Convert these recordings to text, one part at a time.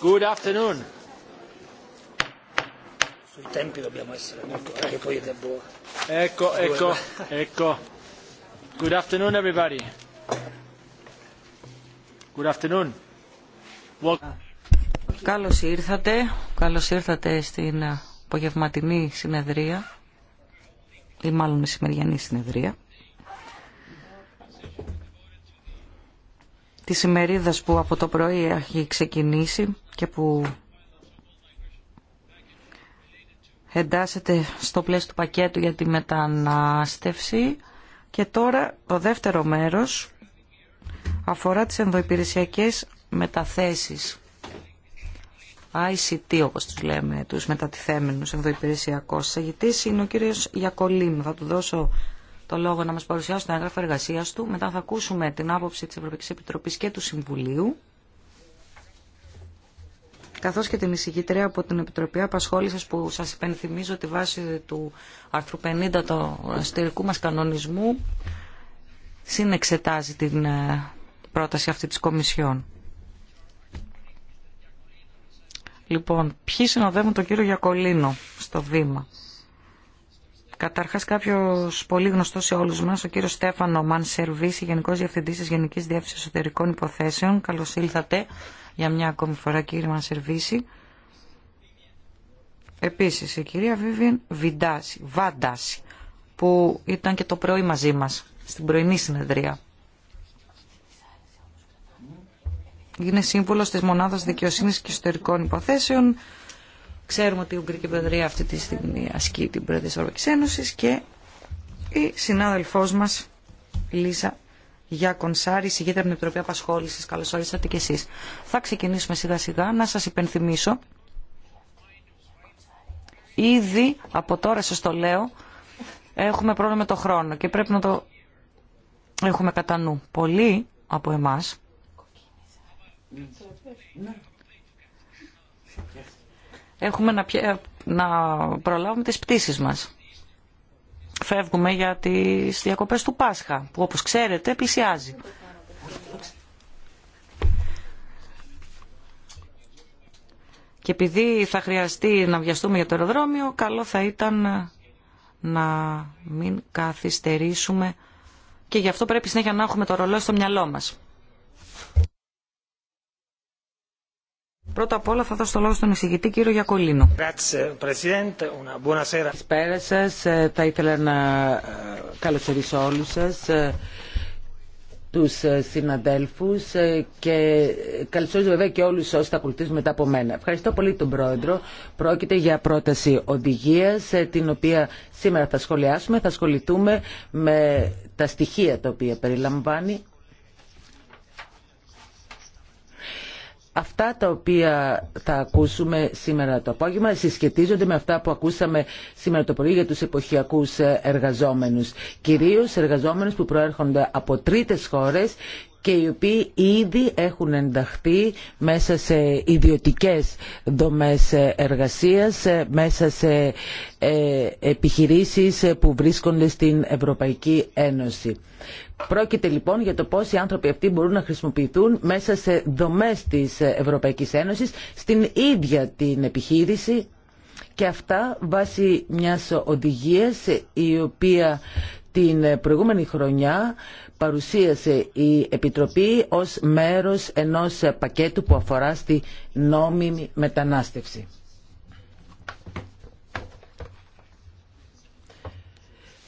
Good afternoon. Sui tempi dobbiamo essere molto perché poi è buono. Ecco, ecco, ecco. Good afternoon everybody. Good afternoon. Welcome. Καλώς ήρθατε. Καλώς ήρθατε στην απογευματινή συνεδρία ή μάλλον μεσημεριανή συνεδρία. της ημερίδας που από το πρωί έχει ξεκινήσει και που εντάσσεται στο πλαίσιο του πακέτου για τη μετανάστευση. Και τώρα το δεύτερο μέρος αφορά τις ενδοϊπηρεσιακές μεταθέσεις. ICT όπως τους λέμε, τους μετατιθέμενους ενδοϊπηρεσιακούς. Σαγητής είναι ο κύριος Γιακολίμ. Θα του δώσω το λόγο να μας παρουσιάσει το έγγραφο εργασία του. Μετά θα ακούσουμε την άποψη της Ευρωπαϊκής Επιτροπής και του Συμβουλίου καθώς και την εισηγήτρια από την Επιτροπή Απασχόλησης που σας υπενθυμίζω τη βάση του άρθρου 50 του αστερικού μας κανονισμού συνεξετάζει την ε, πρόταση αυτή της Κομισιόν. Λοιπόν, ποιοι συνοδεύουν τον κύριο Γιακολίνο στο βήμα. Καταρχάς κάποιος πολύ γνωστός σε όλους μας, ο κύριος Στέφανο Μανσερβίση, Γενικός Διευθυντής της Γενικής Διεύθυνσης Εσωτερικών Υποθέσεων. Καλώς ήλθατε για μια ακόμη φορά κύριε Μανσερβίση. Επίσης η κυρία Βίβιν Βιντάση, Βάνταση, που ήταν και το πρωί μαζί μας, στην πρωινή συνεδρία. Είναι σύμβουλος της Μονάδας Δικαιοσύνης και Εσωτερικών Υποθέσεων Ξέρουμε ότι η Ουγγρική Προεδρία αυτή τη στιγμή ασκεί την Προεδρία της Ευρωπαϊκής Ένωσης και η συνάδελφός μας Λίσα για Κονσάρη, συγγήτρια από την Επιτροπή Απασχόλησης. Καλώς ορίσατε και εσείς. Θα ξεκινήσουμε σιγά σιγά να σας υπενθυμίσω. Ήδη από τώρα σας το λέω έχουμε πρόβλημα με το χρόνο και πρέπει να το έχουμε κατά νου. Πολλοί από εμάς ναι έχουμε να, να προλάβουμε τις πτήσεις μας. Φεύγουμε για τις διακοπές του Πάσχα, που όπως ξέρετε πλησιάζει. Και επειδή θα χρειαστεί να βιαστούμε για το αεροδρόμιο, καλό θα ήταν να μην καθυστερήσουμε και γι' αυτό πρέπει συνέχεια να έχουμε το ρολό στο μυαλό μας. Πρώτα απ' όλα θα δώσω το λόγο στον εισηγητή κύριο Γιακολίνο. Καλησπέρα σα. Ε, θα ήθελα να ε, καλωσορίσω όλου σα ε, τους συναδέλφους και καλωσορίζω βέβαια και όλους όσοι θα ακολουθήσουν μετά από μένα. Ευχαριστώ πολύ τον Πρόεδρο. Πρόκειται για πρόταση οδηγίας την οποία σήμερα θα σχολιάσουμε. Θα ασχοληθούμε με τα στοιχεία τα οποία περιλαμβάνει Αυτά τα οποία θα ακούσουμε σήμερα το απόγευμα συσχετίζονται με αυτά που ακούσαμε σήμερα το πρωί για τους εποχιακούς εργαζόμενους. Κυρίως εργαζόμενους που προέρχονται από τρίτες χώρες και οι οποίοι ήδη έχουν ενταχθεί μέσα σε ιδιωτικές δομές εργασίας, μέσα σε ε, επιχειρήσεις που βρίσκονται στην Ευρωπαϊκή Ένωση. Πρόκειται λοιπόν για το πώς οι άνθρωποι αυτοί μπορούν να χρησιμοποιηθούν μέσα σε δομέ της Ευρωπαϊκής Ένωσης στην ίδια την επιχείρηση και αυτά βάσει μια οδηγία, η οποία την προηγούμενη χρονιά παρουσίασε η Επιτροπή ως μέρος ενός πακέτου που αφορά στη νόμιμη μετανάστευση.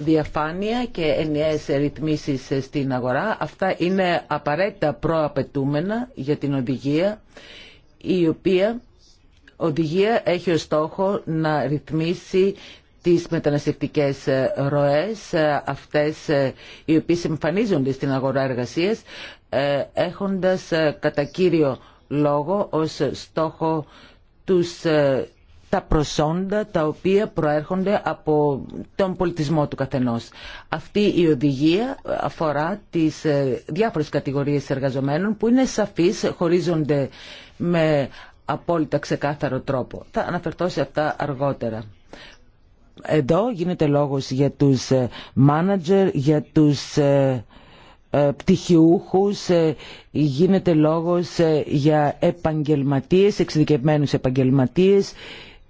διαφάνεια και ενιαίες ρυθμίσεις στην αγορά. Αυτά είναι απαραίτητα προαπαιτούμενα για την οδηγία, η οποία οδηγία έχει ως στόχο να ρυθμίσει τις μεταναστευτικές ροές, αυτές οι οποίες εμφανίζονται στην αγορά εργασίας, ε, έχοντας ε, κατά κύριο λόγο ως στόχο τους ε, τα προσόντα τα οποία προέρχονται από τον πολιτισμό του καθενός. Αυτή η οδηγία αφορά τις ε, διάφορες κατηγορίες εργαζομένων που είναι σαφείς, χωρίζονται με απόλυτα ξεκάθαρο τρόπο. Θα αναφερθώ σε αυτά αργότερα. Εδώ γίνεται λόγος για τους ε, μάνατζερ, για τους ε, πτυχιούχους, γίνεται λόγος για επαγγελματίες, εξειδικευμένους επαγγελματίες,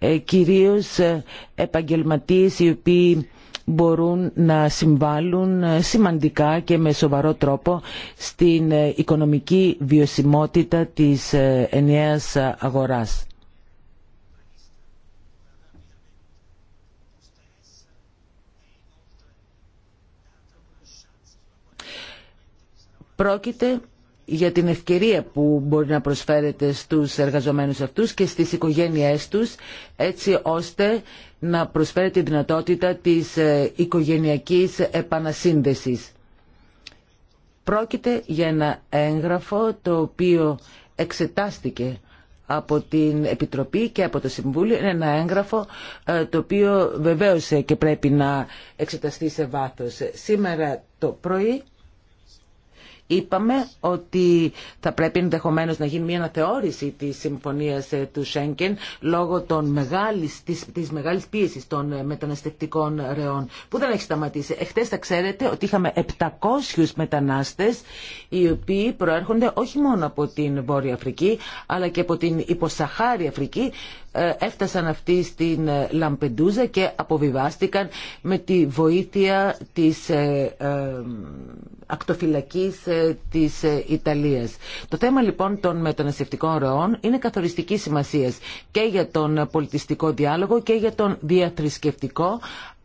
ε, κυρίως ε, επαγγελματίες οι οποίοι μπορούν να συμβάλλουν ε, σημαντικά και με σοβαρό τρόπο στην οικονομική βιωσιμότητα της ενιαίας αγοράς. Πρόκειται για την ευκαιρία που μπορεί να προσφέρεται στους εργαζομένους αυτούς και στις οικογένειές τους έτσι ώστε να προσφέρει τη δυνατότητα της ε, οικογενειακής επανασύνδεσης. Πρόκειται για ένα έγγραφο το οποίο εξετάστηκε από την Επιτροπή και από το Συμβούλιο. Είναι ένα έγγραφο ε, το οποίο βεβαίως και πρέπει να εξεταστεί σε βάθος. Σήμερα το πρωί Είπαμε ότι θα πρέπει ενδεχομένω να γίνει μια αναθεώρηση τη συμφωνία ε, του Σέγγεν λόγω των μεγάλης, της, της μεγάλης πίεσης των ε, μεταναστευτικών ρεών που δεν έχει σταματήσει. Εχθές θα ξέρετε ότι είχαμε 700 μετανάστες οι οποίοι προέρχονται όχι μόνο από την Βόρεια Αφρική αλλά και από την υποσαχάρη Αφρική ε, έφτασαν αυτοί στην ε, Λαμπεντούζα και αποβιβάστηκαν με τη βοήθεια της ε, ακτοφυλακής της Ιταλίας. Το θέμα λοιπόν των μεταναστευτικών ροών είναι καθοριστική σημασίας και για τον πολιτιστικό διάλογο και για τον διαθρησκευτικό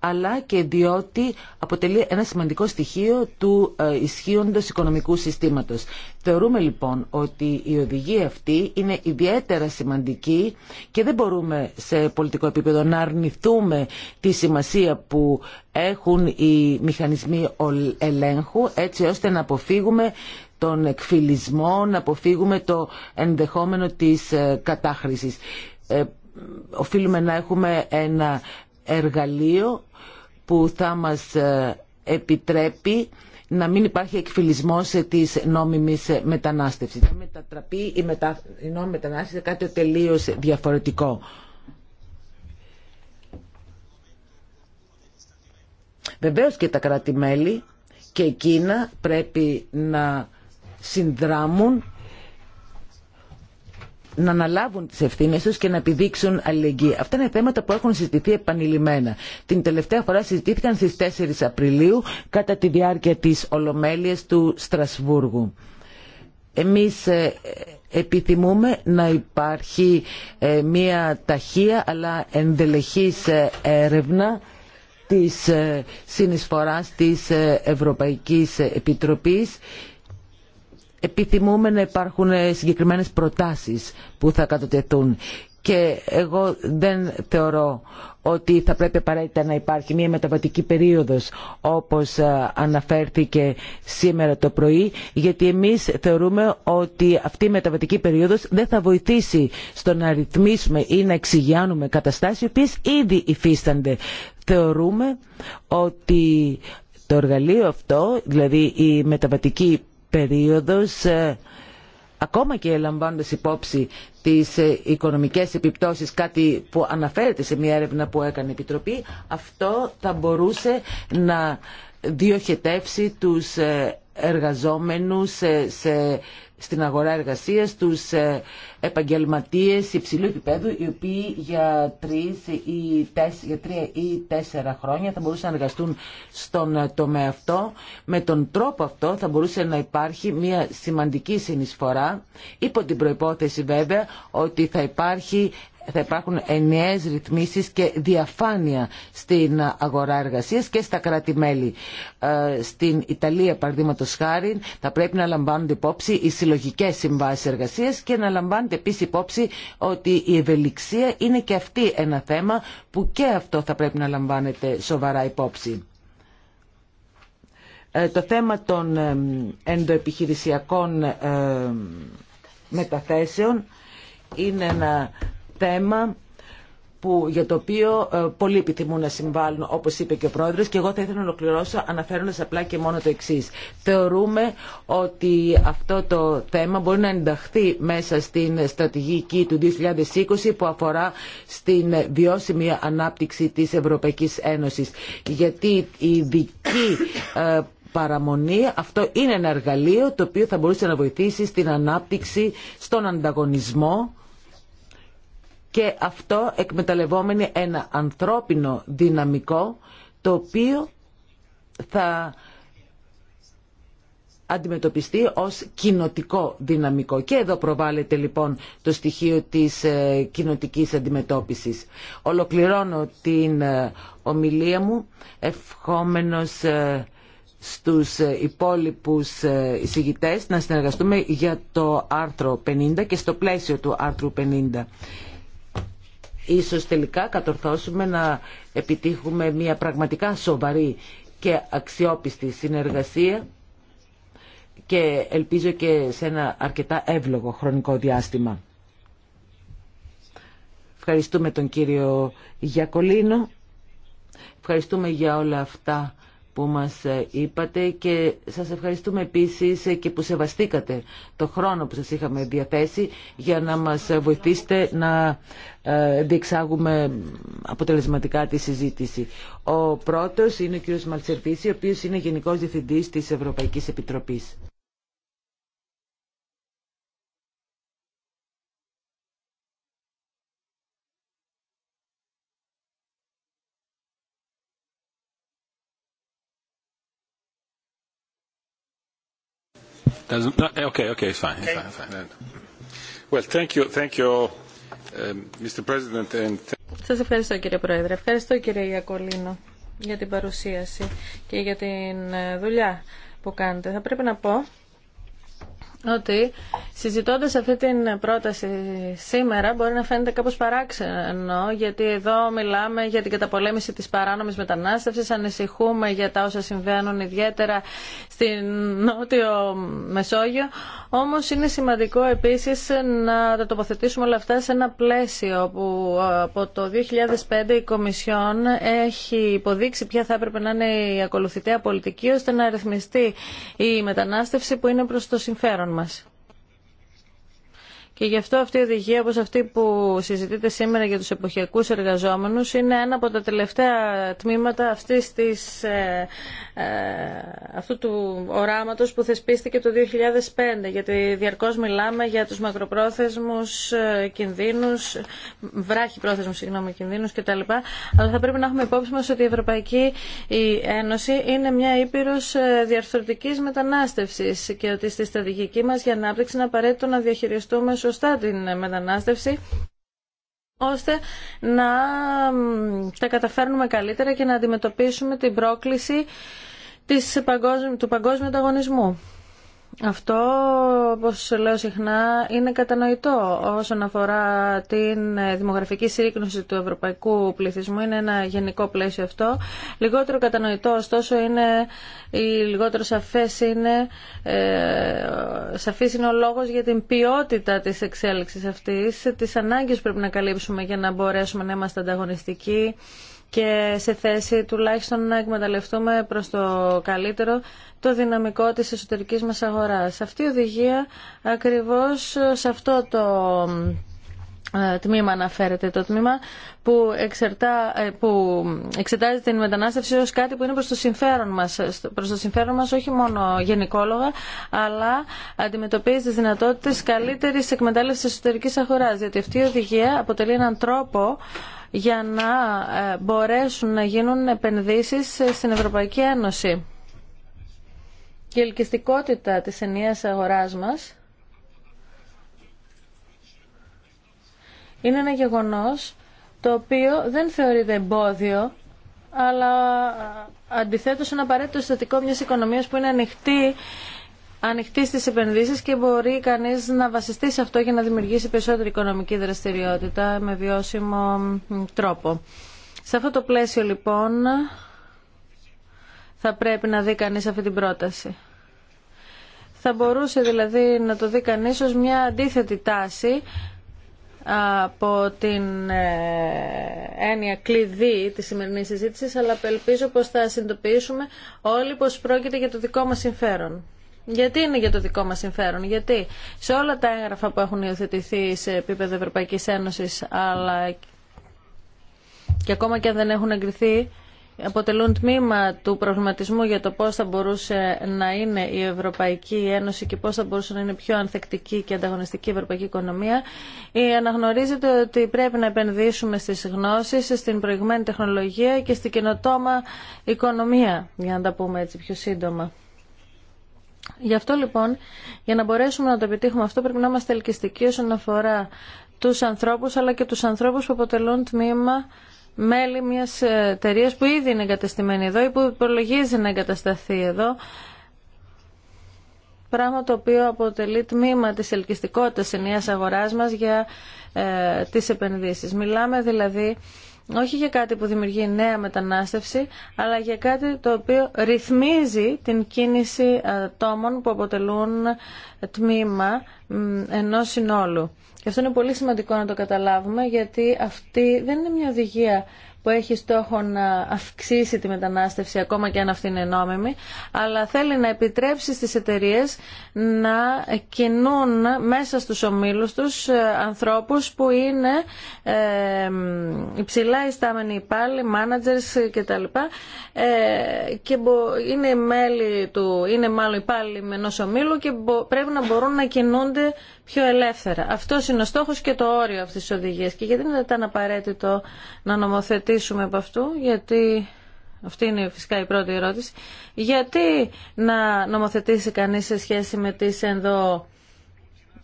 αλλά και διότι αποτελεί ένα σημαντικό στοιχείο του ε, ισχύοντος οικονομικού συστήματος. Θεωρούμε λοιπόν ότι η οδηγία αυτή είναι ιδιαίτερα σημαντική και δεν μπορούμε σε πολιτικό επίπεδο να αρνηθούμε τη σημασία που έχουν οι μηχανισμοί ελέγχου έτσι ώστε να αποφύγουμε τον εκφυλισμό, να αποφύγουμε το ενδεχόμενο της ε, κατάχρησης. Ε, οφείλουμε να έχουμε ένα εργαλείο που θα μας ε, επιτρέπει να μην υπάρχει εκφυλισμός της νόμιμης μετανάστευσης. Θα μετατραπεί η, μετα... η νόμιμη μετανάστευση σε κάτι τελείως διαφορετικό. Βεβαίως και τα κράτη-μέλη και εκείνα πρέπει να συνδράμουν να αναλάβουν τις ευθύνες τους και να επιδείξουν αλληλεγγύη. Αυτά είναι θέματα που έχουν συζητηθεί επανειλημμένα. Την τελευταία φορά συζητήθηκαν στις 4 Απριλίου κατά τη διάρκεια της Ολομέλειας του Στρασβούργου. Εμείς ε, επιθυμούμε να υπάρχει ε, μια ταχεία αλλά ενδελεχής ε, έρευνα της συνεισφοράς της Ευρωπαϊκής Επιτροπής επιθυμούμε να υπάρχουν ε, συγκεκριμένες προτάσεις που θα κατοτεθούν και εγώ δεν θεωρώ ότι θα πρέπει απαραίτητα να υπάρχει μια μεταβατική περίοδος όπως ε, αναφέρθηκε σήμερα το πρωί γιατί εμείς θεωρούμε ότι αυτή η μεταβατική περίοδος δεν θα βοηθήσει στο να ρυθμίσουμε ή να εξηγιάνουμε καταστάσεις οι οποίες ήδη υφίστανται. Θεωρούμε ότι το εργαλείο αυτό, δηλαδή η μεταβατική περίοδος ε, ακόμα και λαμβάνοντας υπόψη τις ε, οικονομικές επιπτώσεις, κάτι που αναφέρεται σε μια έρευνα που έκανε η Επιτροπή, αυτό θα μπορούσε να διοχετεύσει τους ε, εργαζόμενους σε, στην αγορά εργασίας, τους ε, επαγγελματίες υψηλού επίπεδου, οι οποίοι για, τρεις ή για τρία ή τέσσερα χρόνια θα μπορούσαν να εργαστούν στον ε, τομέα αυτό. Με τον τρόπο αυτό θα μπορούσε να υπάρχει μια σημαντική συνεισφορά, υπό την προϋπόθεση βέβαια ότι θα υπάρχει θα υπάρχουν ενιαίες ρυθμίσεις και διαφάνεια στην αγορά εργασίας και στα κράτη-μέλη. Ε, στην Ιταλία, παραδείγματο χάρη, θα πρέπει να λαμβάνονται υπόψη οι συλλογικές συμβάσεις εργασίας και να λαμβάνεται επίσης υπόψη ότι η ευελιξία είναι και αυτή ένα θέμα που και αυτό θα πρέπει να λαμβάνεται σοβαρά υπόψη. Ε, το θέμα των ε, ενδοεπιχειρησιακών μεταθέσεων είναι ένα θέμα που, για το οποίο ε, πολλοί επιθυμούν να συμβάλλουν, όπω είπε και ο πρόεδρο, και εγώ θα ήθελα να ολοκληρώσω αναφέροντα απλά και μόνο το εξή. Θεωρούμε ότι αυτό το θέμα μπορεί να ενταχθεί μέσα στην στρατηγική του 2020 που αφορά στην βιώσιμη ανάπτυξη τη Ευρωπαϊκή Ένωση. Γιατί η δική ε, παραμονή. Αυτό είναι ένα εργαλείο το οποίο θα μπορούσε να βοηθήσει στην ανάπτυξη, στον ανταγωνισμό και αυτό εκμεταλλευόμενοι ένα ανθρώπινο δυναμικό το οποίο θα αντιμετωπιστεί ως κοινοτικό δυναμικό. Και εδώ προβάλλεται λοιπόν το στοιχείο της ε, κοινοτικής αντιμετώπισης. Ολοκληρώνω την ε, ομιλία μου ευχόμενος ε, στους ε, υπόλοιπους εισηγητές να συνεργαστούμε για το άρθρο 50 και στο πλαίσιο του άρθρου 50 ίσως τελικά κατορθώσουμε να επιτύχουμε μια πραγματικά σοβαρή και αξιόπιστη συνεργασία και ελπίζω και σε ένα αρκετά εύλογο χρονικό διάστημα. Ευχαριστούμε τον κύριο Γιακολίνο. Ευχαριστούμε για όλα αυτά που μας είπατε και σας ευχαριστούμε επίσης και που σεβαστήκατε το χρόνο που σας είχαμε διαθέσει για να μας βοηθήσετε να ε, διεξάγουμε αποτελεσματικά τη συζήτηση. Ο πρώτος είναι ο κ. Μαλτσερβίση, ο οποίος είναι Γενικός Διευθυντής της Ευρωπαϊκής Επιτροπής. Doesn't? Eh, okay, okay, it's fine. Well, thank you, thank you, Mr. Um, President. Σας ευχαριστώ κύριε Πρόεδρε. Ευχαριστώ κύριε Ιακολίνο για την παρουσίαση και για την ε, δουλειά που κάνετε. Θα πρέπει να πω ότι συζητώντας αυτή την πρόταση σήμερα μπορεί να φαίνεται κάπως παράξενο γιατί εδώ μιλάμε για την καταπολέμηση της παράνομης μετανάστευσης, ανησυχούμε για τα όσα συμβαίνουν ιδιαίτερα στην Νότιο Μεσόγειο όμως είναι σημαντικό επίσης να τα τοποθετήσουμε όλα αυτά σε ένα πλαίσιο που ε, από το 2005 η Κομισιόν έχει υποδείξει ποια θα έπρεπε να είναι η ακολουθητέα πολιτική ώστε να ρυθμιστεί η μετανάστευση που είναι προς το συμφέρον μας. Και γι' αυτό αυτή η οδηγία, όπω αυτή που συζητείτε σήμερα για του εποχιακού εργαζόμενου είναι ένα από τα τελευταία τμήματα αυτής της, ε, ε, αυτού του οράματος που θεσπίστηκε το 2005. Γιατί διαρκώ μιλάμε για τους μακροπρόθεσμους ε, κινδύνους, βράχοι πρόθεσμου συγγνώμη, κτλ. Αλλά θα πρέπει να έχουμε υπόψη μας ότι η Ευρωπαϊκή Ένωση είναι μια ήπειρος ε, διαρθρωτικής μετανάστευση και ότι στη στρατηγική μας για ανάπτυξη είναι απαραίτητο να διαχειριστούμε σωστά την μετανάστευση ώστε να τα καταφέρνουμε καλύτερα και να αντιμετωπίσουμε την πρόκληση της, του παγκόσμιου ανταγωνισμού. Αυτό, όπως λέω συχνά, είναι κατανοητό όσον αφορά την δημογραφική συρρήκνωση του ευρωπαϊκού πληθυσμού. Είναι ένα γενικό πλαίσιο αυτό. Λιγότερο κατανοητό, ωστόσο, είναι, ή λιγότερο σαφές είναι, ε, είναι ο λόγος για την ποιότητα της εξέλιξης αυτής, τις ανάγκες πρέπει να καλύψουμε για να μπορέσουμε να είμαστε ανταγωνιστικοί και σε θέση τουλάχιστον να εκμεταλλευτούμε προς το καλύτερο το δυναμικό της εσωτερικής μας αγοράς. Αυτή η οδηγία ακριβώς σε αυτό το ε, τμήμα αναφέρεται, το τμήμα που, εξερτά, ε, που εξετάζει την μετανάστευση ως κάτι που είναι προς το συμφέρον μας. Προς το συμφέρον μας όχι μόνο γενικόλογα, αλλά αντιμετωπίζει τις δυνατότητες καλύτερης εκμετάλλευσης εσωτερικής αγοράς, διότι αυτή η οδηγία αποτελεί έναν τρόπο για να ε, μπορέσουν να γίνουν επενδύσεις στην Ευρωπαϊκή Ένωση. η ελκυστικότητα της ενιαίας αγοράς μας είναι ένα γεγονός το οποίο δεν θεωρείται εμπόδιο, αλλά αντιθέτως είναι απαραίτητο συστατικό μιας οικονομίας που είναι ανοιχτή ανοιχτή στις επενδύσεις και μπορεί κανείς να βασιστεί σε αυτό για να δημιουργήσει περισσότερη οικονομική δραστηριότητα με βιώσιμο τρόπο. Σε αυτό το πλαίσιο, λοιπόν, θα πρέπει να δει κανεί αυτή την πρόταση. Θα μπορούσε δηλαδή να το δει κανεί ω μια αντίθετη τάση από την ε, έννοια κλειδί της σημερινής συζήτησης, αλλά ελπίζω πως θα συνειδητοποιήσουμε όλοι πως πρόκειται για το δικό μας συμφέρον. Γιατί είναι για το δικό μας συμφέρον, γιατί σε όλα τα έγγραφα που έχουν υιοθετηθεί σε επίπεδο Ευρωπαϊκής Ένωσης, αλλά και ακόμα και αν δεν έχουν εγκριθεί, αποτελούν τμήμα του προβληματισμού για το πώς θα μπορούσε να είναι η Ευρωπαϊκή Ένωση και πώς θα μπορούσε να είναι πιο ανθεκτική και ανταγωνιστική η Ευρωπαϊκή Οικονομία, ε, αναγνωρίζεται ότι πρέπει να επενδύσουμε στις γνώσεις, στην προηγμένη τεχνολογία και στην καινοτόμα οικονομία, για να τα πούμε έτσι πιο σύντομα. Γι' αυτό λοιπόν, για να μπορέσουμε να το επιτύχουμε αυτό, πρέπει να είμαστε ελκυστικοί όσον αφορά τους ανθρώπους, αλλά και τους ανθρώπους που αποτελούν τμήμα μέλη μιας εταιρεία που ήδη είναι εγκατεστημένη εδώ ή που υπολογίζει να εγκατασταθεί εδώ πράγμα το οποίο αποτελεί τμήμα της ελκυστικότητας ενιαίας αγοράς μας για ε, τις επενδύσεις. Μιλάμε δηλαδή όχι για κάτι που δημιουργεί νέα μετανάστευση, αλλά για κάτι το οποίο ρυθμίζει την κίνηση ατόμων που αποτελούν τμήμα ενός συνόλου. Και αυτό είναι πολύ σημαντικό να το καταλάβουμε, γιατί αυτή δεν είναι μια οδηγία που έχει στόχο να αυξήσει τη μετανάστευση, ακόμα και αν αυτή είναι νόμιμη, αλλά θέλει να επιτρέψει στις εταιρείε να κινούν μέσα στους ομίλους τους ε, ανθρώπους που είναι ε, υψηλά ιστάμενοι υπάλληλοι, managers κτλ. Ε, και είναι μέλη του, είναι μάλλον υπάλληλοι ενό ομίλου και πρέπει να μπορούν να κινούνται πιο ελεύθερα. Αυτό είναι ο στόχος και το όριο αυτής της οδηγίας. Και γιατί δεν ήταν απαραίτητο να νομοθετήσουμε από αυτού, γιατί... Αυτή είναι φυσικά η πρώτη ερώτηση. Γιατί να νομοθετήσει κανείς σε σχέση με τις ενδο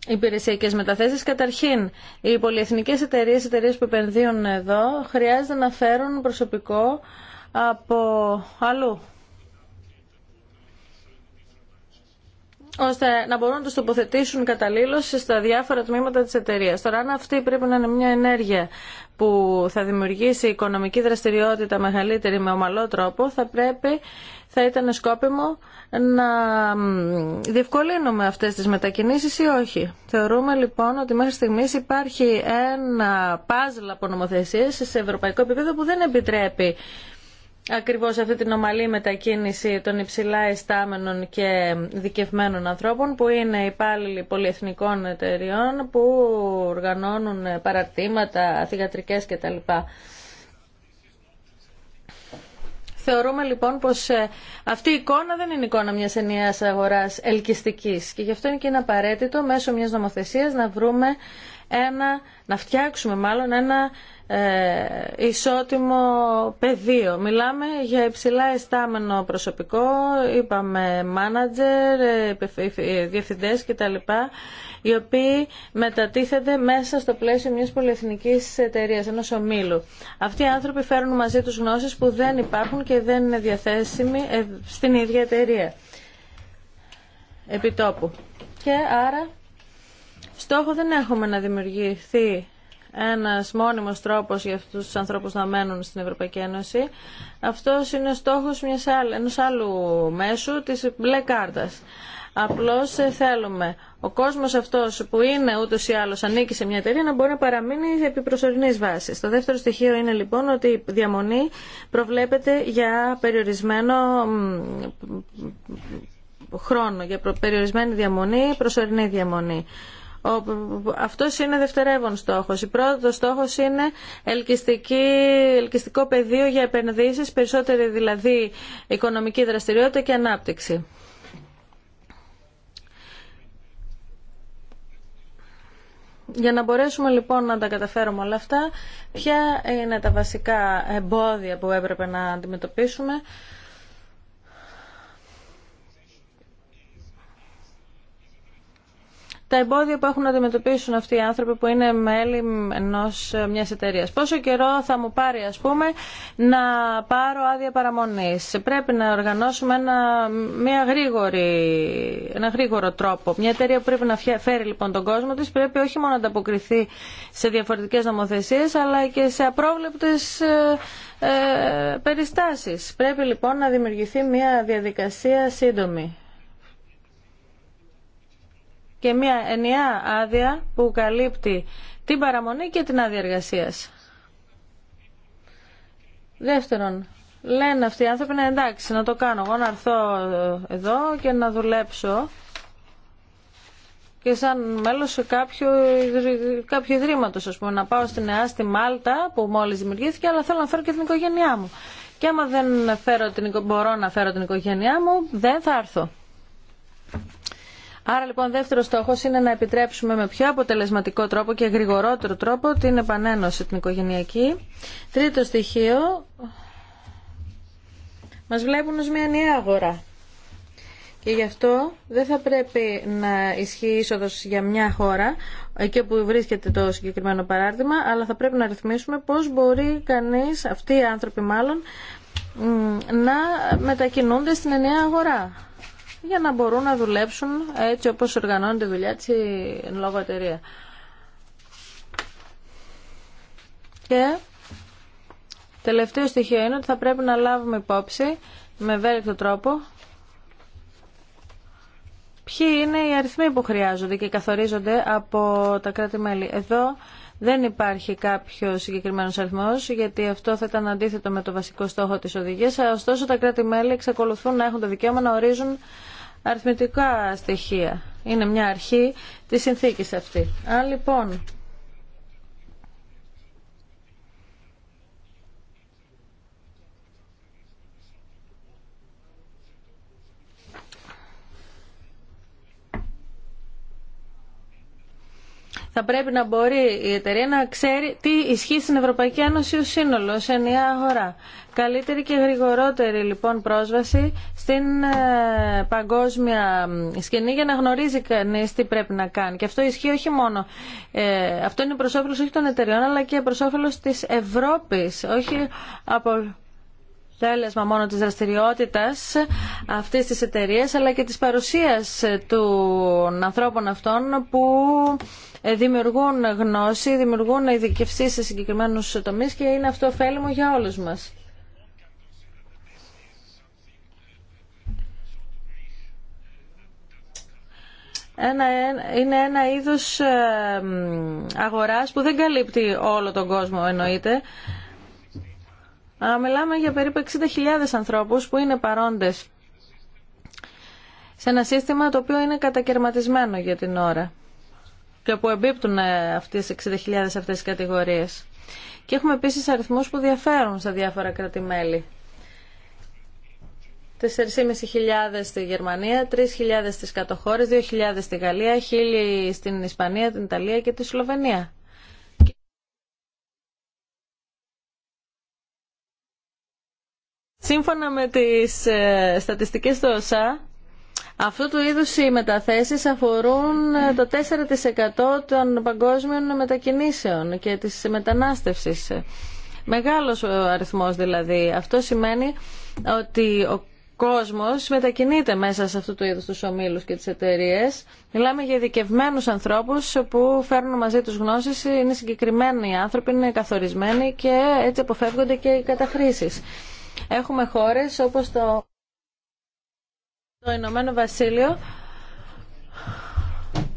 υπηρεσιακέ μεταθέσει. Καταρχήν, οι πολυεθνικέ εταιρείε, οι εταιρείε που επενδύουν εδώ, χρειάζεται να φέρουν προσωπικό από αλλού. ώστε να μπορούν να του τοποθετήσουν καταλήλω στα διάφορα τμήματα της εταιρεία. Τώρα, αν αυτή πρέπει να είναι μια ενέργεια που θα δημιουργήσει οικονομική δραστηριότητα μεγαλύτερη με ομαλό τρόπο, θα πρέπει, θα ήταν σκόπιμο να διευκολύνουμε αυτές τις μετακινήσεις ή όχι. Θεωρούμε λοιπόν ότι μέχρι στιγμή υπάρχει ένα παζλ από νομοθεσίε σε ευρωπαϊκό επίπεδο που δεν επιτρέπει ακριβώς αυτή την ομαλή μετακίνηση των υψηλά ειστάμενων και δικευμένων ανθρώπων που είναι υπάλληλοι πολυεθνικών εταιριών που οργανώνουν παραρτήματα, θηγατρικές κτλ. Θεωρούμε λοιπόν πως ε, αυτή η εικόνα δεν είναι εικόνα μιας ενιαίας αγοράς ελκυστικής και γι' αυτό είναι και είναι απαραίτητο μέσω μιας νομοθεσίας να βρούμε ένα, να φτιάξουμε μάλλον ένα ε, ισότιμο πεδίο. Μιλάμε για υψηλά εστάμενο προσωπικό, είπαμε μάνατζερ, ε, διευθυντές κτλ. οι οποίοι μετατίθενται μέσα στο πλαίσιο μιας πολυεθνικής εταιρείας, ενός ομίλου. Αυτοί οι άνθρωποι φέρνουν μαζί τους γνώσεις που δεν υπάρχουν και δεν είναι διαθέσιμοι ε, στην ίδια εταιρεία επιτόπου. Και άρα στόχο δεν έχουμε να δημιουργηθεί ένας μόνιμος τρόπος για αυτούς τους ανθρώπους να μένουν στην Ευρωπαϊκή Ένωση. Αυτός είναι ο στόχος μιας άλλου μέσου της μπλε κάρτας. Απλώς ε, θέλουμε ο κόσμος αυτός που είναι ούτως ή άλλως ανήκει σε μια εταιρεία να μπορεί να παραμείνει επί προσωρινής βάσης. Το δεύτερο στοιχείο είναι λοιπόν ότι η διαμονή προβλέπεται για περιορισμένο χρόνο, για περιορισμένη διαμονή, προσωρινή διαμονή αυτός είναι δευτερεύον στόχος. Η πρώτο στόχος είναι ελκυστική, ελκυστικό πεδίο για επενδύσεις, περισσότερη δηλαδή οικονομική δραστηριότητα και ανάπτυξη. Για να μπορέσουμε λοιπόν να τα καταφέρουμε όλα αυτά, ποια είναι τα βασικά εμπόδια που έπρεπε να αντιμετωπίσουμε. τα εμπόδια που έχουν να αντιμετωπίσουν αυτοί οι άνθρωποι που είναι μέλη ενός μιας εταιρείας. Πόσο καιρό θα μου πάρει ας πούμε να πάρω άδεια παραμονής. Πρέπει να οργανώσουμε ένα, μια γρήγορη, ένα γρήγορο τρόπο. Μια εταιρεία που πρέπει να φέρει λοιπόν τον κόσμο της πρέπει όχι μόνο να ανταποκριθεί σε διαφορετικές νομοθεσίες αλλά και σε απρόβλεπτες ε, ε περιστάσεις. Πρέπει λοιπόν να δημιουργηθεί μια διαδικασία σύντομη και μια ενιαία άδεια που καλύπτει την παραμονή και την άδεια εργασία. Δεύτερον, λένε αυτοί οι άνθρωποι να εντάξει να το κάνω. Εγώ να έρθω εδώ και να δουλέψω και σαν μέλος κάποιου, κάποιο ιδρύματος, ας πούμε, να πάω στην ΕΑ στη Μάλτα που μόλις δημιουργήθηκε, αλλά θέλω να φέρω και την οικογένειά μου. Και άμα δεν φέρω την, μπορώ να φέρω την οικογένειά μου, δεν θα έρθω. Άρα λοιπόν δεύτερος στόχος είναι να επιτρέψουμε με πιο αποτελεσματικό τρόπο και γρηγορότερο τρόπο την επανένωση την οικογενειακή. Τρίτο στοιχείο, μας βλέπουν ως μια νέα αγορά. Και γι' αυτό δεν θα πρέπει να ισχύει είσοδο για μια χώρα, εκεί που βρίσκεται το συγκεκριμένο παράδειγμα, αλλά θα πρέπει να ρυθμίσουμε πώς μπορεί κανείς, αυτοί οι άνθρωποι μάλλον, να μετακινούνται στην ενιαία αγορά για να μπορούν να δουλέψουν έτσι όπως οργανώνεται η δουλειά της εν λόγω εταιρεία. Και τελευταίο στοιχείο είναι ότι θα πρέπει να λάβουμε υπόψη με βέλεκτο τρόπο ποιοι είναι οι αριθμοί που χρειάζονται και καθορίζονται από τα κράτη-μέλη. Εδώ δεν υπάρχει κάποιο συγκεκριμένο αριθμό, γιατί αυτό θα ήταν αντίθετο με το βασικό στόχο τη οδηγία. Ωστόσο, τα κράτη-μέλη εξακολουθούν να έχουν το δικαίωμα να ορίζουν αριθμητικά στοιχεία. Είναι μια αρχή τη συνθήκη αυτή. Αν λοιπόν Θα πρέπει να μπορεί η εταιρεία να ξέρει τι ισχύει στην Ευρωπαϊκή Ένωση ως σύνολο, σε ενιαία αγορά. Καλύτερη και γρηγορότερη λοιπόν πρόσβαση στην ε, παγκόσμια σκηνή για να γνωρίζει κανεί τι πρέπει να κάνει. Και αυτό ισχύει όχι μόνο. Ε, αυτό είναι προ όφελο όχι των εταιρεών, αλλά και προ όφελο τη Ευρώπη. Όχι από αποτέλεσμα μόνο της δραστηριότητας αυτής της εταιρείας αλλά και της παρουσίας των ανθρώπων αυτών που ε, δημιουργούν γνώση, δημιουργούν ειδικευσή σε συγκεκριμένους τομείς και είναι αυτό ωφέλιμο για όλους μας. είναι ένα είδος ε, αγοράς που δεν καλύπτει όλο τον κόσμο εννοείται Μιλάμε για περίπου 60.000 ανθρώπους που είναι παρόντες σε ένα σύστημα το οποίο είναι κατακαιρματισμένο για την ώρα και που εμπίπτουν ε, αυτές 60.000 αυτές κατηγορίες. Και έχουμε επίσης αριθμούς που διαφέρουν σε διάφορα κράτη-μέλη. 4.500 στη Γερμανία, 3.000 στις κατοχώρες, 2.000 στη Γαλλία, 1.000 στην Ισπανία, την Ιταλία και τη Σλοβενία. Σύμφωνα με τις ε, στατιστικές του ΩΣΑ, αυτού του είδους οι μεταθέσεις αφορούν ε, το 4% των παγκόσμιων μετακινήσεων και της μετανάστευσης. Μεγάλος ο αριθμός δηλαδή. Αυτό σημαίνει ότι ο κόσμος μετακινείται μέσα σε αυτού του είδους τους ομίλους και τις εταιρείε. Μιλάμε για ειδικευμένους ανθρώπους που φέρνουν μαζί τους γνώσεις, είναι συγκεκριμένοι οι άνθρωποι, είναι καθορισμένοι και έτσι αποφεύγονται και οι καταχρήσεις. Έχουμε χώρες όπως το, το Ηνωμένο Βασίλειο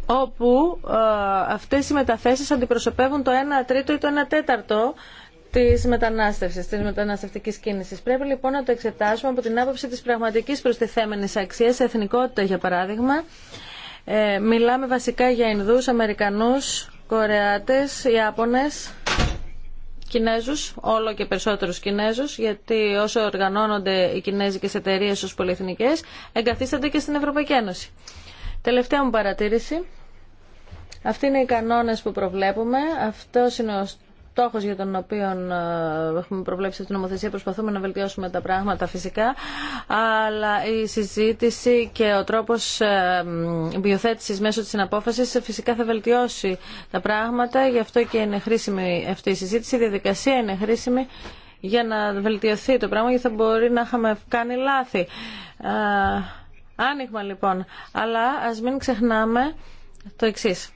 όπου ε, αυτές οι μεταθέσεις αντιπροσωπεύουν το 1 τρίτο ή το 1 τέταρτο τη μετανάστευση, τη μεταναστευτική κίνηση. Πρέπει λοιπόν να το εξετάσουμε από την άποψη τη πραγματική προστιθέμενη αξία, εθνικότητα για παράδειγμα. Ε, μιλάμε βασικά για Ινδούς, Αμερικανούς, Κορεάτες, Ιάπωνες Κινέζους, όλο και περισσότερους Κινέζους, γιατί όσο οργανώνονται οι κινέζικες εταιρείες ως πολυεθνικές, εγκαθίστανται και στην Ευρωπαϊκή Ένωση. Τελευταία μου παρατήρηση. Αυτοί είναι οι κανόνες που προβλέπουμε, Αυτός είναι ο στόχος για τον οποίο ε, έχουμε προβλέψει την νομοθεσία. Προσπαθούμε να βελτιώσουμε τα πράγματα φυσικά, αλλά η συζήτηση και ο τρόπος βιοθέτησης ε, μέσω της συναπόφασης φυσικά θα βελτιώσει τα πράγματα. Γι' αυτό και είναι χρήσιμη αυτή η συζήτηση. Η διαδικασία είναι χρήσιμη για να βελτιωθεί το πράγμα, γιατί θα μπορεί να είχαμε κάνει λάθη. Ε, άνοιγμα λοιπόν. Αλλά ας μην ξεχνάμε το εξής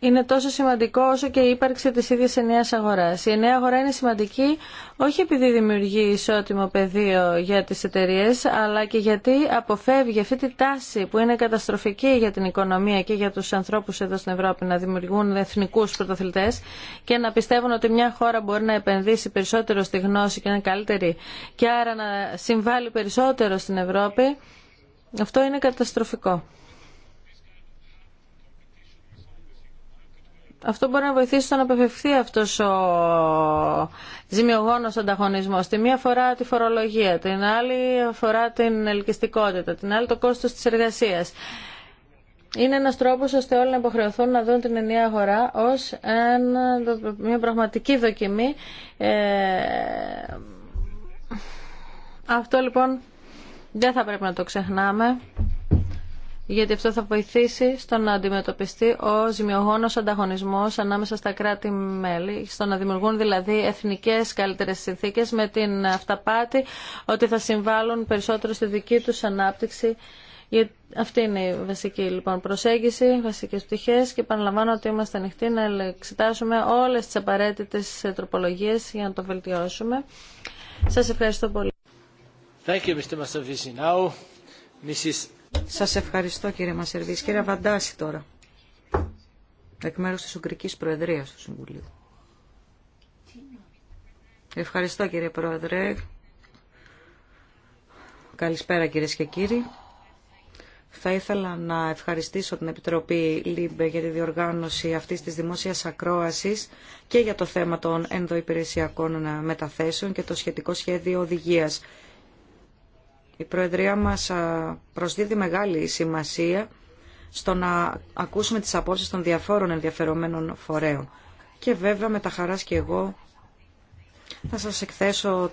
είναι τόσο σημαντικό όσο και η ύπαρξη της ίδιας ενιαίας αγοράς. Η ενιαία αγορά είναι σημαντική όχι επειδή δημιουργεί ισότιμο πεδίο για τις εταιρείε, αλλά και γιατί αποφεύγει αυτή τη τάση που είναι καταστροφική για την οικονομία και για τους ανθρώπους εδώ στην Ευρώπη να δημιουργούν εθνικούς πρωτοθλητές και να πιστεύουν ότι μια χώρα μπορεί να επενδύσει περισσότερο στη γνώση και να είναι καλύτερη και άρα να συμβάλλει περισσότερο στην Ευρώπη. Αυτό είναι καταστροφικό. αυτό μπορεί να βοηθήσει στο να απεφευθεί αυτός ο ζημιογόνο ανταγωνισμός. Τη μία φορά τη φορολογία, την άλλη αφορά την ελκυστικότητα, την άλλη το κόστος της εργασίας. Είναι ένας τρόπος ώστε όλοι να υποχρεωθούν να δουν την ενιαία αγορά ως μια πραγματική δοκιμή. Ε, αυτό λοιπόν δεν θα πρέπει να το ξεχνάμε γιατί αυτό θα βοηθήσει στο να αντιμετωπιστεί ο ζημιογόνος ανταγωνισμός ανάμεσα στα κράτη-μέλη, στο να δημιουργούν δηλαδή εθνικές καλύτερες συνθήκες με την αυταπάτη ότι θα συμβάλλουν περισσότερο στη δική τους ανάπτυξη. Αυτή είναι η βασική λοιπόν προσέγγιση, βασικές πτυχές και επαναλαμβάνω ότι είμαστε ανοιχτοί να εξετάσουμε όλες τις απαραίτητες τροπολογίες για να το βελτιώσουμε. Σας ευχαριστώ πολύ. Thank you, Mr. Mrs. Σας ευχαριστώ κύριε Μασερβής. Κύριε Βαντάση τώρα, εκ μέρους της Ουγγρικής Προεδρίας του Συμβουλίου. Ευχαριστώ κύριε Πρόεδρε. Καλησπέρα κύριε και κύριοι. Θα ήθελα να ευχαριστήσω την Επιτροπή ΛΥΜΠΕ για τη διοργάνωση αυτής της δημόσιας ακρόασης και για το θέμα των ενδοϊπηρεσιακών μεταθέσεων και το σχετικό σχέδιο οδηγίας. Η Προεδρία μας προσδίδει μεγάλη σημασία στο να ακούσουμε τις απόψεις των διαφόρων ενδιαφερομένων φορέων. Και βέβαια με τα χαράς και εγώ θα σας εκθέσω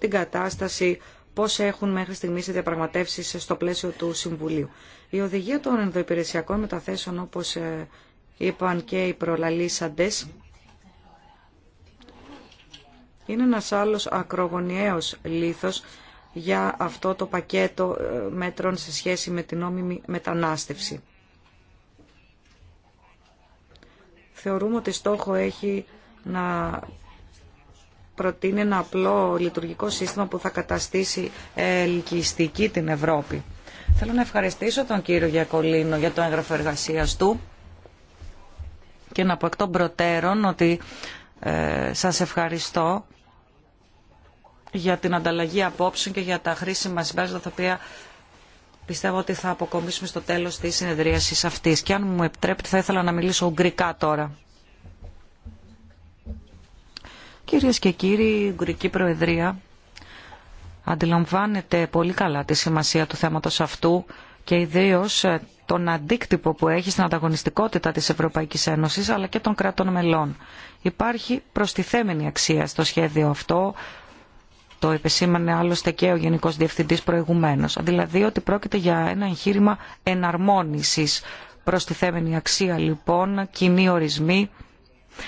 την κατάσταση πώς έχουν μέχρι στιγμής οι διαπραγματεύσεις στο πλαίσιο του Συμβουλίου. Η οδηγία των ενδοϊπηρεσιακών μεταθέσεων, όπως ε, είπαν και οι προλαλήσαντες, είναι ένας άλλος ακρογωνιαίος λήθος για αυτό το πακέτο ε, μέτρων σε σχέση με την νόμιμη μετανάστευση. Θεωρούμε ότι στόχο έχει να προτείνει ένα απλό λειτουργικό σύστημα που θα καταστήσει ελκυστική την Ευρώπη. Θέλω να ευχαριστήσω τον κύριο Γιακολίνο για το έγγραφο εργασία του και να πω εκ των προτέρων ότι ε, σας ευχαριστώ για την ανταλλαγή απόψεων και για τα χρήσιμα συμπέρασματα τα οποία πιστεύω ότι θα αποκομίσουμε στο τέλος της συνεδρίασης αυτής. Και αν μου επιτρέπετε θα ήθελα να μιλήσω ουγγρικά τώρα. Κυρίες και κύριοι, η Ουγγρική Προεδρία αντιλαμβάνεται πολύ καλά τη σημασία του θέματος αυτού και ιδίως ε, τον αντίκτυπο που έχει στην ανταγωνιστικότητα της Ευρωπαϊκής Ένωσης αλλά και των κρατών μελών. Υπάρχει προστιθέμενη αξία στο σχέδιο αυτό το επεσήμανε άλλωστε και ο Γενικό Διευθυντή προηγουμένω. Δηλαδή ότι πρόκειται για ένα εγχείρημα εναρμόνιση. θέμενη αξία λοιπόν, κοινοί ορισμοί,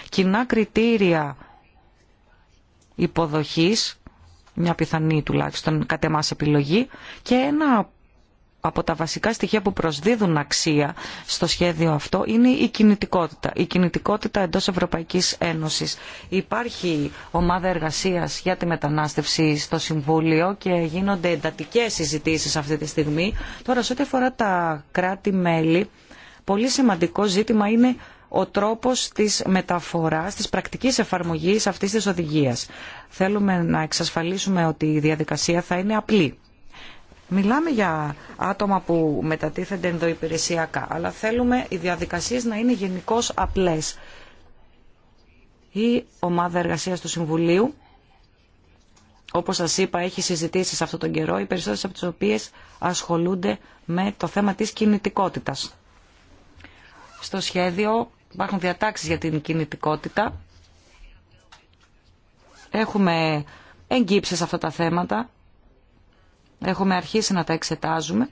κοινά κριτήρια υποδοχής, μια πιθανή τουλάχιστον κατ' επιλογή, και ένα από τα βασικά στοιχεία που προσδίδουν αξία στο σχέδιο αυτό είναι η κινητικότητα. Η κινητικότητα εντός Ευρωπαϊκής Ένωσης. Υπάρχει ομάδα εργασίας για τη μετανάστευση στο Συμβούλιο και γίνονται εντατικές συζητήσεις αυτή τη στιγμή. Τώρα, σε ό,τι αφορά τα κράτη-μέλη, πολύ σημαντικό ζήτημα είναι ο τρόπος της μεταφοράς, της πρακτικής εφαρμογής αυτής της οδηγίας. Θέλουμε να εξασφαλίσουμε ότι η διαδικασία θα είναι απλή Μιλάμε για άτομα που μετατίθενται ενδοϊπηρεσιακά, αλλά θέλουμε οι διαδικασίες να είναι γενικώ απλές. Η ομάδα εργασίας του Συμβουλίου, όπως σας είπα, έχει συζητήσει σε αυτόν τον καιρό, οι περισσότερες από τις οποίες ασχολούνται με το θέμα της κινητικότητας. Στο σχέδιο υπάρχουν διατάξεις για την κινητικότητα. Έχουμε εγκύψει σε αυτά τα θέματα Έχουμε αρχίσει να τα εξετάζουμε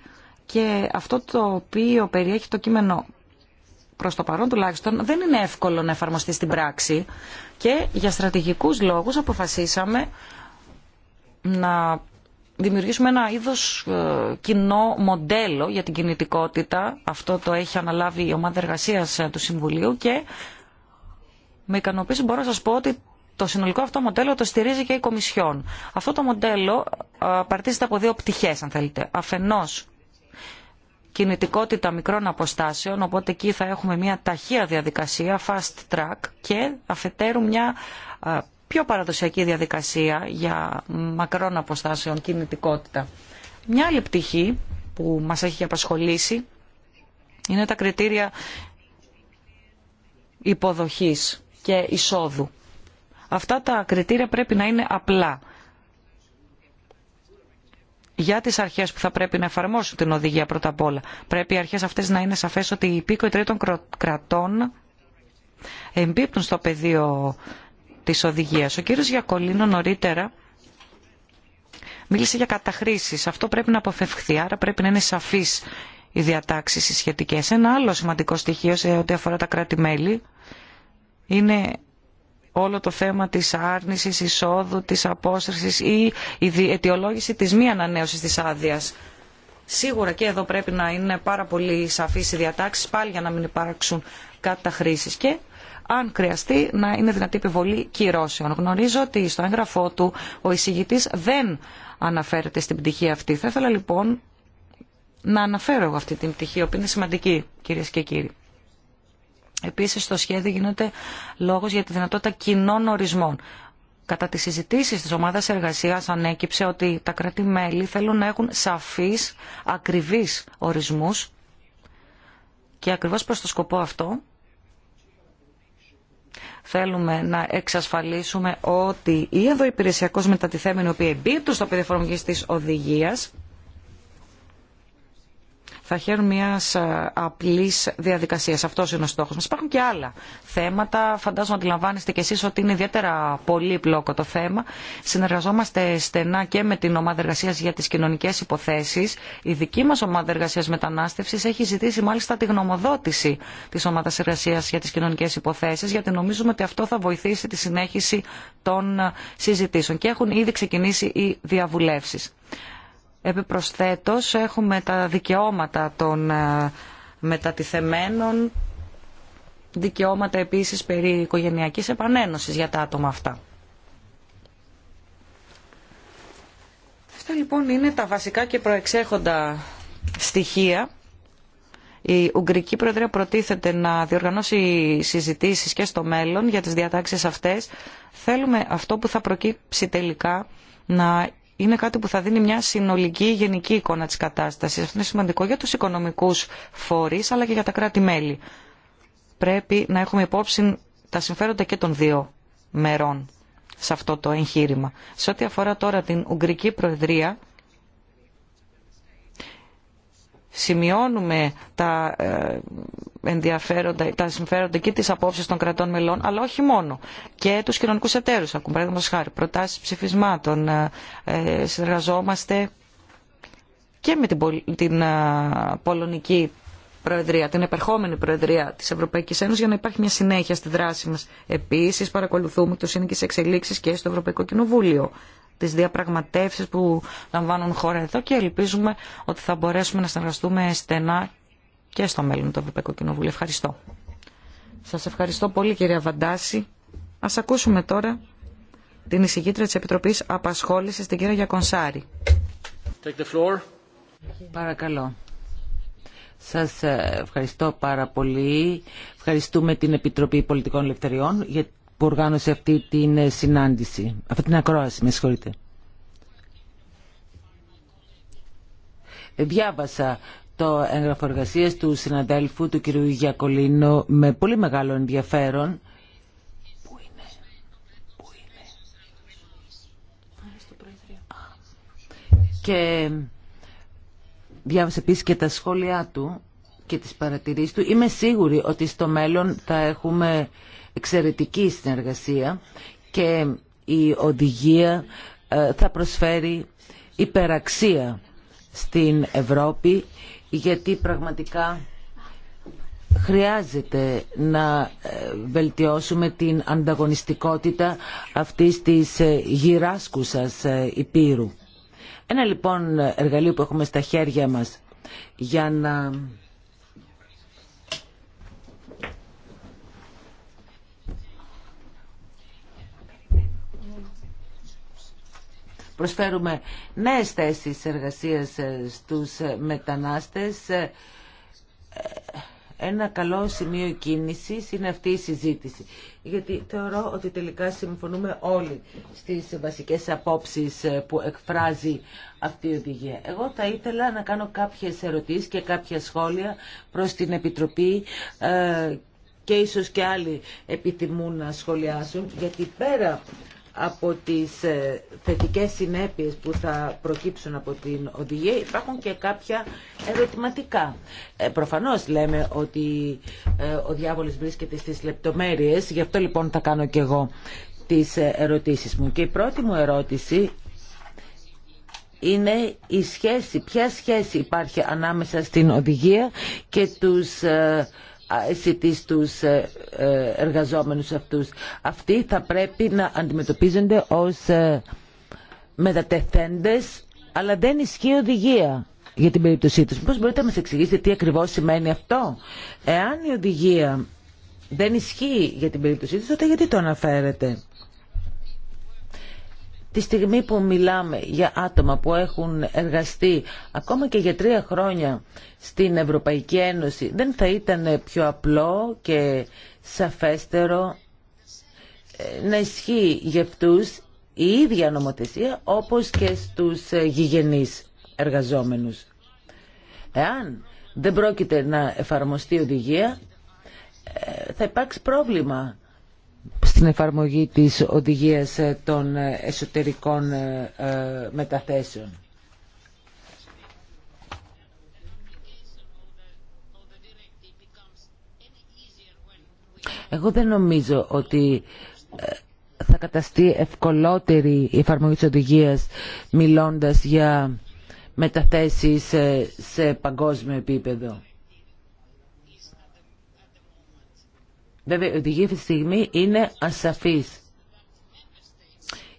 και αυτό το οποίο περιέχει το κείμενο προς το παρόν τουλάχιστον δεν είναι εύκολο να εφαρμοστεί στην πράξη και για στρατηγικούς λόγους αποφασίσαμε να δημιουργήσουμε ένα είδος ε, κοινό μοντέλο για την κινητικότητα. Αυτό το έχει αναλάβει η ομάδα εργασίας του Συμβουλίου και με ικανοποίηση μπορώ να σας πω ότι το συνολικό αυτό μοντέλο το στηρίζει και η Κομισιόν. Αυτό το μοντέλο ε, παρτίζεται από δύο πτυχές, αν θέλετε. Αφενός, κινητικότητα μικρών αποστάσεων, οπότε εκεί θα έχουμε μια ταχεία διαδικασία, fast track, και αφετέρου μια ε, πιο παραδοσιακή διαδικασία για μακρών αποστάσεων κινητικότητα. Μια άλλη πτυχή που μας έχει απασχολήσει είναι τα κριτήρια υποδοχής και εισόδου Αυτά τα κριτήρια πρέπει να είναι απλά για τις αρχές που θα πρέπει να εφαρμόσουν την οδηγία πρώτα απ' όλα. Πρέπει οι αρχές αυτές να είναι σαφές ότι οι υπήκοοι τρίτων κρατών εμπίπτουν στο πεδίο της οδηγίας. Ο κύριος Γιακολίνο νωρίτερα μίλησε για καταχρήσεις. Αυτό πρέπει να αποφευχθεί, άρα πρέπει να είναι σαφής οι διατάξεις οι σχετικές. Ένα άλλο σημαντικό στοιχείο σε ό,τι αφορά τα κράτη-μέλη είναι όλο το θέμα της άρνησης, εισόδου, της απόσυρσης ή η αιτιολόγηση της μη ανανέωσης της άδεια. Σίγουρα και εδώ πρέπει να είναι πάρα πολύ σαφείς οι διατάξεις πάλι για να μην υπάρξουν καταχρήσεις και αν χρειαστεί να είναι δυνατή επιβολή κυρώσεων. Γνωρίζω ότι στο έγγραφό του ο εισηγητής δεν αναφέρεται στην πτυχή αυτή. Θα ήθελα λοιπόν να αναφέρω εγώ αυτή την πτυχή, που οποία είναι σημαντική κυρίες και κύριοι. Επίσης στο σχέδιο γίνεται λόγος για τη δυνατότητα κοινών ορισμών. Κατά τις συζητήσεις της ομάδας εργασίας ανέκυψε ότι τα κράτη-μέλη θέλουν να έχουν σαφείς, ακριβείς ορισμούς και ακριβώς προς το σκοπό αυτό θέλουμε να εξασφαλίσουμε ότι η υπηρεσιακό μετατιθέμενο, η οποία εμπίπτουν στο πεδίο τη της θα χαίρουν μια ε, απλή διαδικασία. Αυτό είναι ο στόχο μα. Υπάρχουν και άλλα θέματα. Φαντάζομαι ότι αντιλαμβάνεστε κι εσεί ότι είναι ιδιαίτερα πολύπλοκο το θέμα. Συνεργαζόμαστε στενά και με την ομάδα εργασία για τι κοινωνικέ υποθέσει. Η δική μα ομάδα εργασία μετανάστευση έχει ζητήσει μάλιστα τη γνωμοδότηση τη ομάδα εργασία για τι κοινωνικέ υποθέσει, γιατί νομίζουμε ότι αυτό θα βοηθήσει τη συνέχιση των ε, συζητήσεων. Και έχουν ήδη ξεκινήσει οι διαβουλεύσει. Επιπροσθέτως έχουμε τα δικαιώματα των ε, μετατιθεμένων, δικαιώματα επίσης περί οικογενειακής επανένωσης για τα άτομα αυτά. Αυτά λοιπόν είναι τα βασικά και προεξέχοντα στοιχεία. Η Ουγγρική Προεδρία προτίθεται να διοργανώσει συζητήσεις και στο μέλλον για τις διατάξεις αυτές. Θέλουμε αυτό που θα προκύψει τελικά να είναι κάτι που θα δίνει μια συνολική γενική εικόνα της κατάστασης. Αυτό είναι σημαντικό για τους οικονομικούς φορείς αλλά και για τα κράτη-μέλη. Πρέπει να έχουμε υπόψη τα συμφέροντα και των δύο μερών σε αυτό το εγχείρημα. Σε ό,τι αφορά τώρα την Ουγγρική Προεδρία, σημειώνουμε τα ε, ενδιαφέροντα, τα συμφέροντα και τις απόψεις των κρατών μελών, αλλά όχι μόνο. Και τους κοινωνικούς εταίρους ακούμε, παραδείγματος χάρη, προτάσεις ψηφισμάτων, ε, ε, συνεργαζόμαστε και με την πολωνική Προεδρία, την επερχόμενη Προεδρία τη Ευρωπαϊκή Ένωση, για να υπάρχει μια συνέχεια στη δράση μα. Επίση, παρακολουθούμε το σύνοικε εξελίξει εξελίξεις και στο Ευρωπαϊκό Κοινοβούλιο τι διαπραγματεύσει που λαμβάνουν χώρα εδώ και ελπίζουμε ότι θα μπορέσουμε να συνεργαστούμε στενά και στο μέλλον του Ευρωπαϊκού Κοινοβούλιο. Ευχαριστώ. Σα ευχαριστώ πολύ κυρία Βαντάση. Α ακούσουμε τώρα την εισηγήτρια τη Επιτροπή Απασχόληση, την κυρία Γιακονσάρη. Take the floor. Παρακαλώ. Σας ε, ευχαριστώ πάρα πολύ. Ευχαριστούμε την Επιτροπή Πολιτικών Ελευθεριών για που οργάνωσε αυτή την ε, συνάντηση, αυτή την ακρόαση, με συγχωρείτε. Διάβασα το έγγραφο εργασία του συναδέλφου του κ. Γιακολίνου με πολύ μεγάλο ενδιαφέρον. Πού Και διάβασε επίσης και τα σχόλιά του και τις παρατηρήσεις του. Είμαι σίγουρη ότι στο μέλλον θα έχουμε εξαιρετική συνεργασία και η οδηγία ε, θα προσφέρει υπεραξία στην Ευρώπη γιατί πραγματικά χρειάζεται να ε, βελτιώσουμε την ανταγωνιστικότητα αυτής της ε, γυράσκουσας υπήρου. Ένα λοιπόν εργαλείο που έχουμε στα χέρια μας για να προσφέρουμε νέες θέσεις εργασίας ε, στους μετανάστες ε, ένα καλό σημείο κίνηση είναι αυτή η συζήτηση. Γιατί θεωρώ ότι τελικά συμφωνούμε όλοι στις βασικές απόψεις ε, που εκφράζει αυτή η οδηγία. Εγώ θα ήθελα να κάνω κάποιες ερωτήσεις και κάποια σχόλια προς την Επιτροπή ε, και ίσως και άλλοι επιθυμούν να σχολιάσουν, γιατί πέρα από τις ε, θετικές συνέπειες που θα προκύψουν από την οδηγία υπάρχουν και κάποια ερωτηματικά. Ε, προφανώς λέμε ότι ε, ο διάβολος βρίσκεται στις λεπτομέρειες, γι' αυτό λοιπόν θα κάνω και εγώ τις ε, ερωτήσεις μου. Και η πρώτη μου ερώτηση είναι η σχέση, ποια σχέση υπάρχει ανάμεσα στην οδηγία και τους αισθητή τους ε, ε, εργαζόμενους αυτούς. Αυτοί θα πρέπει να αντιμετωπίζονται ως ε, μετατεθέντες, αλλά δεν ισχύει οδηγία για την περίπτωσή τους. Πώς μπορείτε να μας εξηγήσετε τι ακριβώς σημαίνει αυτό. Εάν η οδηγία δεν ισχύει για την περίπτωσή τους, τότε γιατί το αναφέρετε. Τη στιγμή που μιλάμε για άτομα που έχουν εργαστεί ακόμα και για τρία χρόνια στην Ευρωπαϊκή Ένωση, δεν θα ήταν πιο απλό και σαφέστερο ε, να ισχύει για αυτούς η ίδια νομοθεσία όπως και στους ε, γηγενείς εργαζόμενους. Εάν δεν πρόκειται να εφαρμοστεί οδηγία, ε, θα υπάρξει πρόβλημα στην εφαρμογή της οδηγίας ε, των ε, εσωτερικών ε, μεταθέσεων. Εγώ δεν νομίζω ότι θα καταστεί ευκολότερη η εφαρμογή της οδηγίας μιλώντας για μεταθέσεις σε παγκόσμιο επίπεδο. Βέβαια, η οδηγία τη στιγμή είναι ασαφής.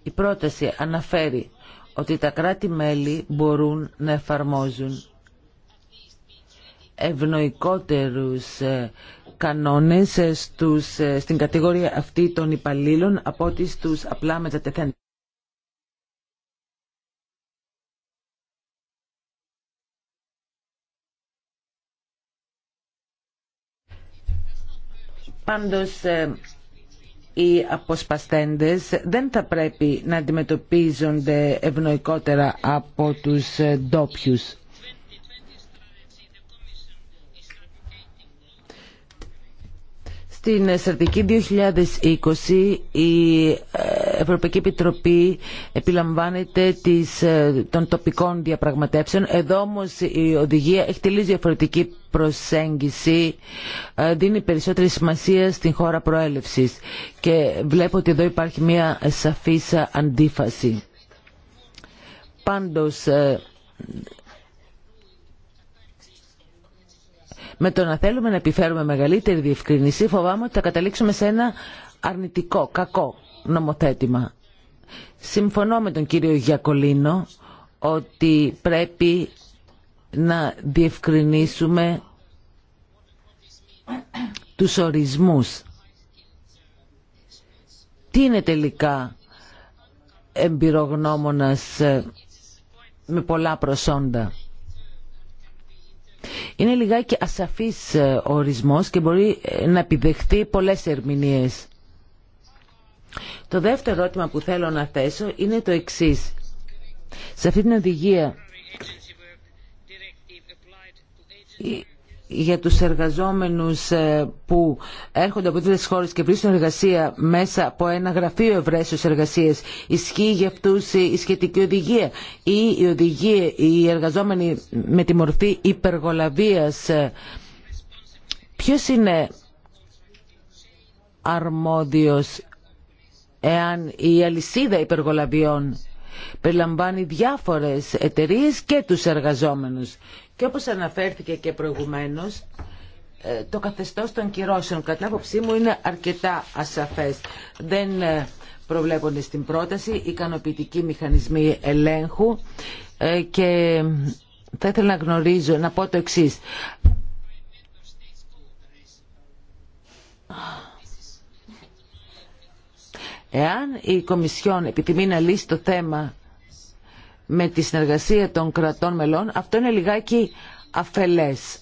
Η πρόταση αναφέρει ότι τα κράτη-μέλη μπορούν να εφαρμόζουν ευνοϊκότερους ε, κανόνες ε, ε, στην κατηγορία αυτή των υπαλλήλων από ότι στους απλά μετατεθέντες. Πάντως ε, οι αποσπαστέντες δεν θα πρέπει να αντιμετωπίζονται ευνοϊκότερα από τους ντόπιου. Στην Σερδική 2020 η ε, Ευρωπαϊκή Επιτροπή επιλαμβάνεται της, ε, των τοπικών διαπραγματεύσεων. Εδώ όμως η οδηγία έχει τελείως διαφορετική προσέγγιση, ε, δίνει περισσότερη σημασία στην χώρα προέλευσης και βλέπω ότι εδώ υπάρχει μια σαφής αντίφαση. Πάντως με το να θέλουμε να επιφέρουμε μεγαλύτερη διευκρίνηση φοβάμαι ότι θα καταλήξουμε σε ένα αρνητικό, κακό νομοθέτημα. Συμφωνώ με τον κύριο Γιακολίνο ότι πρέπει να διευκρινίσουμε τους ορισμούς. Τι είναι τελικά εμπειρογνώμονας ε, με πολλά προσόντα. Είναι λιγάκι ασαφής ο ε, ορισμός και μπορεί ε, να επιδεχτεί πολλές ερμηνείες. Το δεύτερο ερώτημα που θέλω να θέσω είναι το εξής. Σε αυτή την οδηγία για τους εργαζόμενους ε, που έρχονται από τέτοιες χώρες και βρίσκουν εργασία μέσα από ένα γραφείο ευρέσεως εργασίες ισχύει για αυτούς η σχετική οδηγία ή η οδηγία οι εργαζόμενοι με τη μορφή υπεργολαβίας ε, ποιος είναι αρμόδιος εάν η αλυσίδα υπεργολαβιών περιλαμβάνει διάφορες εταιρείες και τους εργαζόμενους. Και όπως αναφέρθηκε και προηγουμένως, ε, το καθεστώς των κυρώσεων κατά άποψή μου είναι αρκετά ασαφές. Δεν ε, προβλέπονται στην πρόταση ικανοποιητικοί μηχανισμοί ελέγχου ε, και θα ήθελα να γνωρίζω, να πω το εξής. Εάν η Κομισιόν επιθυμεί να λύσει το θέμα με τη συνεργασία των κρατών μελών, αυτό είναι λιγάκι αφελές.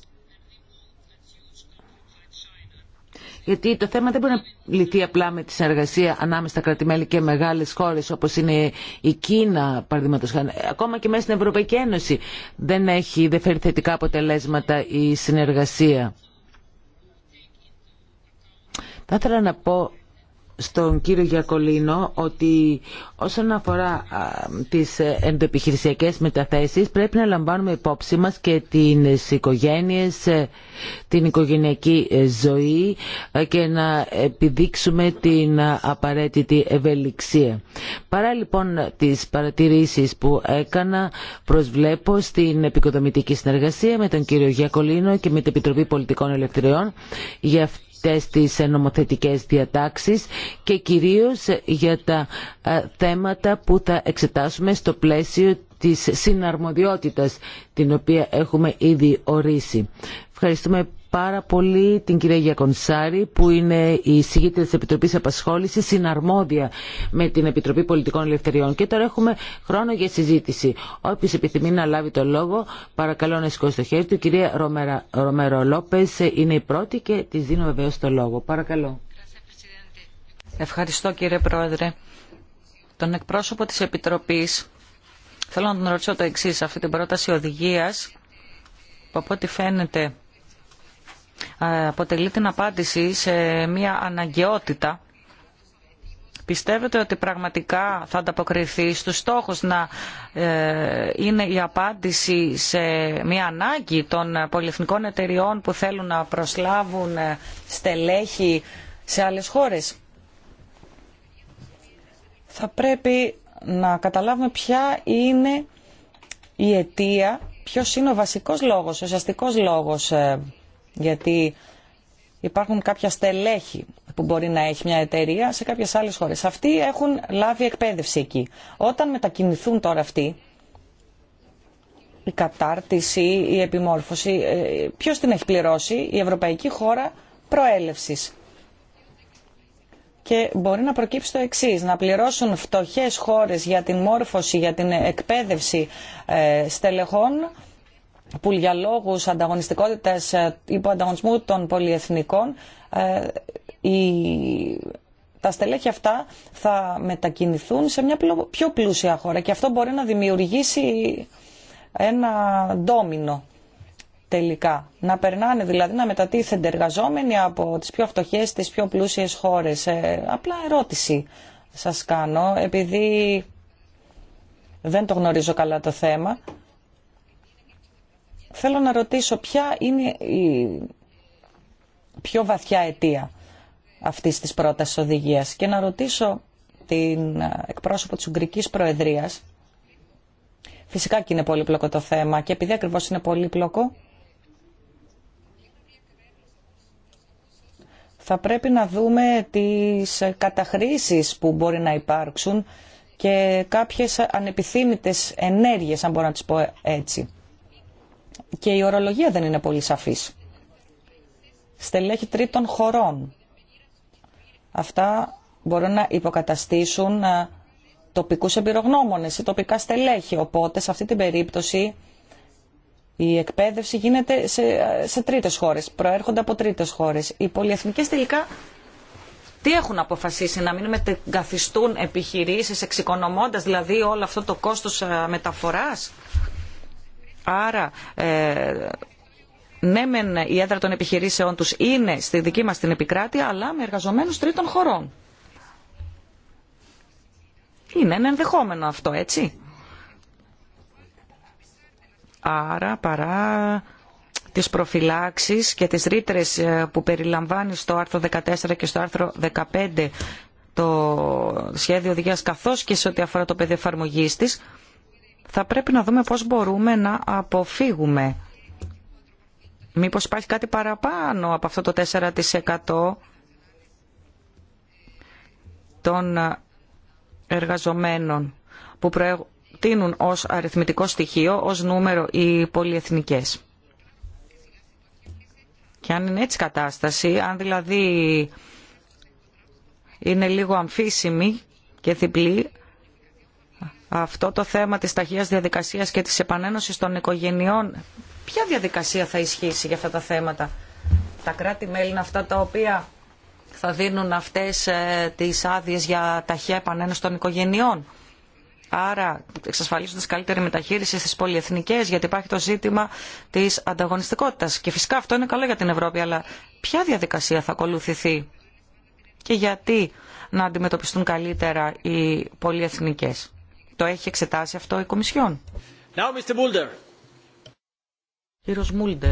Γιατί το θέμα δεν μπορεί να λυθεί απλά με τη συνεργασία ανάμεσα στα κρατημέλη και μεγάλες χώρες όπως είναι η Κίνα, παραδείγματο Ακόμα και μέσα στην Ευρωπαϊκή Ένωση δεν έχει, δεν φέρει θετικά αποτελέσματα η συνεργασία. Θα ήθελα να πω στον κύριο Γιακολίνο ότι όσον αφορά τις ενδοεπιχειρησιακές μεταθέσεις πρέπει να λαμβάνουμε υπόψη μας και τις οικογένειες, την οικογενειακή ζωή ε, και να επιδείξουμε την απαραίτητη ευελιξία. Παρά λοιπόν τις παρατηρήσεις που έκανα προσβλέπω στην επικοδομητική συνεργασία με τον κύριο Γιακολίνο και με την Επιτροπή Πολιτικών Ελευθεριών αυτές τις ε, νομοθετικές διατάξεις και κυρίως για τα ε, θέματα που θα εξετάσουμε στο πλαίσιο της συναρμοδιότητας την οποία έχουμε ήδη ορίσει. Ευχαριστούμε πάρα πολύ την κυρία Γιακονσάρη που είναι η συγγήτρια της Επιτροπής Απασχόλησης συναρμόδια με την Επιτροπή Πολιτικών Ελευθεριών και τώρα έχουμε χρόνο για συζήτηση. Όποιος επιθυμεί να λάβει το λόγο παρακαλώ να σηκώσει το χέρι του. κυρία Ρομερα, Ρομερο Λόπες είναι η πρώτη και τη δίνω βεβαίω το λόγο. Παρακαλώ. Ευχαριστώ κύριε Πρόεδρε. Τον εκπρόσωπο της Επιτροπής θέλω να τον ρωτήσω το εξής. Αυτή την πρόταση οδηγίας που από ό,τι φαίνεται αποτελεί την απάντηση σε μια αναγκαιότητα πιστεύετε ότι πραγματικά θα ανταποκριθεί στους στόχους να ε, είναι η απάντηση σε μια ανάγκη των πολυεθνικών εταιριών που θέλουν να προσλάβουν ε, στελέχη σε άλλες χώρες. Θα πρέπει να καταλάβουμε ποια είναι η αιτία, ποιος είναι ο βασικός λόγος, ο ουσιαστικός λόγος ε, γιατί υπάρχουν κάποια στελέχη που μπορεί να έχει μια εταιρεία σε κάποιε άλλε χώρες. Αυτοί έχουν λάβει εκπαίδευση εκεί. Όταν μετακινηθούν τώρα αυτοί, η κατάρτιση, η επιμόρφωση, ε, Ποιο την έχει πληρώσει, η ευρωπαϊκή χώρα προέλευση. Και μπορεί να προκύψει το εξή, να πληρώσουν φτωχές χώρες για την μόρφωση, για την εκπαίδευση ε, στελεχών που για λόγου ανταγωνιστικότητα ε, υπό ανταγωνισμού των πολιεθνικών ε, τα στελέχη αυτά θα μετακινηθούν σε μια πιο πλούσια χώρα και αυτό μπορεί να δημιουργήσει ένα ντόμινο τελικά. Να περνάνε δηλαδή να μετατίθενται εργαζόμενοι από τις πιο φτωχές τις πιο πλούσιες χώρες. Ε, απλά ερώτηση σας κάνω επειδή δεν το γνωρίζω καλά το θέμα Θέλω να ρωτήσω ποια είναι η πιο βαθιά αιτία αυτής της πρότασης οδηγίας και να ρωτήσω την εκπρόσωπο της Ουγγρικής Προεδρίας. Φυσικά και είναι πολύπλοκο το θέμα και επειδή ακριβώς είναι πολύπλοκο θα πρέπει να δούμε τις καταχρήσεις που μπορεί να υπάρξουν και κάποιες ανεπιθύμητες ενέργειες, αν μπορώ να τις πω έτσι και η ορολογία δεν είναι πολύ σαφής. Στελέχη τρίτων χωρών. Αυτά μπορούν να υποκαταστήσουν ε, τοπικούς εμπειρογνώμονες ή τοπικά στελέχη. Οπότε σε αυτή την περίπτωση η εκπαίδευση γίνεται σε, ε, σε τρίτες χώρες, προέρχονται από τρίτες χώρες. Οι πολυεθνικές τελικά τι έχουν αποφασίσει, να μην μετεγκαθιστούν επιχειρήσεις εξοικονομώντας δηλαδή όλο αυτό το κόστος ε, μεταφοράς. Άρα ε, ναι μεν η έδρα των επιχειρήσεών τους είναι στη δική μας την επικράτεια αλλά με εργαζομένου τρίτων χωρών. Είναι ένα ενδεχόμενο αυτό έτσι. Άρα παρά τις προφυλάξεις και τις ρήτρε ε, που περιλαμβάνει στο άρθρο 14 και στο άρθρο 15 το σχέδιο οδηγίας καθώς και σε ό,τι αφορά το παιδί εφαρμογή της, θα πρέπει να δούμε πώς μπορούμε να αποφύγουμε. Μήπως υπάρχει κάτι παραπάνω από αυτό το 4% των εργαζομένων που προτείνουν ως αριθμητικό στοιχείο, ως νούμερο οι πολυεθνικές. Και αν είναι έτσι κατάσταση, αν δηλαδή είναι λίγο αμφίσιμη και θυπλή, αυτό το θέμα της ταχείας διαδικασίας και της επανένωσης των οικογενειών, ποια διαδικασία θα ισχύσει για αυτά τα θέματα. Τα κράτη-μέλη είναι αυτά τα οποία θα δίνουν αυτές ε, τις άδειε για ταχεία επανένωση των οικογενειών. Άρα, εξασφαλίζοντας καλύτερη μεταχείριση στις πολυεθνικές, γιατί υπάρχει το ζήτημα της ανταγωνιστικότητας. Και φυσικά αυτό είναι καλό για την Ευρώπη, αλλά ποια διαδικασία θα ακολουθηθεί και γιατί να αντιμετωπιστούν καλύτερα οι πολυεθνικές. Το έχει εξετάσει αυτό η Κομισιόν. Now, Mr. Mulder. Μούλντερ.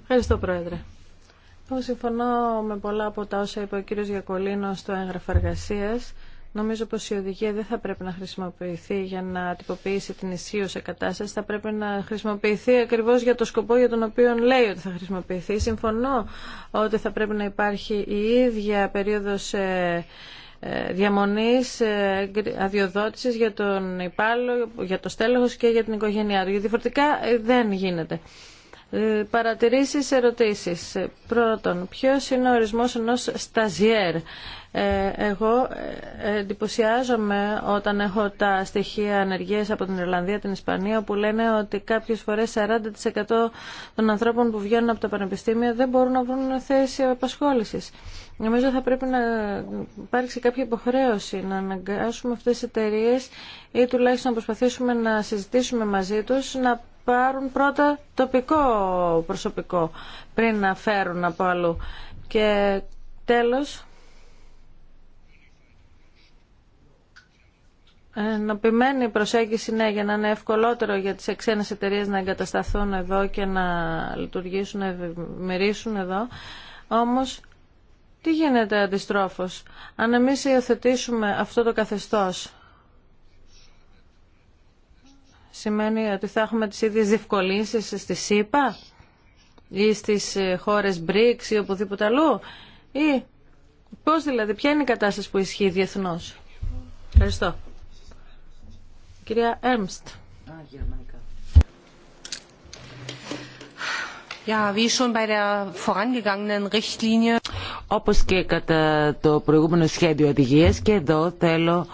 Ευχαριστώ, Πρόεδρε. Εγώ συμφωνώ με πολλά από τα όσα είπε ο κύριος Γιακολίνο στο έγγραφο εργασία. Νομίζω πως η οδηγία δεν θα πρέπει να χρησιμοποιηθεί για να τυποποιήσει την ισχύουσα κατάσταση. Θα πρέπει να χρησιμοποιηθεί ακριβώς για το σκοπό για τον οποίο λέει ότι θα χρησιμοποιηθεί. Συμφωνώ ότι θα πρέπει να υπάρχει η ίδια περίοδος ε, ε, διαμονής ε, αδειοδότησης για τον υπάλληλο, για το στέλεχος και για την οικογένειά του. Διαφορετικά ε, δεν γίνεται. Παρατηρήσεις, ερωτήσεις. Πρώτον, ποιος είναι ο ορισμός ενός σταζιέρ. Εγώ εντυπωσιάζομαι όταν έχω τα στοιχεία ανεργίας από την Ιρλανδία, την Ισπανία, που λένε ότι κάποιες φορές 40% των ανθρώπων που βγαίνουν από τα πανεπιστήμια δεν μπορούν να βρουν θέση απασχόλησης. Νομίζω θα πρέπει να υπάρξει κάποια υποχρέωση να αναγκάσουμε αυτές τις εταιρείε ή τουλάχιστον να προσπαθήσουμε να συζητήσουμε μαζί τους να πάρουν πρώτα τοπικό προσωπικό πριν να φέρουν από αλλού. Και τέλος, Ενωπημένη προσέγγιση, ναι, για να είναι ευκολότερο για τις εξένες εταιρείε να εγκατασταθούν εδώ και να λειτουργήσουν, να ευημερίσουν εδώ. Όμως τι γίνεται αντιστρόφως, αν εμείς υιοθετήσουμε αυτό το καθεστώς, σημαίνει ότι θα έχουμε τις ίδιες διευκολύνσεις στη ΣΥΠΑ ή στις ε, χώρες BRICS ή οπουδήποτε αλλού ή πώς δηλαδή, ποια είναι η κατάσταση που ισχύει διεθνώς. Ευχαριστώ. Κυρία Έρμστ. Όπως και κατά το προηγούμενο σχέδιο οδηγίας και εδώ θέλω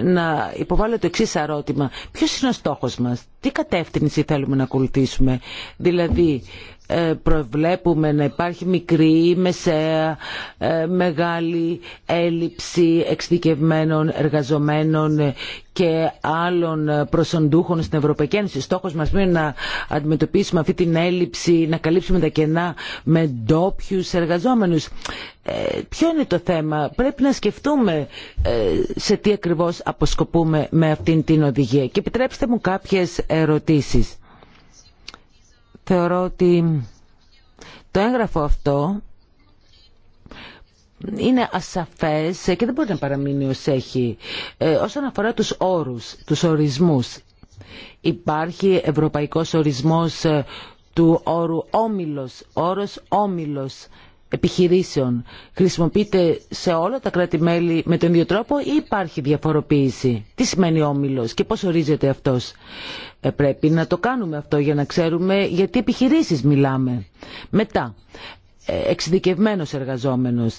να υποβάλω το εξής ερώτημα. Ποιος είναι ο στόχος μας, τι κατεύθυνση θέλουμε να ακολουθήσουμε. Δηλαδή ε, προβλέπουμε να υπάρχει μικρή, μεσαία, ε, μεγάλη έλλειψη εξειδικευμένων εργαζομένων και άλλων προσοντούχων στην Ευρωπαϊκή Ένωση. Στόχος μας είναι να αντιμετωπίσουμε αυτή την έλλειψη, να καλύψουμε τα κενά με ντόπιου εργαζόμενους. Ε, ποιο είναι το θέμα, πρέπει να σκεφτούμε σε τι ακριβώς αποσκοπούμε με αυτήν την οδηγία. Και επιτρέψτε μου κάποιες ερωτήσεις Θεωρώ ότι το έγγραφο αυτό είναι ασαφές και δεν μπορεί να παραμείνει ως έχει ε, όσον αφορά τους όρους, τους ορισμούς. Υπάρχει ευρωπαϊκός ορισμός ε, του όρου όμιλος, όρος όμιλος επιχειρήσεων. Χρησιμοποιείται σε όλα τα κράτη-μέλη με τον ίδιο τρόπο ή υπάρχει διαφοροποίηση. Τι σημαίνει όμιλος και πώς ορίζεται αυτός. Ε, πρέπει να το κάνουμε αυτό για να ξέρουμε για τι επιχειρήσεις μιλάμε. Μετά, ε, εξειδικευμένος εργαζόμενος,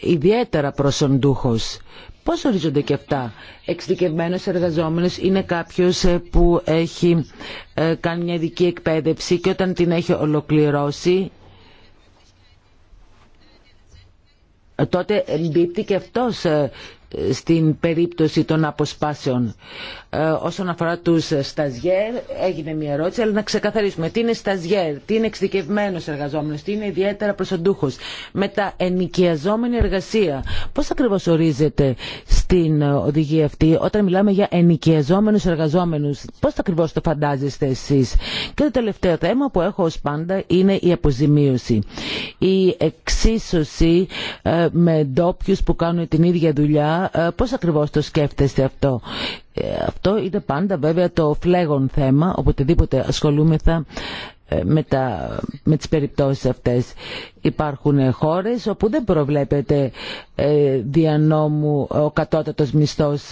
ιδιαίτερα προσοντούχος, Πώς ορίζονται και αυτά. Εξειδικευμένος εργαζόμενος είναι κάποιος ε, που έχει κάνει μια ειδική εκπαίδευση και όταν την έχει ολοκληρώσει τότε εμπίπτει και αυτός στην περίπτωση των αποσπάσεων. Ε, όσον αφορά τους σταζιέρ, έγινε μια ερώτηση, αλλά να ξεκαθαρίσουμε τι είναι σταζιέρ, τι είναι εξειδικευμένο εργαζόμενος, τι είναι ιδιαίτερα προσοντούχος. Με τα ενοικιαζόμενη εργασία, πώς ακριβώς ορίζεται στην οδηγία αυτή όταν μιλάμε για ενοικιαζόμενους εργαζόμενους, πώς ακριβώς το φαντάζεστε εσείς. Και το τελευταίο θέμα που έχω ως πάντα είναι η αποζημίωση. Η εξίσωση ε, με ντόπιου που κάνουν την ίδια δουλειά, ε, πώς ακριβώ το σκέφτεστε αυτό. Ε, αυτό είναι πάντα βέβαια το φλέγον θέμα, οποτεδήποτε ασχολούμεθα ε, με, τα, με τις περιπτώσεις αυτές. Υπάρχουν ε, χώρες όπου δεν προβλέπεται ε, διανόμου ο κατώτατος μισθός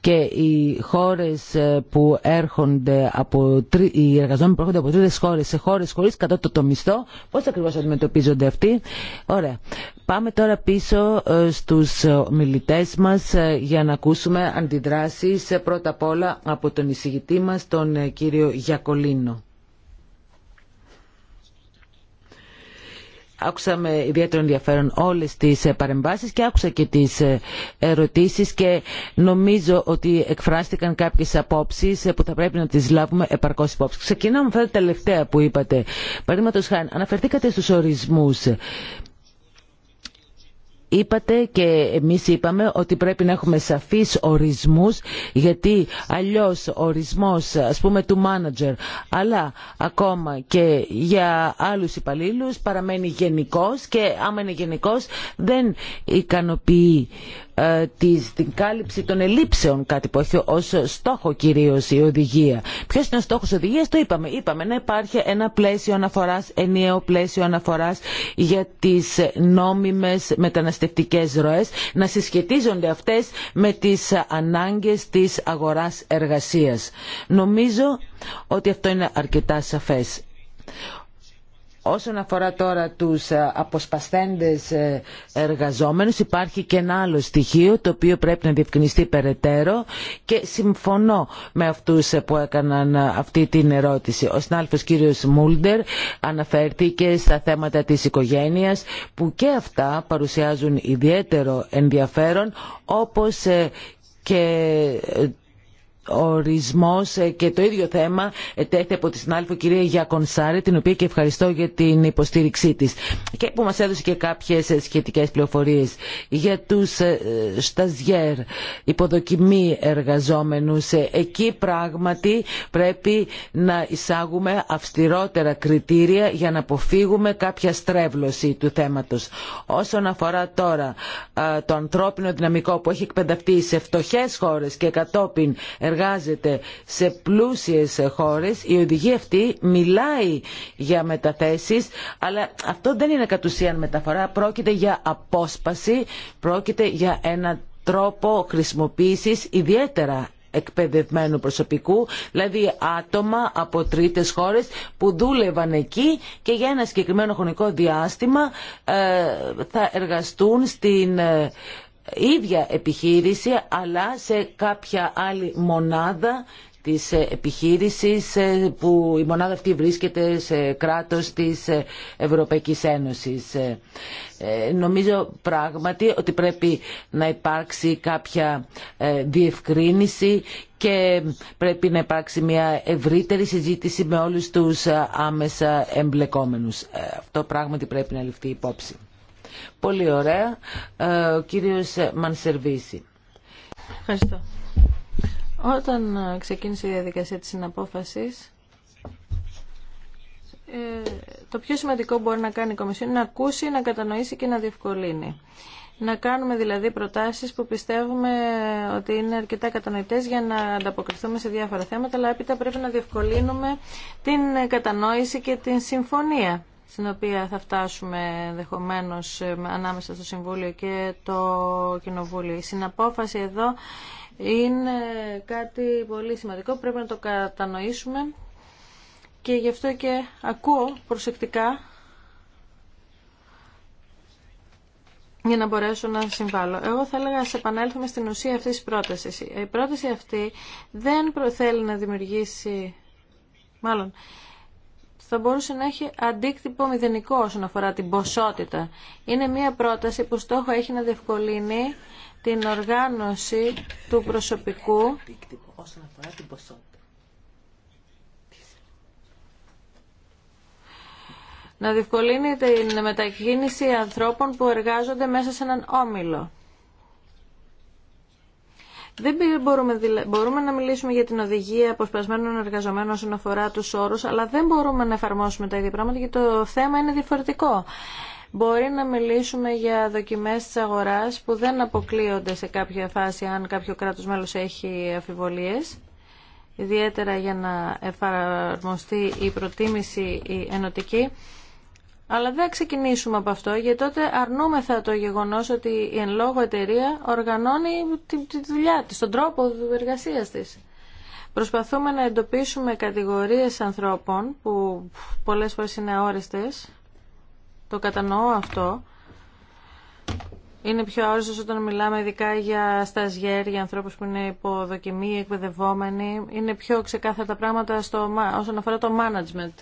και οι χώρες που έρχονται από τρι... οι εργαζόμενοι που έρχονται από τρίτες χώρες σε χώρες χωρίς κατώτατο μισθό, πώς ακριβώς αντιμετωπίζονται αυτοί. Ωραία. Πάμε τώρα πίσω ε, στους μιλητές μας ε, για να ακούσουμε αντιδράσεις ε, πρώτα απ' όλα από τον εισηγητή μας, τον κύριο Γιακολίνο. Άκουσα με ιδιαίτερο ενδιαφέρον όλες τις παρεμβάσεις και άκουσα και τις ερωτήσεις και νομίζω ότι εκφράστηκαν κάποιες απόψεις που θα πρέπει να τις λάβουμε επαρκώς υπόψη. Ξεκινάμε με αυτά τα τελευταία που είπατε. Παραδείγματος χάρη, αναφερθήκατε στους ορισμούς είπατε και εμείς είπαμε ότι πρέπει να έχουμε σαφείς ορισμούς γιατί αλλιώς ορισμός ας πούμε του μάνατζερ αλλά ακόμα και για άλλους υπαλλήλους παραμένει γενικός και άμα είναι γενικός δεν ικανοποιεί ε, την κάλυψη των ελλείψεων, κάτι που έχει ως στόχο κυρίως η οδηγία. Ποιος είναι ο στόχος οδηγίας, το είπαμε. Είπαμε να υπάρχει ένα πλαίσιο αναφοράς, ενιαίο πλαίσιο αναφοράς για τις νόμιμες μεταναστευτικές ροές, να συσχετίζονται αυτές με τις ανάγκες της αγοράς εργασίας. Νομίζω ότι αυτό είναι αρκετά σαφές. Όσον αφορά τώρα τους ε, αποσπασθέντες ε, εργαζόμενους υπάρχει και ένα άλλο στοιχείο το οποίο πρέπει να διευκρινιστεί περαιτέρω και συμφωνώ με αυτούς ε, που έκαναν αυτή την ερώτηση. Ο συνάλφος κύριος Μούλντερ αναφέρθηκε στα θέματα της οικογένειας που και αυτά παρουσιάζουν ιδιαίτερο ενδιαφέρον όπως και ορισμός ε, και το ίδιο θέμα τέθη από τη συνάδελφο κυρία Γιακονσάρη την οποία και ευχαριστώ για την υποστήριξή της και που μας έδωσε και κάποιες ε, σχετικές πληροφορίες για τους ε, σταζιέρ υποδοκιμή εργαζόμενους εκεί πράγματι πρέπει να εισάγουμε αυστηρότερα κριτήρια για να αποφύγουμε κάποια στρέβλωση του θέματος όσον αφορά τώρα το ανθρώπινο δυναμικό που έχει εκπαιδευτεί σε φτωχές χώρες και κατόπιν εργαζόμενους εργάζεται σε πλούσιες χώρες. Η οδηγία αυτή μιλάει για μεταθέσεις, αλλά αυτό δεν είναι κατ' ουσίαν μεταφορά. Πρόκειται για απόσπαση, πρόκειται για ένα τρόπο χρησιμοποίησης ιδιαίτερα εκπαιδευμένου προσωπικού, δηλαδή άτομα από τρίτες χώρες που δούλευαν εκεί και για ένα συγκεκριμένο χρονικό διάστημα ε, θα εργαστούν στην ε, ίδια επιχείρηση αλλά σε κάποια άλλη μονάδα της ε, επιχείρησης ε, που η μονάδα αυτή βρίσκεται σε κράτος της ε, Ευρωπαϊκής Ένωσης. Νομίζω πράγματι ότι πρέπει να υπάρξει κάποια διευκρίνηση και πρέπει να υπάρξει μια ευρύτερη συζήτηση με όλους τους άμεσα εμπλεκόμενους. Αυτό πράγματι πρέπει να ληφθεί υπόψη. Πολύ ωραία. Ε, ο κύριος Μανσερβίση. Ευχαριστώ. Όταν ε, ξεκίνησε η διαδικασία της συναπόφασης, ε, το πιο σημαντικό που μπορεί να κάνει η Κομισιόν είναι να ακούσει, να κατανοήσει και να διευκολύνει. Να κάνουμε δηλαδή προτάσεις που πιστεύουμε ότι είναι αρκετά κατανοητές για να ανταποκριθούμε σε διάφορα θέματα, αλλά έπειτα πρέπει να διευκολύνουμε την κατανόηση και την συμφωνία στην οποία θα φτάσουμε ενδεχομένω ε, ανάμεσα στο Συμβούλιο και το Κοινοβούλιο. Η συναπόφαση εδώ είναι κάτι πολύ σημαντικό, πρέπει να το κατανοήσουμε και γι' αυτό και ακούω προσεκτικά για να μπορέσω να συμβάλλω. Εγώ θα έλεγα να επανέλθουμε στην ουσία αυτής της πρότασης. Η πρόταση αυτή δεν θέλει να δημιουργήσει, μάλλον, θα μπορούσε να έχει αντίκτυπο μηδενικό όσον αφορά την ποσότητα. Είναι μια πρόταση που στόχο έχει να διευκολύνει την οργάνωση του προσωπικού αντίκτυπο όσον αφορά την ποσότητα. να διευκολύνει την μετακίνηση ανθρώπων που εργάζονται μέσα σε έναν όμιλο. Δεν μπορούμε, μπορούμε να μιλήσουμε για την οδηγία αποσπασμένων εργαζομένων όσον αφορά τους όρους, αλλά δεν μπορούμε να εφαρμόσουμε τα ίδια πράγματα γιατί το θέμα είναι διαφορετικό. Μπορεί να μιλήσουμε για δοκιμές τη αγοράς που δεν αποκλείονται σε κάποια φάση αν κάποιο κράτος μέλος έχει αφιβολίε, ιδιαίτερα για να εφαρμοστεί η προτίμηση η ενωτική αλλά δεν ξεκινήσουμε από αυτό, γιατί τότε αρνούμεθα το γεγονός ότι η εν λόγω εταιρεία οργανώνει τη, δουλειά της, τον τρόπο εργασία της. Προσπαθούμε να εντοπίσουμε κατηγορίες ανθρώπων που πολλές φορές είναι αόριστε. Το κατανοώ αυτό. Είναι πιο αόριστος όταν μιλάμε ειδικά για σταζιέρ, για ανθρώπου που είναι υποδοκιμοί, εκπαιδευόμενοι. Είναι πιο ξεκάθαρα τα πράγματα στο, όσον αφορά το management.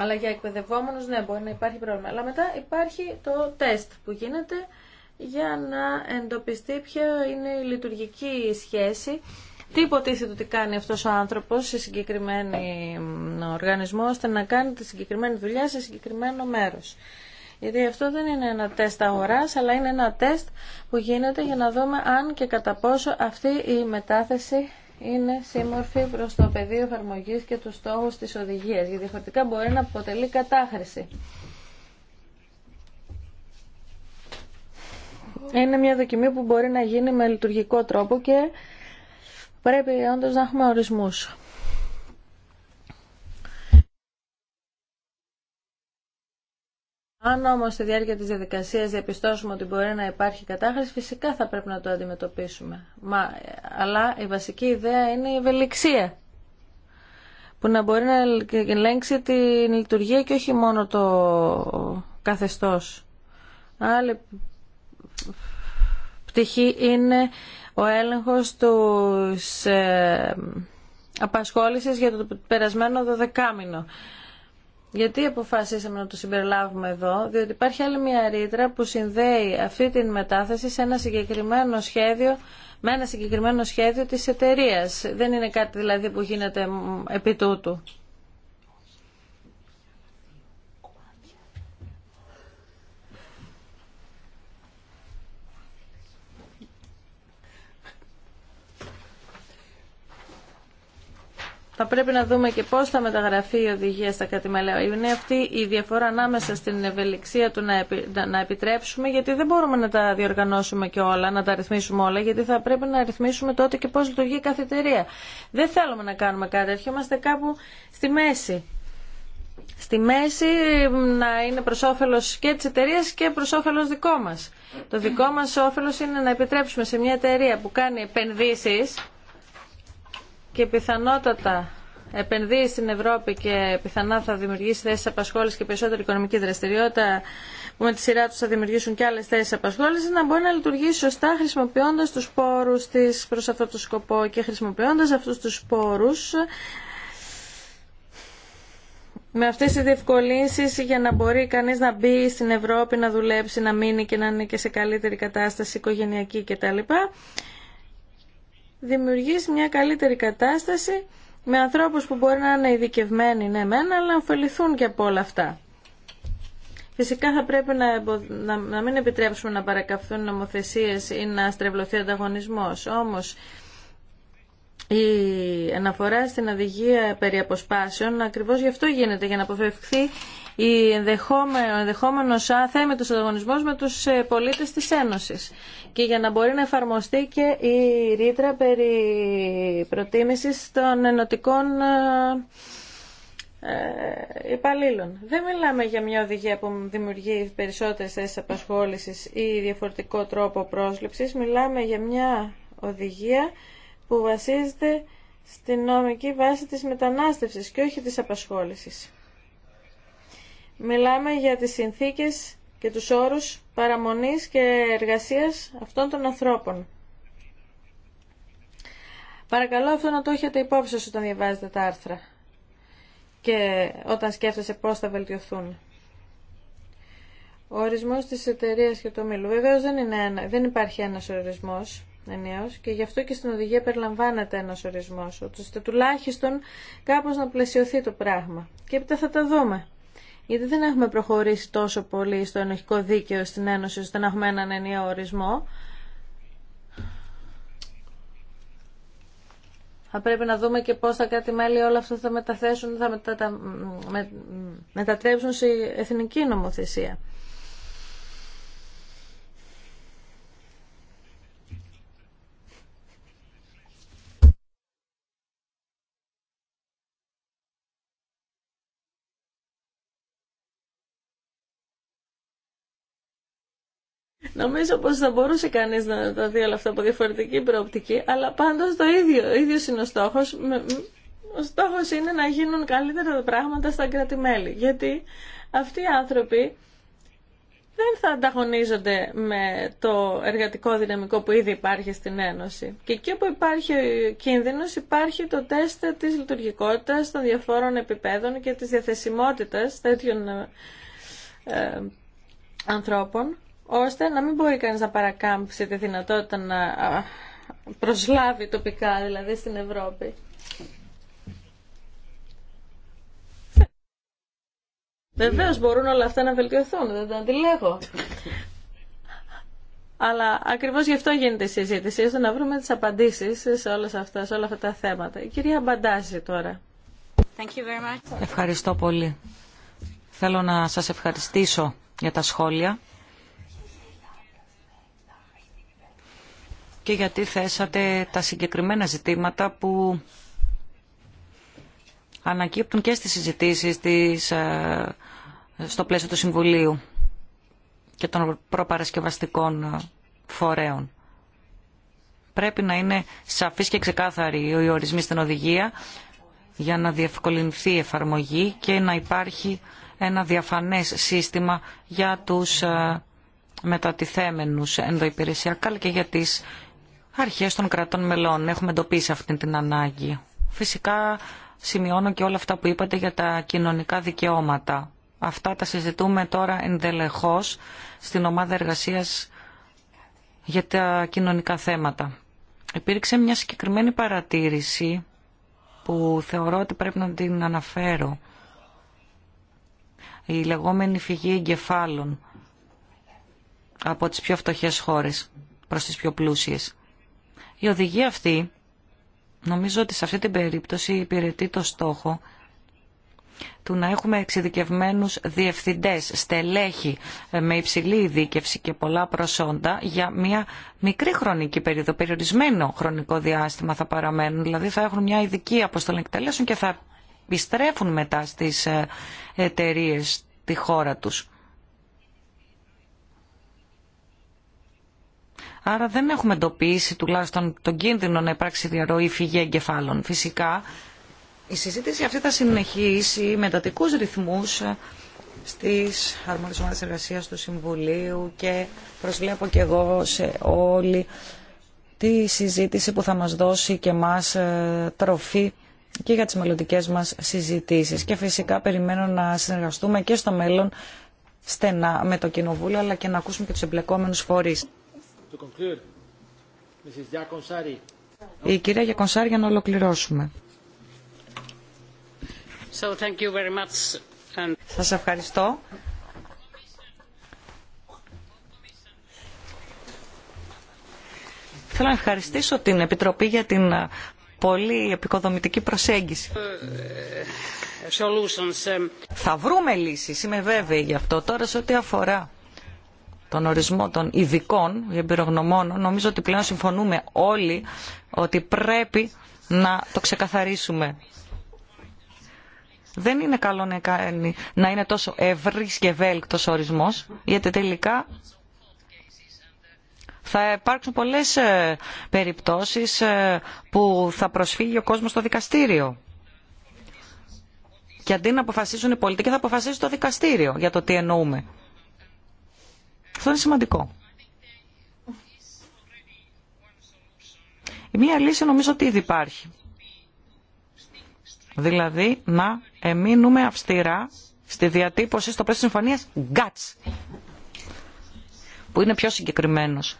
Αλλά για εκπαιδευόμενους, ναι, μπορεί να υπάρχει πρόβλημα. Αλλά μετά υπάρχει το τεστ που γίνεται για να εντοπιστεί ποια είναι η λειτουργική σχέση τι υποτίθεται ότι κάνει αυτός ο άνθρωπος σε συγκεκριμένο οργανισμό ώστε να κάνει τη συγκεκριμένη δουλειά σε συγκεκριμένο μέρος. Γιατί αυτό δεν είναι ένα τεστ αγορά, αλλά είναι ένα τεστ που γίνεται για να δούμε αν και κατά πόσο αυτή η μετάθεση είναι σύμμορφη προς το πεδίο εφαρμογή και του στόχου τη οδηγία. γιατί διαφορετικά μπορεί να αποτελεί κατάχρηση. Είναι μια δοκιμή που μπορεί να γίνει με λειτουργικό τρόπο και πρέπει όντω να έχουμε ορισμού. Αν όμω στη διάρκεια τη διαδικασία διαπιστώσουμε ότι μπορεί να υπάρχει κατάχρηση, φυσικά θα πρέπει να το αντιμετωπίσουμε. Μα, αλλά η βασική ιδέα είναι η ευελιξία που να μπορεί να ελέγξει την λειτουργία και όχι μόνο το καθεστώς. Άλλη πτυχή είναι ο έλεγχος του ε, απασχόλησης για το περασμένο δωδεκάμινο. Γιατί αποφασίσαμε να το συμπεριλάβουμε εδώ, διότι υπάρχει άλλη μια ρήτρα που συνδέει αυτή την μετάθεση σε ένα συγκεκριμένο σχέδιο με ένα συγκεκριμένο σχέδιο της εταιρείας. Δεν είναι κάτι δηλαδή που γίνεται επί τούτου. θα πρέπει να δούμε και πώς θα μεταγραφεί η οδηγία στα κρατημέλια. Είναι αυτή η διαφορά ανάμεσα στην ευελιξία του να, επιτρέψουμε, γιατί δεν μπορούμε να τα διοργανώσουμε και όλα, να τα ρυθμίσουμε όλα, γιατί θα πρέπει να ρυθμίσουμε τότε και πώς λειτουργεί κάθε εταιρεία. Δεν θέλουμε να κάνουμε κάτι, έρχομαστε κάπου στη μέση. Στη μέση να είναι προ όφελο και τη εταιρεία και προ όφελο δικό μα. Το δικό μα όφελο είναι να επιτρέψουμε σε μια εταιρεία που κάνει επενδύσει, και πιθανότατα επενδύει στην Ευρώπη και πιθανά θα δημιουργήσει θέσει απασχόληση και περισσότερη οικονομική δραστηριότητα που με τη σειρά του θα δημιουργήσουν και άλλε θέσει απασχόληση, να μπορεί να λειτουργήσει σωστά χρησιμοποιώντα του πόρου τη προ αυτό το σκοπό και χρησιμοποιώντα αυτού του πόρου με αυτέ τι διευκολύνσει για να μπορεί κανεί να μπει στην Ευρώπη, να δουλέψει, να μείνει και να είναι και σε καλύτερη κατάσταση οικογενειακή κτλ δημιουργήσει μια καλύτερη κατάσταση με ανθρώπους που μπορεί να είναι ειδικευμένοι, ναι, μένα, αλλά να ωφεληθούν και από όλα αυτά. Φυσικά θα πρέπει να, να, μην επιτρέψουμε να παρακαυθούν νομοθεσίες ή να στρεβλωθεί ο ανταγωνισμός. Όμως, η αναφορά στην οδηγία περί αποσπάσεων ακριβώς γι' αυτό γίνεται, για να αποφευχθεί η ενδεχόμενο, ενδεχόμενος του ανταγωνισμός με τους ε, πολίτες της Ένωσης και για να μπορεί να εφαρμοστεί και η ρήτρα περί προτίμησης των ενωτικών ε, ε, υπαλλήλων. Δεν μιλάμε για μια οδηγία που δημιουργεί περισσότερες θέσεις απασχόλησης ή διαφορετικό τρόπο πρόσληψης. Μιλάμε για μια οδηγία που βασίζεται στην νομική βάση της μετανάστευσης και όχι της απασχόλησης. Μιλάμε για τις συνθήκες και τους όρους παραμονής και εργασίας αυτών των ανθρώπων. Παρακαλώ αυτό να το έχετε υπόψη σας όταν διαβάζετε τα άρθρα και όταν σκέφτεσαι πώς θα βελτιωθούν. Ο ορισμός της εταιρεία και του ομίλου. Βεβαίως δεν, είναι δεν υπάρχει ένας ορισμός ενίως και γι' αυτό και στην οδηγία περιλαμβάνεται ένας ορισμός, ώστε τουλάχιστον κάπως να πλαισιωθεί το πράγμα. Και έπειτα θα τα δούμε γιατί δεν έχουμε προχωρήσει τόσο πολύ στο ενοχικό δίκαιο στην Ένωση ώστε να έχουμε έναν ενιαίο ορισμό. Θα πρέπει να δούμε και πώς τα κράτη-μέλη όλα αυτά θα μεταθέσουν, θα μετατρέψουν σε εθνική νομοθεσία. Νομίζω πως θα μπορούσε κανείς να τα δει όλα αυτά από διαφορετική προοπτική, αλλά πάντως το ίδιο, ίδιος είναι ο στόχος. Ο στόχος είναι να γίνουν καλύτερα τα πράγματα στα κράτη-μέλη, γιατί αυτοί οι άνθρωποι δεν θα ανταγωνίζονται με το εργατικό δυναμικό που ήδη υπάρχει στην Ένωση. Και εκεί που υπάρχει κίνδυνος υπάρχει το τεστ της λειτουργικότητας των διαφόρων επιπέδων και της διαθεσιμότητας τέτοιων ε, ε ανθρώπων ώστε να μην μπορεί κανείς να παρακάμψει τη δυνατότητα να προσλάβει τοπικά, δηλαδή στην Ευρώπη. Βεβαίω μπορούν όλα αυτά να βελτιωθούν, δεν τα αντιλέγω. Αλλά ακριβώς γι' αυτό γίνεται η συζήτηση, ώστε να βρούμε τις απαντήσεις σε, όλα αυτά, σε όλα αυτά τα θέματα. Η κυρία Μπαντάζη τώρα. Thank you very much. Ευχαριστώ πολύ. Θέλω να σας ευχαριστήσω για τα σχόλια και γιατί θέσατε τα συγκεκριμένα ζητήματα που ανακύπτουν και στις συζητήσεις της, ε, στο πλαίσιο του Συμβουλίου και των προπαρασκευαστικών ε, φορέων. Πρέπει να είναι σαφής και ξεκάθαρη ο ορισμοί στην οδηγία για να διευκολυνθεί η εφαρμογή και να υπάρχει ένα διαφανές σύστημα για τους ε, μετατιθέμενους ενδοϊπηρεσιακά και για τις αρχές των κρατών μελών. Έχουμε εντοπίσει αυτή την ανάγκη. Φυσικά σημειώνω και όλα αυτά που είπατε για τα κοινωνικά δικαιώματα. Αυτά τα συζητούμε τώρα ενδελεχώς στην ομάδα εργασίας για τα κοινωνικά θέματα. Υπήρξε μια συγκεκριμένη παρατήρηση που θεωρώ ότι πρέπει να την αναφέρω. Η λεγόμενη φυγή εγκεφάλων από τις πιο φτωχές χώρες προς τις πιο πλούσιες. Η οδηγία αυτή νομίζω ότι σε αυτή την περίπτωση υπηρετεί το στόχο του να έχουμε εξειδικευμένους διευθυντές, στελέχη ε, με υψηλή ειδίκευση και πολλά προσόντα για μια μικρή χρονική περίοδο, περιορισμένο χρονικό διάστημα θα παραμένουν. Δηλαδή θα έχουν μια ειδική αποστολή εκτελέσεων και θα επιστρέφουν μετά στις ε, εταιρείε τη χώρα τους. Άρα δεν έχουμε εντοπίσει τουλάχιστον τον κίνδυνο να υπάρξει διαρροή φυγή εγκεφάλων. Φυσικά η συζήτηση αυτή θα συνεχίσει με εντατικούς ρυθμούς ε, στις αρμόδιες ομάδες του Συμβουλίου και προσβλέπω και εγώ σε όλη τη συζήτηση που θα μας δώσει και μας ε, τροφή και για τις μελλοντικές μας συζητήσεις. Και φυσικά περιμένω να συνεργαστούμε και στο μέλλον στενά με το Κοινοβούλιο αλλά και να ακούσουμε και τους εμπλεκόμενους φορείς. Η κυρία Γιακονσάρη για να ολοκληρώσουμε. Σας ευχαριστώ. Θέλω να ευχαριστήσω την Επιτροπή για την πολύ επικοδομητική προσέγγιση. Uh, um, Θα βρούμε λύσεις, είμαι βέβαιη γι' αυτό. Τώρα σε ό,τι αφορά τον ορισμό των ειδικών εμπειρογνωμών νομίζω ότι πλέον συμφωνούμε όλοι ότι πρέπει να το ξεκαθαρίσουμε. Δεν είναι καλό να, να είναι τόσο ευρύς και ευέλικτος ο ορισμός, γιατί τελικά θα υπάρξουν πολλές ε, περιπτώσεις ε, που θα προσφύγει ο κόσμος στο δικαστήριο. Και αντί να αποφασίσουν οι πολιτικοί θα αποφασίσει το δικαστήριο για το τι εννοούμε. Αυτό είναι σημαντικό. Μία λύση νομίζω ότι ήδη υπάρχει. Δηλαδή να εμείνουμε αυστηρά στη διατύπωση στο πλαίσιο συμφωνίας GATS, που είναι πιο συγκεκριμένος.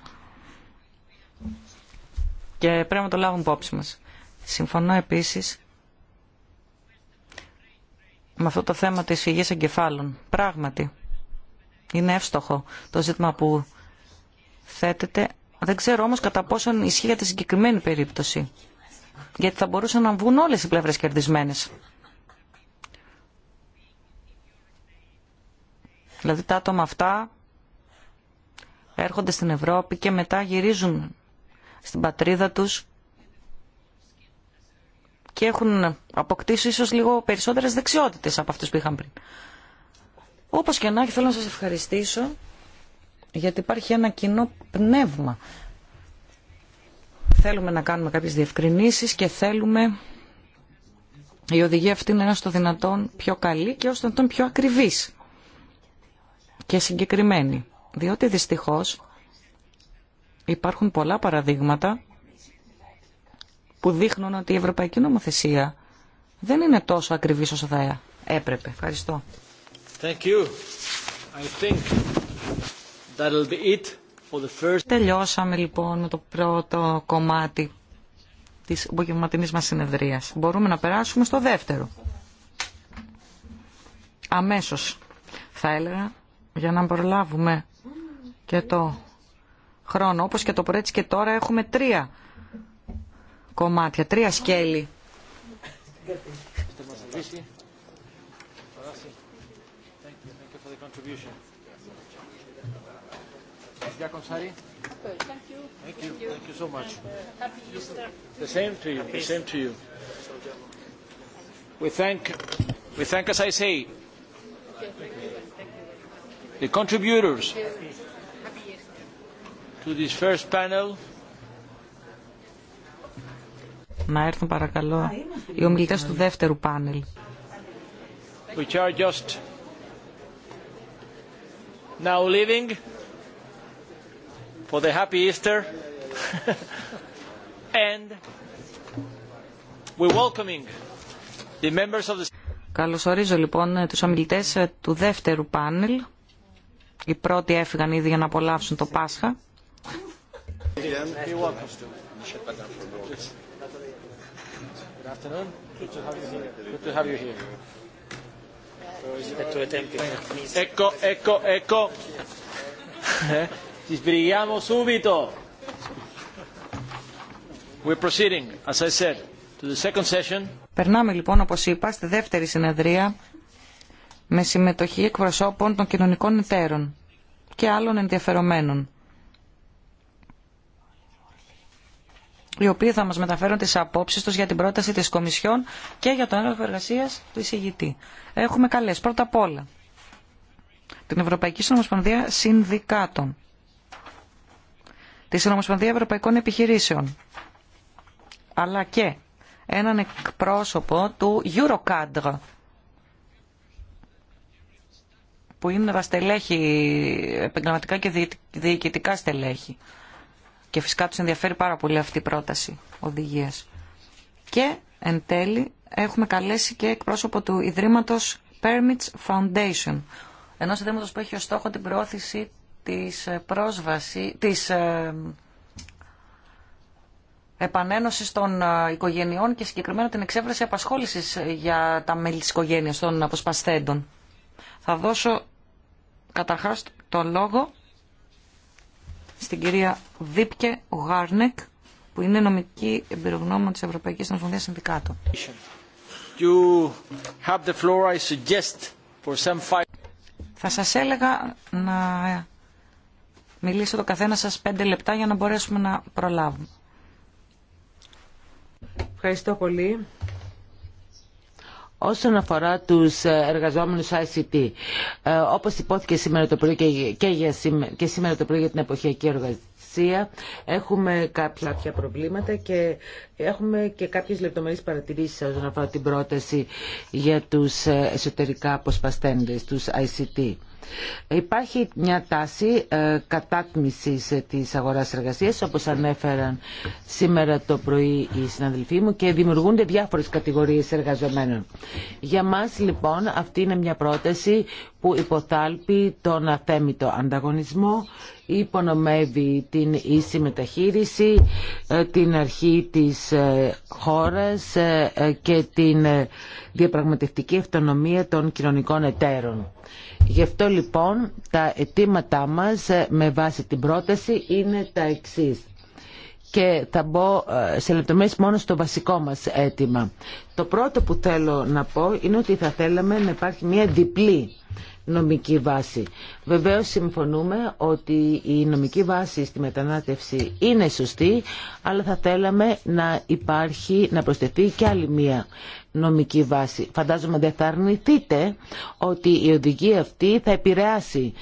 Και πρέπει να το λάβουμε υπόψη μας. Συμφωνώ επίσης με αυτό το θέμα της φυγής εγκεφάλων. Πράγματι, είναι εύστοχο το ζήτημα που θέτεται. Δεν ξέρω όμως κατά πόσον ισχύει για τη συγκεκριμένη περίπτωση. Γιατί θα μπορούσαν να βγουν όλες οι πλευρές κερδισμένες. Δηλαδή τα άτομα αυτά έρχονται στην Ευρώπη και μετά γυρίζουν στην πατρίδα τους και έχουν αποκτήσει ίσως λίγο περισσότερες δεξιότητες από αυτές που είχαν πριν. Όπως και να έχει, θέλω να σας ευχαριστήσω γιατί υπάρχει ένα κοινό πνεύμα. Θέλουμε να κάνουμε κάποιες διευκρινήσεις και θέλουμε η οδηγία αυτή να είναι στο δυνατόν πιο καλή και ως τον πιο ακριβής και συγκεκριμένη. Διότι δυστυχώς υπάρχουν πολλά παραδείγματα που δείχνουν ότι η ευρωπαϊκή νομοθεσία δεν είναι τόσο ακριβή όσο θα έπρεπε. Ευχαριστώ. Τελειώσαμε λοιπόν με το πρώτο κομμάτι της απογευματινής μας συνεδρίας. Μπορούμε να περάσουμε στο δεύτερο. Αμέσως θα έλεγα για να προλάβουμε και το χρόνο. Όπως και το πρωί και τώρα έχουμε τρία κομμάτια, τρία σκέλη. contribution. Thank you. Thank you. Thank you so much. Happy Easter. The same to you. The same to you. We thank, we thank, as I say, the contributors to this first panel. Να έρθουν παρακαλώ οι ομιλητές του δεύτερου πάνελ. Which are just now leaving for the happy Easter and we welcoming the members of the Καλωσορίζω λοιπόν τους ομιλητές του δεύτερου πάνελ. Οι πρώτοι έφυγαν ήδη για να απολαύσουν το Πάσχα. Good to have you here. Good to have you here. Ecco, ecco, ecco. Ci eh, sbrighiamo subito. We're proceeding, as I said, to the second session. Περνάμε λοιπόν, όπως είπα, στη δεύτερη συνεδρία με συμμετοχή εκπροσώπων των κοινωνικών εταίρων και άλλων ενδιαφερομένων. οι οποίοι θα μας μεταφέρουν τις απόψεις τους για την πρόταση της Κομισιόν και για το έργο εργασία του εισηγητή. Έχουμε καλές πρώτα απ' όλα την Ευρωπαϊκή Συνομοσπονδία Συνδικάτων, τη Συνομοσπονδία Ευρωπαϊκών Επιχειρήσεων, αλλά και έναν εκπρόσωπο του Eurocadre, που είναι τα στελέχη, επαγγελματικά και διοικητικά στελέχη και φυσικά τους ενδιαφέρει πάρα πολύ αυτή η πρόταση οδηγίας. Και εν τέλει έχουμε καλέσει και εκπρόσωπο του Ιδρύματος Permits Foundation, Ενό ιδρύματος που έχει ως στόχο την προώθηση της ε, πρόσβαση, της ε, επανένωση των ε, οικογενειών και συγκεκριμένα την εξέβρεση απασχόλησης για τα μέλη της οικογένειας των αποσπασθέντων. Θα δώσω καταρχάς το λόγο στην κυρία Δίπκε Γάρνεκ, που είναι νομική εμπειρογνώμη της Ευρωπαϊκής Ομοσπονδίας Συνδικάτων. Θα σας έλεγα να μιλήσω το καθένα σας πέντε λεπτά για να μπορέσουμε να προλάβουμε. Ευχαριστώ πολύ. Όσον αφορά τους ε, εργαζόμενους ICT, ε, όπως υπόθηκε σήμερα το πρωί και, για σήμερα, και σήμερα το πρωί για την εποχιακή εργασία, έχουμε κάποια προβλήματα και έχουμε και κάποιες λεπτομερείς παρατηρήσεις όσον αφορά την πρόταση για τους ε, εσωτερικά αποσπαστέντες, τους ICT. Υπάρχει μια τάση ε, κατάκμησης της αγοράς εργασίας, όπως ανέφεραν σήμερα το πρωί οι συναδελφοί μου και δημιουργούνται διάφορες κατηγορίες εργαζομένων. Για μας λοιπόν αυτή είναι μια πρόταση που υποθάλπει τον αθέμητο ανταγωνισμό, υπονομεύει την ίση μεταχείριση, ε, την αρχή της ε, χώρας ε, και την διαπραγματευτική αυτονομία των κοινωνικών εταίρων. Γι' αυτό λοιπόν τα αιτήματά μας ε, με βάση την πρόταση είναι τα εξής και θα μπω ε, σε λεπτομέρειες μόνο στο βασικό μας αίτημα. Το πρώτο που θέλω να πω είναι ότι θα θέλαμε να υπάρχει μια διπλή νομική βάση. Βεβαίως συμφωνούμε ότι η νομική βάση στη μετανάτευση είναι σωστή, αλλά θα θέλαμε να υπάρχει, να προσθεθεί και άλλη μία νομική βάση. Φαντάζομαι δεν θα αρνηθείτε ότι η οδηγία αυτή θα επηρεάσει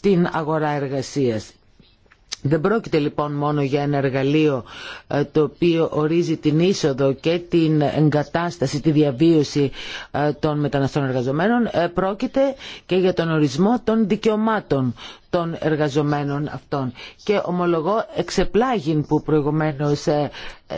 την αγορά εργασίας. Δεν πρόκειται λοιπόν μόνο για ένα εργαλείο ε, το οποίο ορίζει την είσοδο και την εγκατάσταση, τη διαβίωση ε, των μεταναστών εργαζομένων. Ε, πρόκειται και για τον ορισμό των δικαιωμάτων των εργαζομένων αυτών. Και ομολογώ εξεπλάγην που προηγουμένως ε,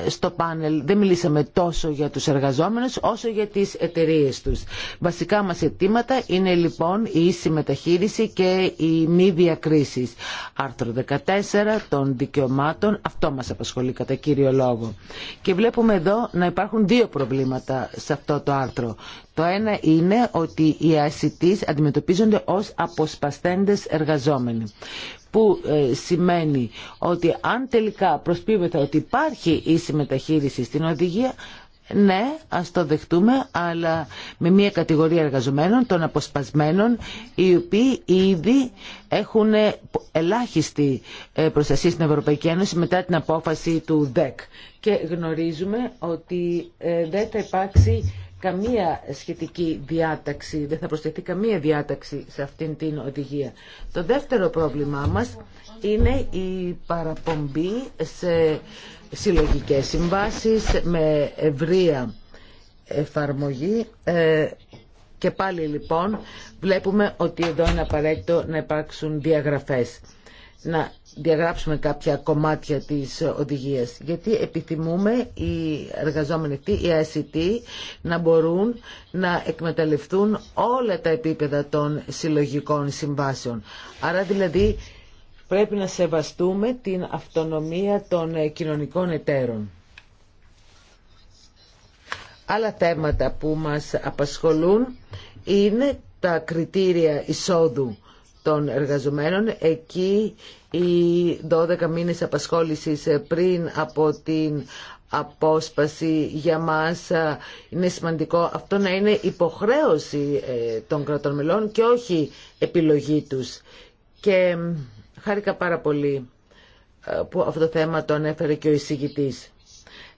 στο πάνελ δεν μιλήσαμε τόσο για τους εργαζόμενους όσο για τις εταιρείες τους. Βασικά μας αιτήματα είναι λοιπόν η ίση μεταχείριση και η μη διακρίση. Άρθρο 14 των δικαιωμάτων, αυτό μας απασχολεί κατά κύριο λόγο. Και βλέπουμε εδώ να υπάρχουν δύο προβλήματα σε αυτό το άρθρο. Το ένα είναι ότι οι ασυτείς αντιμετωπίζονται ως αποσπαστέντες εργαζόμενοι που ε, σημαίνει ότι αν τελικά προσπίβεται ότι υπάρχει ίση μεταχείριση στην οδηγία ναι, ας το δεχτούμε, αλλά με μια κατηγορία εργαζομένων, των αποσπασμένων, οι οποίοι ήδη έχουν ελάχιστη ε, προστασία στην Ευρωπαϊκή Ένωση μετά την απόφαση του ΔΕΚ. Και γνωρίζουμε ότι ε, δεν θα υπάρξει καμία σχετική διάταξη, δεν θα προσθεθεί καμία διάταξη σε αυτήν την οδηγία. Το δεύτερο πρόβλημά μας είναι η παραπομπή σε συλλογικές συμβάσεις με ευρεία εφαρμογή ε, και πάλι λοιπόν βλέπουμε ότι εδώ είναι απαραίτητο να υπάρξουν διαγραφές διαγράψουμε κάποια κομμάτια της οδηγίας. Γιατί επιθυμούμε οι εργαζόμενοι αυτοί, οι ICT, να μπορούν να εκμεταλλευτούν όλα τα επίπεδα των συλλογικών συμβάσεων. Άρα δηλαδή πρέπει να σεβαστούμε την αυτονομία των κοινωνικών εταίρων. Άλλα θέματα που μας απασχολούν είναι τα κριτήρια εισόδου των εργαζομένων. Εκεί οι 12 μήνες απασχόλησης ε, πριν από την απόσπαση για μας ε, είναι σημαντικό αυτό να είναι υποχρέωση ε, των κρατών μελών και όχι επιλογή τους. Και χάρηκα πάρα πολύ που αυτό το θέμα το ανέφερε και ο εισηγητής.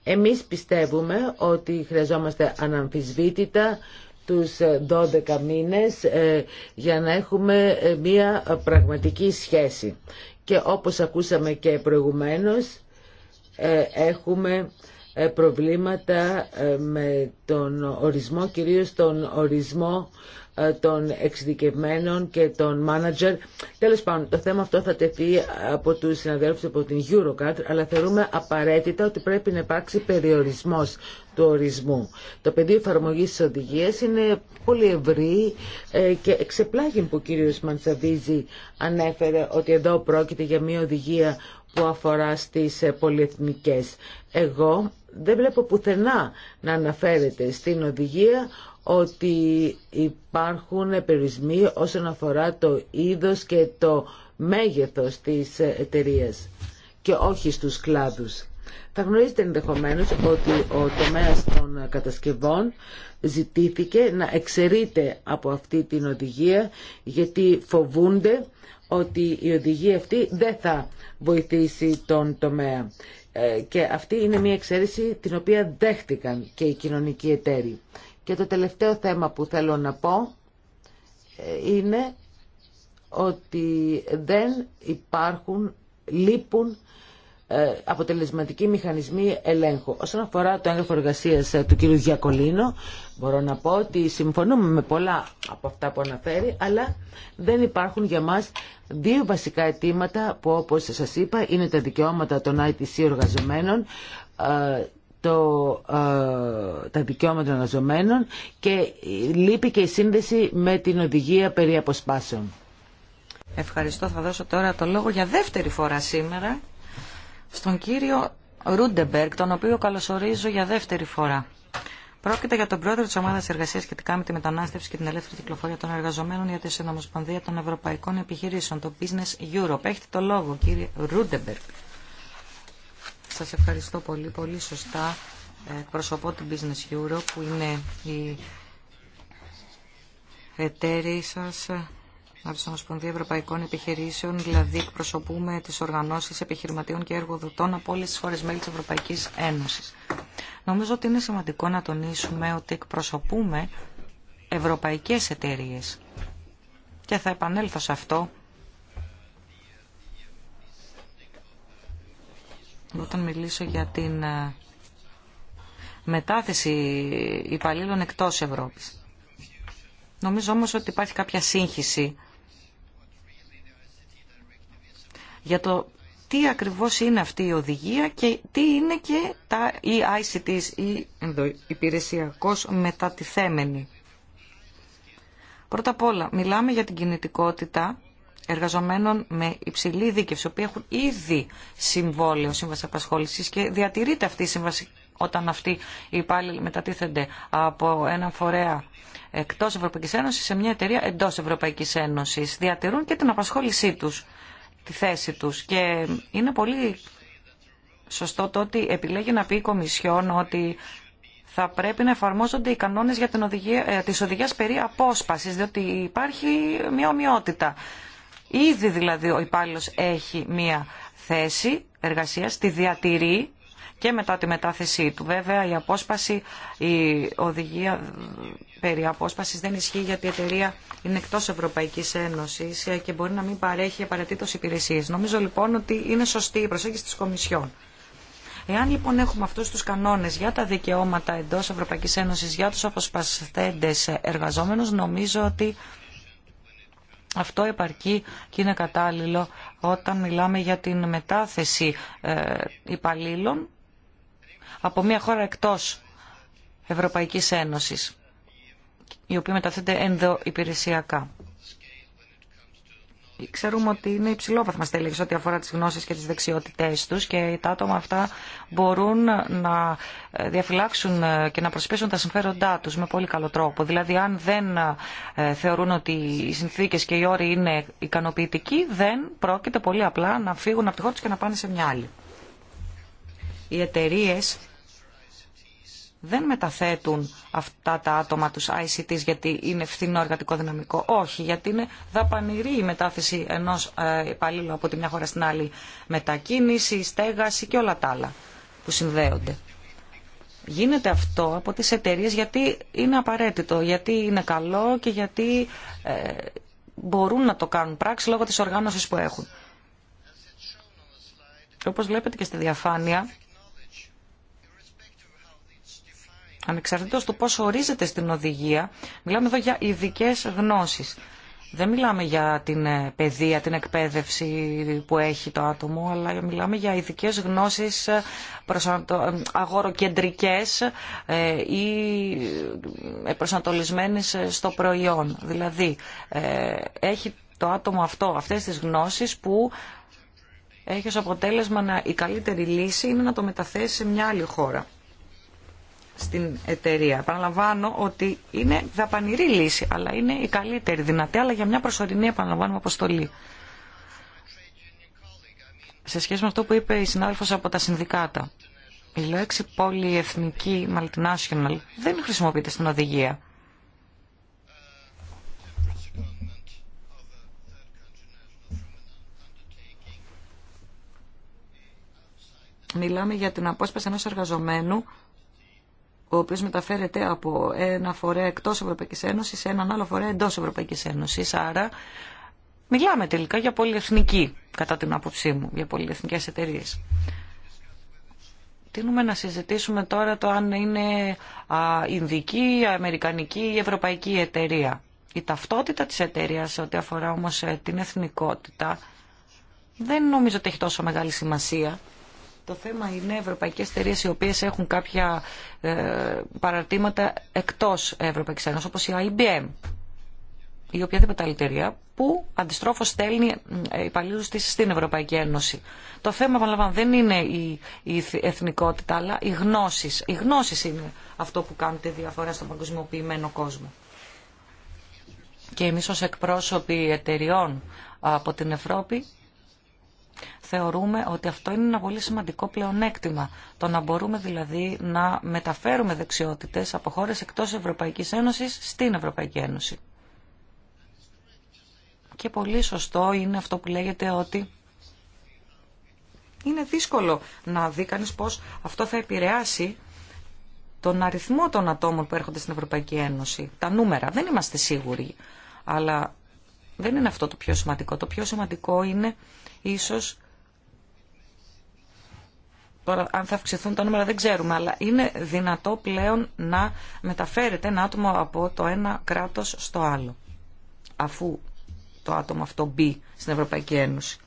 Εμείς πιστεύουμε ότι χρειαζόμαστε αναμφισβήτητα τους 12 ε, μήνες ε, για να έχουμε ε, μία πραγματική σχέση. Και όπως ακούσαμε και προηγουμένως, έχουμε προβλήματα με τον ορισμό, κυρίως τον ορισμό ε, των εξειδικευμένων και των μάνατζερ. Τέλος πάντων, το θέμα αυτό θα τεθεί από τους συναδέλφους από την EuroCard, αλλά θεωρούμε απαραίτητα ότι πρέπει να υπάρξει περιορισμός του ορισμού. Το πεδίο εφαρμογής της οδηγίας είναι πολύ ευρύ ε, και εξεπλάγει που ο κύριος Μανσαβίζη ανέφερε ότι εδώ πρόκειται για μια οδηγία που αφορά στις ε, πολυεθνικές. Εγώ δεν βλέπω πουθενά να αναφέρεται στην οδηγία ότι υπάρχουν περιορισμοί όσον αφορά το είδος και το μέγεθος της εταιρεία και όχι στους κλάδους. Θα γνωρίζετε ενδεχομένως ότι ο τομέας των κατασκευών ζητήθηκε να εξαιρείται από αυτή την οδηγία γιατί φοβούνται ότι η οδηγία αυτή δεν θα βοηθήσει τον τομέα. Ε, και αυτή είναι μια εξαίρεση την οποία δέχτηκαν και οι κοινωνικοί εταίροι. Και το τελευταίο θέμα που θέλω να πω ε, είναι ότι δεν υπάρχουν, λείπουν ε, αποτελεσματικοί μηχανισμοί ελέγχου. Όσον αφορά το έγγραφο εργασία ε, του κ. Διακολίνο, μπορώ να πω ότι συμφωνούμε με πολλά από αυτά που αναφέρει, αλλά δεν υπάρχουν για μας δύο βασικά αιτήματα που, όπως σας είπα, είναι τα δικαιώματα των ITC εργαζομένων το, ε, τα δικαιώματα των εργαζομένων και λείπει και η σύνδεση με την οδηγία περί αποσπάσεων. Ευχαριστώ. Θα δώσω τώρα το λόγο για δεύτερη φορά σήμερα στον κύριο Ρούντεμπεργκ, τον οποίο καλωσορίζω για δεύτερη φορά. Πρόκειται για τον πρόεδρο τη Ομάδα Εργασία σχετικά με τη μετανάστευση και την ελεύθερη κυκλοφορία των εργαζομένων για τη Συνομοσπονδία των Ευρωπαϊκών Επιχειρήσεων, το Business Europe. Έχετε το λόγο, κύριε Ρούντεμπεργκ. Σας ευχαριστώ πολύ, πολύ σωστά. Εκπροσωπώ την Business Europe, που είναι η εταίρη σας από τη Ομοσπονδία Ευρωπαϊκών Επιχειρήσεων, δηλαδή εκπροσωπούμε τις οργανώσεις επιχειρηματιών και εργοδοτών από όλες τις χώρες μέλη της Ευρωπαϊκής Ένωσης. Νομίζω ότι είναι σημαντικό να τονίσουμε ότι εκπροσωπούμε ευρωπαϊκές εταιρείες. Και θα επανέλθω σε αυτό όταν μιλήσω για την ε, μετάθεση υπαλλήλων εκτός Ευρώπης. Νομίζω όμως ότι υπάρχει κάποια σύγχυση για το τι ακριβώς είναι αυτή η οδηγία και τι είναι και τα EICTs ή υπηρεσιακός μετατιθέμενοι. Πρώτα απ' όλα, μιλάμε για την κινητικότητα εργαζομένων με υψηλή δίκευση, οι οποίοι έχουν ήδη συμβόλαιο σύμβαση απασχόληση και διατηρείται αυτή η σύμβαση όταν αυτοί οι υπάλληλοι μετατίθενται από έναν φορέα εκτό Ευρωπαϊκή Ένωση σε μια εταιρεία εντό Ευρωπαϊκή Ένωση. Διατηρούν και την απασχόλησή του, τη θέση του. και είναι πολύ σωστό το ότι επιλέγει να πει η Κομισιόν ότι θα πρέπει να εφαρμόζονται οι κανόνες για την οδηγία, ε, της οδηγίας περί απόσπασης, διότι υπάρχει μια ομοιότητα Ήδη δηλαδή ο υπάλληλο έχει μία θέση εργασία, τη διατηρεί και μετά τη μετάθεσή του. Βέβαια η απόσπαση, η οδηγία περί απόσπασης δεν ισχύει γιατί η εταιρεία είναι εκτός Ευρωπαϊκής Ένωσης και μπορεί να μην παρέχει απαραίτητος υπηρεσίες. Νομίζω λοιπόν ότι είναι σωστή η προσέγγιση της Κομισιόν. Εάν λοιπόν έχουμε αυτούς τους κανόνες για τα δικαιώματα εντός Ευρωπαϊκής Ένωσης για τους αποσπασθέντες εργαζόμενους, νομίζω ότι αυτό επαρκεί και είναι κατάλληλο όταν μιλάμε για την μετάθεση ε, υπαλλήλων από μια χώρα εκτός Ευρωπαϊκής Ένωσης, η οποία μεταθέτει ενδοϊπηρεσιακά ξέρουμε ότι είναι βαθμό στέλεχη ό,τι αφορά τις γνώσεις και τις δεξιότητές τους και τα άτομα αυτά μπορούν να διαφυλάξουν και να προσπίσουν τα συμφέροντά τους με πολύ καλό τρόπο. Δηλαδή αν δεν ε, θεωρούν ότι οι συνθήκες και οι όροι είναι ικανοποιητικοί δεν πρόκειται πολύ απλά να φύγουν από τη χώρα τους και να πάνε σε μια άλλη. Οι εταιρείε δεν μεταθέτουν αυτά τα άτομα τους ICTs γιατί είναι φθηνό εργατικό δυναμικό. Όχι, γιατί είναι δαπανηρή η μετάθεση ενός ε, υπαλλήλου από τη μια χώρα στην άλλη. Μετακίνηση, στέγαση και όλα τα άλλα που συνδέονται. Γίνεται αυτό από τις εταιρείε γιατί είναι απαραίτητο, γιατί είναι καλό και γιατί ε, μπορούν να το κάνουν πράξη λόγω της οργάνωσης που έχουν. Όπως βλέπετε και στη διαφάνεια, ανεξαρτήτως του πόσο ορίζεται στην οδηγία, μιλάμε εδώ για ειδικέ γνώσεις. Δεν μιλάμε για την ε, παιδεία, την εκπαίδευση που έχει το άτομο, αλλά μιλάμε για ειδικέ γνώσεις ε, ε, αγοροκεντρικές ή προσανατολισμένες στο προϊόν. Δηλαδή, έχει το άτομο αυτό, αυτές τις γνώσεις που έχει ως αποτέλεσμα να η καλύτερη λύση είναι να το μεταθέσει σε μια άλλη χώρα στην εταιρεία. Επαναλαμβάνω ότι είναι δαπανηρή λύση, αλλά είναι η καλύτερη δυνατή, αλλά για μια προσωρινή επαναλαμβάνουμε αποστολή. Σε σχέση με αυτό που είπε η συνάδελφος από τα συνδικάτα, η λέξη πολυεθνική multinational δεν χρησιμοποιείται στην οδηγία. Μιλάμε για την απόσπαση ενός εργαζομένου ο οποίο μεταφέρεται από ένα φορέα εκτός Ευρωπαϊκής Ένωσης σε έναν άλλο φορέα εντό Ευρωπαϊκής Ένωσης. Άρα μιλάμε τελικά για πολυεθνική, κατά την άποψή μου, για πολυεθνικέ εταιρείε. Τίνουμε να συζητήσουμε τώρα το αν είναι α, Ινδική, Αμερικανική ή Ευρωπαϊκή εταιρεία. Η ταυτότητα της εταιρεία ό,τι αφορά όμως ε, την εθνικότητα δεν νομίζω ότι έχει τόσο μεγάλη σημασία. Το θέμα είναι ευρωπαϊκές εταιρείε οι οποίες έχουν κάποια ε, παραρτήματα εκτός Ευρωπαϊκής Ένωσης, όπως η IBM ή οποιαδήποτε άλλη εταιρεία που αντιστρόφως στέλνει ε, υπαλλήλους της στην Ευρωπαϊκή Ένωση. Το θέμα, παραλαμβάνω, δεν είναι η, η εθνικότητα, αλλά οι γνώσεις. Οι γνώσεις είναι αυτό που κάνει τη διαφορά στον παγκοσμιοποιημένο κόσμο. Και εμείς ως εκπρόσωποι εταιρεών από την Ευρώπη θεωρούμε ότι αυτό είναι ένα πολύ σημαντικό πλεονέκτημα. Το να μπορούμε δηλαδή να μεταφέρουμε δεξιότητες από χώρες εκτός Ευρωπαϊκής Ένωσης στην Ευρωπαϊκή Ένωση. Και πολύ σωστό είναι αυτό που λέγεται ότι είναι δύσκολο να δει κανείς πώς αυτό θα επηρεάσει τον αριθμό των ατόμων που έρχονται στην Ευρωπαϊκή Ένωση. Τα νούμερα. Δεν είμαστε σίγουροι. Αλλά δεν είναι αυτό το πιο σημαντικό. Το πιο σημαντικό είναι ίσως Τώρα, αν θα αυξηθούν τα νούμερα δεν ξέρουμε, αλλά είναι δυνατό πλέον να μεταφέρεται ένα άτομο από το ένα κράτος στο άλλο, αφού το άτομο αυτό μπει στην Ευρωπαϊκή Ένωση.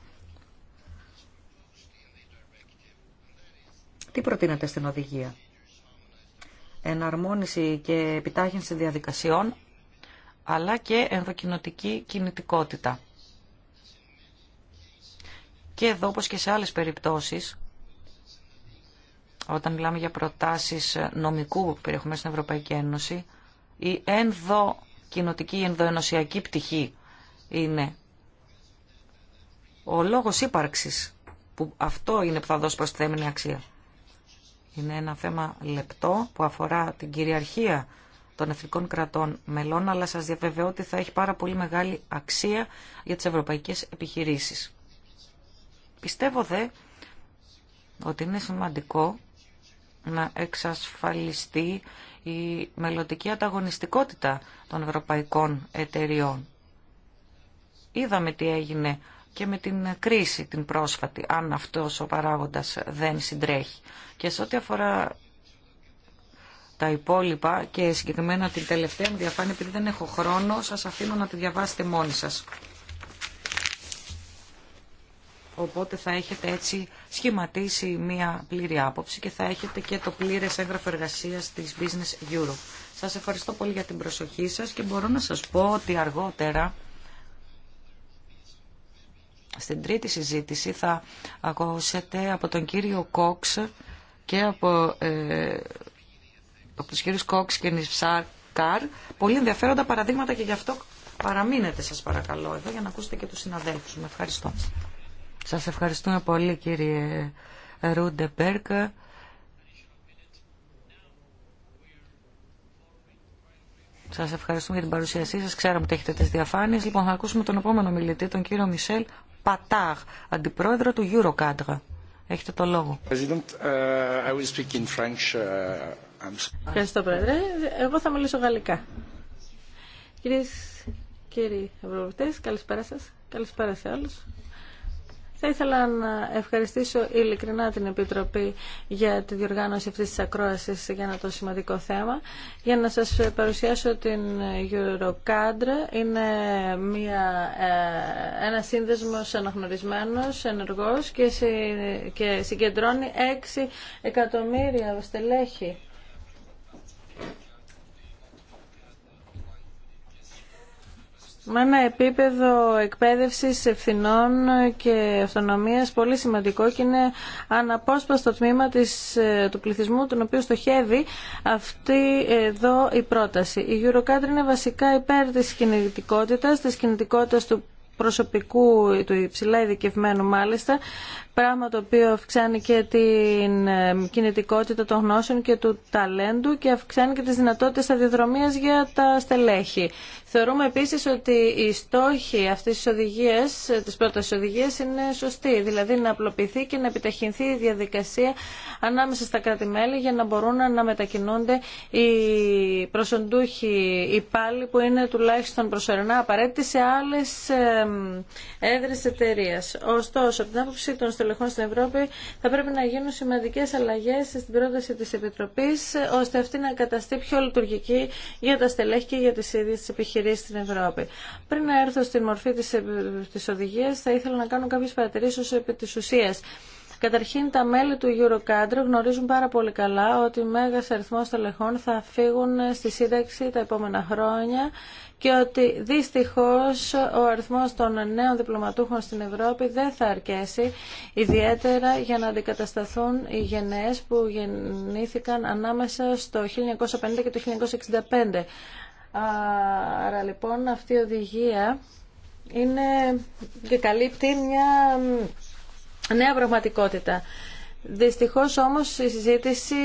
Τι προτείνεται στην οδηγία. Εναρμόνιση και επιτάχυνση διαδικασιών, αλλά και ενδοκινοτική κινητικότητα. Και εδώ, όπως και σε άλλες περιπτώσεις, όταν μιλάμε για προτάσεις νομικού περιεχομένου στην Ευρωπαϊκή Ένωση, η ενδοκοινοτική, η ενδοενωσιακή πτυχή είναι ο λόγος ύπαρξης, που αυτό είναι που θα δώσει προστιθέμενη αξία. Είναι ένα θέμα λεπτό που αφορά την κυριαρχία των εθνικών κρατών μελών, αλλά σας διαβεβαιώ ότι θα έχει πάρα πολύ μεγάλη αξία για τις ευρωπαϊκές επιχειρήσεις. Πιστεύω δε ότι είναι σημαντικό να εξασφαλιστεί η μελλοντική ανταγωνιστικότητα των ευρωπαϊκών εταιριών. Είδαμε τι έγινε και με την κρίση την πρόσφατη, αν αυτός ο παράγοντας δεν συντρέχει. Και σε ό,τι αφορά τα υπόλοιπα και συγκεκριμένα την τελευταία μου διαφάνεια, επειδή δεν έχω χρόνο, σας αφήνω να τη διαβάσετε μόνοι σας. Οπότε θα έχετε έτσι σχηματίσει μία πλήρη άποψη και θα έχετε και το πλήρες έγγραφο εργασίας της Business Europe. Σας ευχαριστώ πολύ για την προσοχή σας και μπορώ να σας πω ότι αργότερα στην τρίτη συζήτηση θα ακούσετε από τον κύριο Κόξ και από, ε, από τους κύριους Κόξ και Νιψάρ πολύ ενδιαφέροντα παραδείγματα και γι' αυτό παραμείνετε σας παρακαλώ εδώ για να ακούσετε και τους συναδέλφους μου. Ευχαριστώ. Σας ευχαριστούμε πολύ κύριε Ρούντε Μπέρκα. Σας ευχαριστούμε για την παρουσίασή σας. Ξέραμε ότι έχετε τις διαφάνειες. Λοιπόν, θα ακούσουμε τον επόμενο μιλητή, τον κύριο Μισελ Πατάχ, αντιπρόεδρο του Eurocadre. Έχετε το λόγο. Uh, uh, Ευχαριστώ, Πρόεδρε. Εγώ θα μιλήσω γαλλικά. Κυρίες και κύριοι Ευρωβουλευτές, καλησπέρα σας. Καλησπέρα σε όλους. Θα ήθελα να ευχαριστήσω ειλικρινά την Επιτροπή για τη διοργάνωση αυτής της ακρόασης για ένα τόσο σημαντικό θέμα. Για να σας παρουσιάσω την Eurocadre, είναι μια, ε, ένα σύνδεσμος αναγνωρισμένος, ενεργός και, και συγκεντρώνει 6 εκατομμύρια στελέχη με ένα επίπεδο εκπαίδευση ευθυνών και αυτονομίας πολύ σημαντικό και είναι αναπόσπαστο τμήμα της, ε, του πληθυσμού τον οποίο στοχεύει αυτή εδώ η πρόταση. Η Eurocadre είναι βασικά υπέρ τη κινητικότητα, της κινητικότητα του προσωπικού, του υψηλά ειδικευμένου μάλιστα, πράγμα το οποίο αυξάνει και την ε, κινητικότητα των γνώσεων και του ταλέντου και αυξάνει και τις δυνατότητες αδιοδρομίας για τα στελέχη. Θεωρούμε επίσης ότι οι στόχοι αυτής της οδηγίας, της πρώτας οδηγίας είναι σωστοί, δηλαδή να απλοποιηθεί και να επιταχυνθεί η διαδικασία ανάμεσα στα κράτη-μέλη για να μπορούν να μετακινούνται οι προσοντούχοι υπάλληλοι που είναι τουλάχιστον προσωρινά απαραίτητοι σε άλλες έδρες εταιρεία. Ωστόσο, από την άποψη των στελεχών στην Ευρώπη θα πρέπει να γίνουν σημαντικές αλλαγές στην πρόταση της Επιτροπής ώστε αυτή να καταστεί πιο λειτουργική για τα στελέχη και για τις ίδιες τις επιχειρήσεις στην Ευρώπη. Πριν να έρθω στην μορφή της, ε, της οδηγίας, θα ήθελα να κάνω κάποιες παρατηρήσεις επί της ουσίας. Καταρχήν, τα μέλη του Eurocadre γνωρίζουν πάρα πολύ καλά ότι μέγα αριθμό τελεχών θα φύγουν στη σύνταξη τα επόμενα χρόνια και ότι δυστυχώς ο αριθμό των νέων διπλωματούχων στην Ευρώπη δεν θα αρκέσει ιδιαίτερα για να αντικατασταθούν οι γενναίες που γεννήθηκαν ανάμεσα στο 1950 και το 1965. Άρα λοιπόν αυτή η οδηγία είναι και καλύπτει μια νέα πραγματικότητα. Δυστυχώς όμως η συζήτηση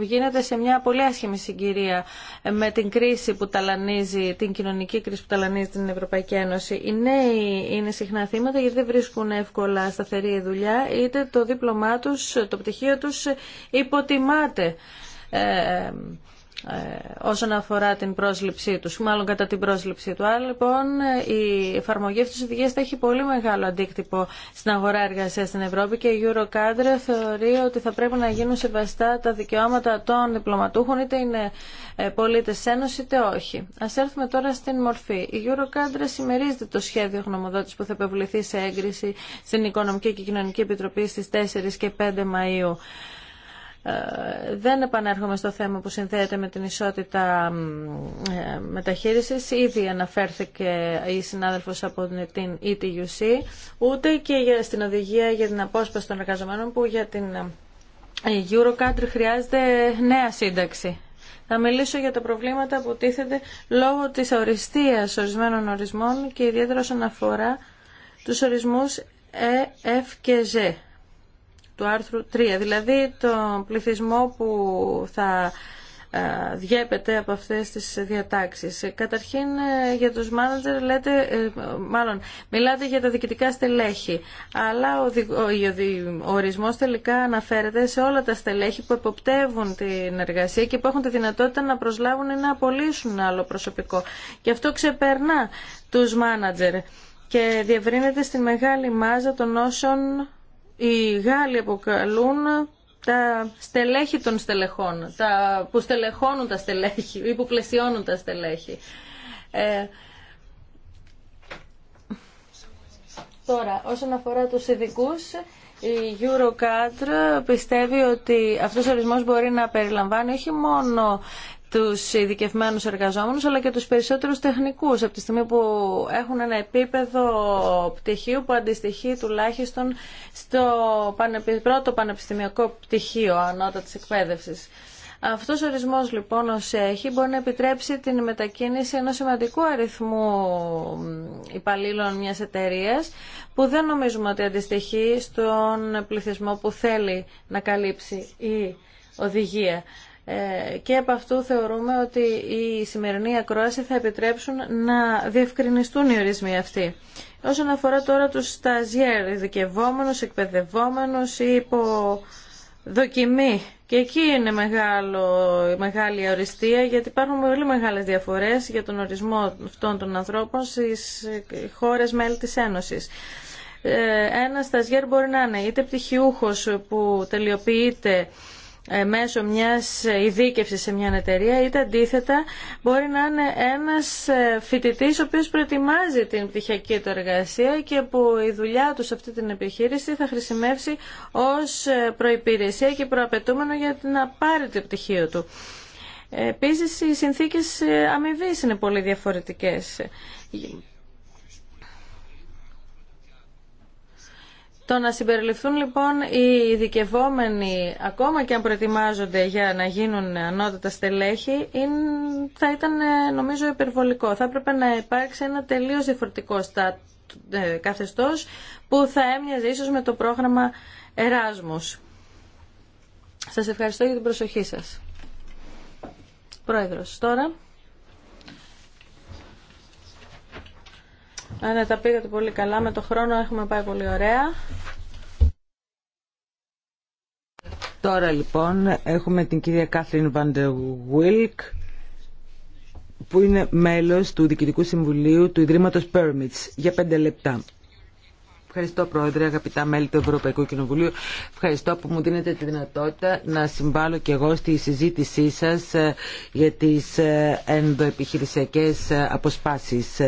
γίνεται σε μια πολύ άσχημη συγκυρία με την κρίση που ταλανίζει, την κοινωνική κρίση που ταλανίζει την Ευρωπαϊκή Ένωση. Οι νέοι είναι συχνά θύματα γιατί δεν βρίσκουν εύκολα σταθερή δουλειά, είτε το δίπλωμά τους, το πτυχίο τους υποτιμάται. Ε, ε, όσον αφορά την πρόσληψή του, μάλλον κατά την πρόσληψή του. Άρα λοιπόν η εφαρμογή αυτή τη οδηγία θα έχει πολύ μεγάλο αντίκτυπο στην αγορά εργασία στην Ευρώπη και η Eurocadre θεωρεί ότι θα πρέπει να γίνουν σεβαστά τα δικαιώματα των διπλωματούχων είτε είναι ε, πολίτε Ένωση είτε όχι. Α έρθουμε τώρα στην μορφή. Η Eurocadre συμμερίζεται το σχέδιο γνωμοδότης που θα επευληθεί σε έγκριση στην Οικονομική και Κοινωνική Επιτροπή στι 4 και 5 Μαου. Ε, δεν επανέρχομαι στο θέμα που συνδέεται με την ισότητα ε, μεταχείρισης. Ήδη αναφέρθηκε η συνάδελφος από την ETUC, ούτε και στην οδηγία για την απόσπαση των εργαζομένων που για την ε, Eurocat χρειάζεται νέα σύνταξη. Θα μιλήσω για τα προβλήματα που τίθενται λόγω της οριστείας ορισμένων ορισμών και ιδιαίτερα όσον αφορά τους ορισμούς E, F και Z του άρθρου 3, δηλαδή τον πληθυσμό που θα ε, διέπεται από αυτές τις διατάξεις. Ε, καταρχήν ε, για τους μάνατζερ λέτε, μάλλον μιλάτε για τα διοικητικά στελέχη, αλλά ο, ο, ορισμός τελικά αναφέρεται σε όλα τα στελέχη που εποπτεύουν την εργασία και που έχουν τη δυνατότητα να προσλάβουν ή να απολύσουν άλλο προσωπικό. Και αυτό ξεπερνά τους μάνατζερ και διευρύνεται στην μεγάλη μάζα των όσων οι Γάλλοι αποκαλούν τα στελέχη των στελεχών, τα που στελεχώνουν τα στελέχη ή που πλαισιώνουν τα στελέχη. Ε, τώρα, όσον αφορά τους ειδικού, η Eurocat πιστεύει ότι αυτός ο ορισμός μπορεί να περιλαμβάνει όχι μόνο του ειδικευμένου εργαζόμενου, αλλά και του περισσότερου τεχνικού, από τη στιγμή που έχουν ένα επίπεδο πτυχίου που αντιστοιχεί τουλάχιστον στο πρώτο πανεπιστημιακό πτυχίο ανώτατη εκπαίδευση. Αυτός ο ορισμός λοιπόν ως έχει μπορεί να επιτρέψει την μετακίνηση ενός σημαντικού αριθμού υπαλλήλων μια εταιρεία, που δεν νομίζουμε ότι αντιστοιχεί στον πληθυσμό που θέλει να καλύψει η οδηγία. Ε, και από αυτού θεωρούμε ότι η σημερινή ακρόαση θα επιτρέψουν να διευκρινιστούν οι ορισμοί αυτοί. Όσον αφορά τώρα τους σταζιέρ, ή υποδοκιμοί και εκπαιδευόμενους ή υπό δοκιμή. Και εκεί είναι μεγάλο, μεγάλη οριστια γιατί υπάρχουν πολύ μεγάλες διαφορές για τον ορισμό αυτών των ανθρώπων στις χώρες μέλη της Ένωσης ε, ένα σταζιέρ μπορεί να είναι είτε πτυχιούχος που τελειοποιείται ε, μέσω μιας ειδίκευσης σε μια εταιρεία είτε αντίθετα μπορεί να είναι ένας ε, φοιτητής ο οποίος προετοιμάζει την πτυχιακή του εργασία και που η δουλειά του σε αυτή την επιχείρηση θα χρησιμεύσει ως ε, προϋπηρεσία και προαπαιτούμενο για την το πτυχίο του. Επίσης οι συνθήκες αμοιβή είναι πολύ διαφορετικές. Το να συμπεριληφθούν λοιπόν οι ειδικευόμενοι, ακόμα και αν προετοιμάζονται για να γίνουν ανώτατα στελέχη, θα ήταν ε, νομίζω υπερβολικό. Θα έπρεπε να υπάρξει ένα τελείως διαφορετικό ε, καθεστώς που θα έμοιαζε ίσως με το πρόγραμμα Εράσμους. Σας ευχαριστώ για την προσοχή σας. Πρόεδρος, τώρα... Ναι, τα πήγατε πολύ καλά. Με το χρόνο έχουμε πάει πολύ ωραία. Τώρα λοιπόν έχουμε την κυρία Κάθριν Βαντεουίλκ που είναι μέλος του Διοικητικού Συμβουλίου του Ιδρύματος Πέρμιτς. για πέντε λεπτά. Ευχαριστώ Πρόεδρε, αγαπητά μέλη του Ευρωπαϊκού Κοινοβουλίου. Ευχαριστώ που μου δίνετε τη δυνατότητα να συμβάλλω και εγώ στη συζήτησή σας ε, για τις ε, ενδοεπιχειρησιακές ε, αποσπάσεις.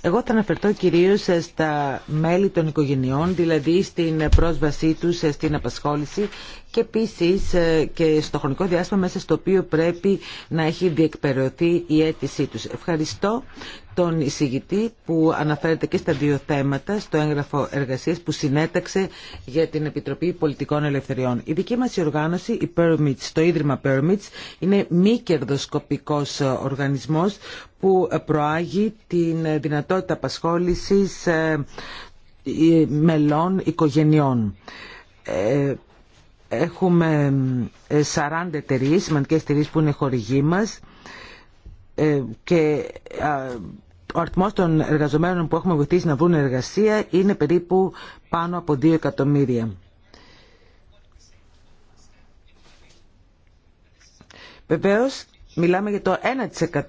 Εγώ θα αναφερθώ κυρίως στα μέλη των οικογενειών, δηλαδή στην πρόσβασή τους στην απασχόληση και επίση και στο χρονικό διάστημα μέσα στο οποίο πρέπει να έχει διεκπαιρεωθεί η αίτησή τους. Ευχαριστώ τον εισηγητή που αναφέρεται και στα δύο θέματα στο έγγραφο εργασίας που συνέταξε για την Επιτροπή Πολιτικών Ελευθεριών. Η δική μας οργάνωση, η Permits, το Ίδρυμα Permits, είναι μη κερδοσκοπικό οργανισμός που προάγει την δυνατότητα απασχόλησης ε, ε, μελών οικογενειών. Ε, έχουμε 40 εταιρείε, σημαντικέ εταιρείε που είναι χορηγοί μα. και ο αριθμός των εργαζομένων που έχουμε βοηθήσει να βρουν εργασία είναι περίπου πάνω από 2 εκατομμύρια. Βεβαίως, μιλάμε για το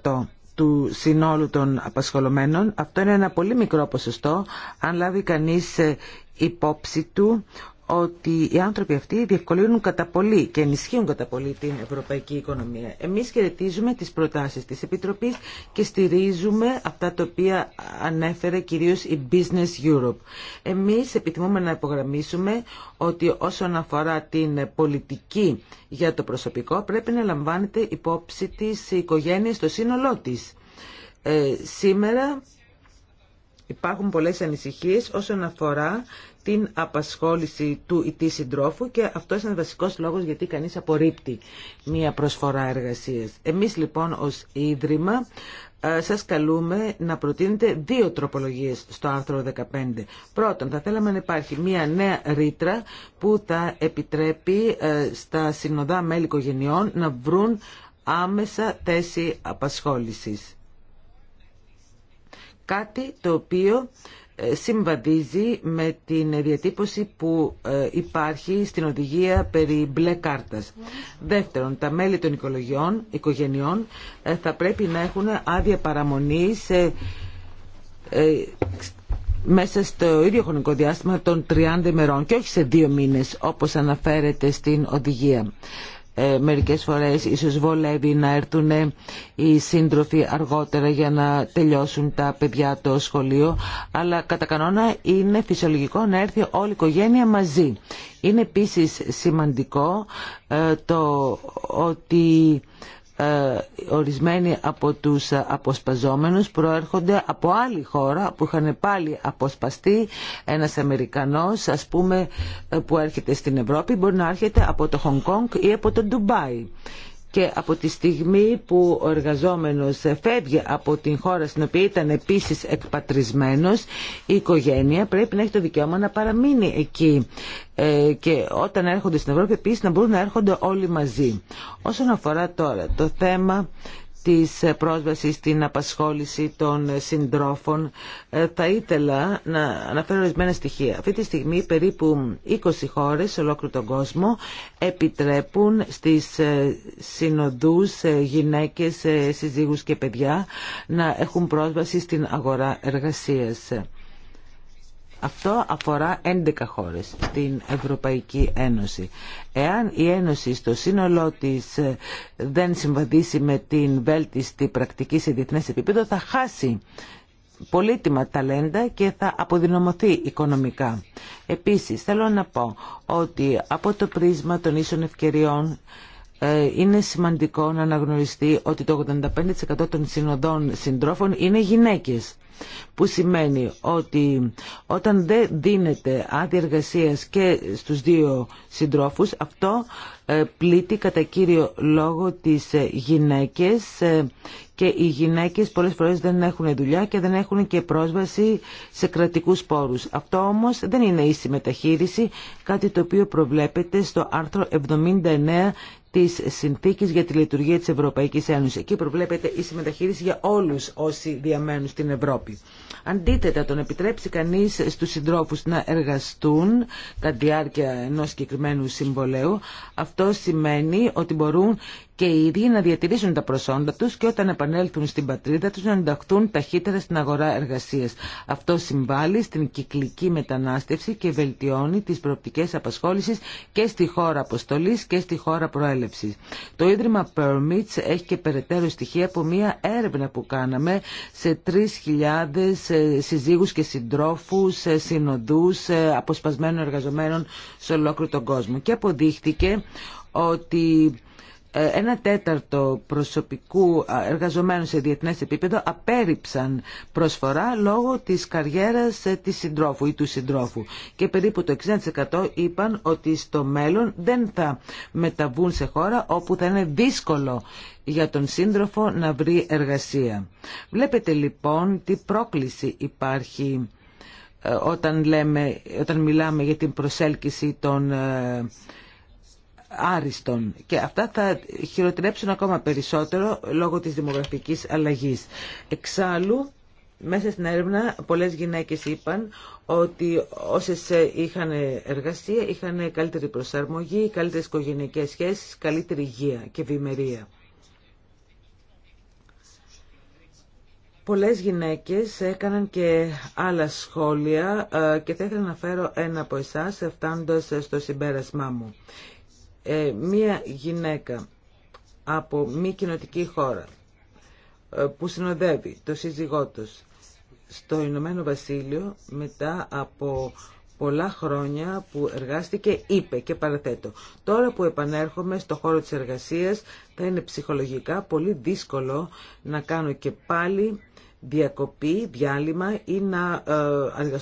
1% του συνόλου των απασχολωμένων. Αυτό είναι ένα πολύ μικρό ποσοστό, αν λάβει κανείς ε, υπόψη του ότι οι άνθρωποι αυτοί διευκολύνουν κατά πολύ και ενισχύουν κατά πολύ την ευρωπαϊκή οικονομία. Εμείς χαιρετίζουμε τις προτάσεις της Επιτροπής και στηρίζουμε αυτά τα οποία ανέφερε κυρίως η Business Europe. Εμείς επιθυμούμε να υπογραμμίσουμε ότι όσον αφορά την πολιτική για το προσωπικό πρέπει να λαμβάνεται υπόψη της οικογένειας στο σύνολό της. Ε, σήμερα Υπάρχουν πολλές ανησυχίες όσον αφορά την απασχόληση του ή της συντρόφου και αυτό είναι βασικός λόγος γιατί κανείς απορρίπτει μία προσφορά εργασίας. Εμείς λοιπόν ως Ίδρυμα ε, σας καλούμε να προτείνετε δύο τροπολογίες στο άρθρο 15. Πρώτον, θα θέλαμε να υπάρχει μια νέα ρήτρα που θα επιτρέπει ε, στα συνοδά μέλη οικογενειών να βρουν άμεσα θέση απασχόλησης. Κάτι το οποίο συμβαδίζει με την διατύπωση που ε, υπάρχει στην οδηγία περί μπλε κάρτας. Δεύτερον, τα μέλη των οικολογιών, οικογενειών ε, θα πρέπει να έχουν άδεια παραμονής ε, μέσα στο ίδιο χρονικό διάστημα των 30 ημερών και όχι σε δύο μήνες όπως αναφέρεται στην οδηγία ε, μερικές φορές ίσως βολεύει να έρθουν οι σύντροφοι αργότερα για να τελειώσουν τα παιδιά το σχολείο αλλά κατά κανόνα είναι φυσιολογικό να έρθει όλη η οικογένεια μαζί. Είναι επίσης σημαντικό ε, το ότι ε, ορισμένοι από τους αποσπαζόμενους προέρχονται από άλλη χώρα που είχαν πάλι αποσπαστεί ένας Αμερικανός ας πούμε ε, που έρχεται στην Ευρώπη μπορεί να έρχεται από το Χονγκ Κόνγκ ή από το Ντουμπάι και από τη στιγμή που ο εργαζόμενος φεύγει από την χώρα στην οποία ήταν επίσης εκπατρισμένος η οικογένεια πρέπει να έχει το δικαίωμα να παραμείνει εκεί ε, και όταν έρχονται στην Ευρώπη επίσης να μπορούν να έρχονται όλοι μαζί. Όσον αφορά τώρα το θέμα της πρόσβασης στην απασχόληση των συντρόφων ε, θα ήθελα να αναφέρω ορισμένα στοιχεία. Αυτή τη στιγμή περίπου 20 χώρες σε ολόκληρο τον κόσμο επιτρέπουν στις ε, συνοδούς ε, γυναίκες, συζύγους και παιδιά να έχουν πρόσβαση στην αγορά εργασίας. Αυτό αφορά 11 χώρες στην Ευρωπαϊκή Ένωση. Εάν η Ένωση στο σύνολό της ε, δεν συμβαδίσει με την βέλτιστη πρακτική σε διεθνές επίπεδο θα χάσει πολύτιμα ταλέντα και θα αποδυναμωθεί οικονομικά. Επίσης θέλω να πω ότι από το πρίσμα των ίσων ευκαιριών ε, είναι σημαντικό να αναγνωριστεί ότι το 85% των συνοδών συντρόφων είναι γυναίκες που σημαίνει ότι όταν δεν δίνεται άδεια εργασία και στους δύο συντρόφους, αυτό ε, πλήττει κατά κύριο λόγο τις ε, γυναίκες ε, και οι γυναίκες πολλές φορές δεν έχουν δουλειά και δεν έχουν και πρόσβαση σε κρατικούς πόρους. Αυτό όμως δεν είναι ίση μεταχείριση, κάτι το οποίο προβλέπεται στο άρθρο 79 Τη συνθήκη για τη λειτουργία τη Ευρωπαϊκή Ένωση. Εκεί προβλέπεται η συμμεταχείριση για όλου όσοι διαμένουν στην Ευρώπη. Αντίθετα, τον επιτρέψει κανεί στου συντρόφου να εργαστούν κατά τη διάρκεια ενό συγκεκριμένου συμβολέου, αυτό σημαίνει ότι μπορούν και οι ίδιοι να διατηρήσουν τα προσόντα του και όταν επανέλθουν στην πατρίδα του να ενταχθούν ταχύτερα στην αγορά εργασία. Αυτό συμβάλλει στην κυκλική μετανάστευση και βελτιώνει τι προοπτικέ απασχόληση και στη χώρα αποστολή και στη χώρα προέλευση. Το Ίδρυμα Permits έχει και περαιτέρω στοιχεία από μία έρευνα που κάναμε σε 3.000 ε, συζύγου και συντρόφους, ε, συνοδού ε, αποσπασμένων εργαζομένων σε ολόκληρο τον κόσμο. Και αποδείχτηκε ότι ε, ένα τέταρτο προσωπικού εργαζομένου σε διεθνές επίπεδο απέρριψαν προσφορά λόγω της καριέρας ε, της συντρόφου ή του συντρόφου και περίπου το 60% είπαν ότι στο μέλλον δεν θα μεταβούν σε χώρα όπου θα είναι δύσκολο για τον σύντροφο να βρει εργασία. Βλέπετε λοιπόν τι πρόκληση υπάρχει ε, όταν, λέμε, όταν μιλάμε για την προσέλκυση των άριστον και αυτά θα χειροτρέψουν ακόμα περισσότερο λόγω της δημογραφικής αλλαγής. Εξάλλου, μέσα στην έρευνα πολλές γυναίκες είπαν ότι όσες είχαν εργασία είχαν καλύτερη προσαρμογή, καλύτερες οικογενειακές σχέσεις, καλύτερη υγεία και ευημερία. Πολλές γυναίκες έκαναν και άλλα σχόλια ε, και θα ήθελα να φέρω ένα από εσάς φτάνοντας στο συμπέρασμά μου. Ε, μία γυναίκα από μη κοινοτική χώρα ε, που συνοδεύει το σύζυγό τους στο Ηνωμένο Βασίλειο μετά από πολλά χρόνια που εργάστηκε είπε και παραθέτω τώρα που επανέρχομαι στο χώρο της εργασίας θα είναι ψυχολογικά πολύ δύσκολο να κάνω και πάλι διακοπή, διάλειμμα ή να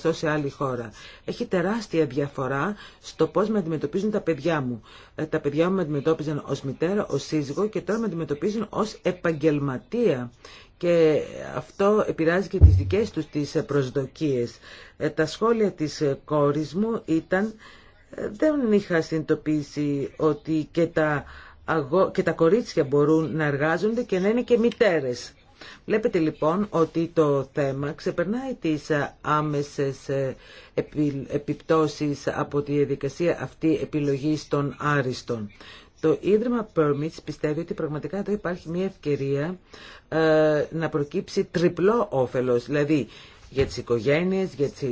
ε, σε άλλη χώρα. Έχει τεράστια διαφορά στο πώς με αντιμετωπίζουν τα παιδιά μου. Ε, τα παιδιά μου με αντιμετώπιζαν ως μητέρα, ως σύζυγο και τώρα με αντιμετωπίζουν ως επαγγελματία. Και αυτό επηρεάζει και τις δικές τους τι προσδοκίες. Ε, τα σχόλια της ε, κόρης μου ήταν... Ε, δεν είχα συνειδητοποιήσει ότι και τα, και τα κορίτσια μπορούν να εργάζονται και να είναι και μητέρες. Βλέπετε λοιπόν ότι το θέμα ξεπερνάει τις ε, άμεσες ε, επιπτώσεις από τη διαδικασία αυτή επιλογής των άριστον. Το Ίδρυμα Permits πιστεύει ότι πραγματικά εδώ υπάρχει μια ευκαιρία ε, να προκύψει τριπλό όφελος, δηλαδή για τις οικογένειες, για τις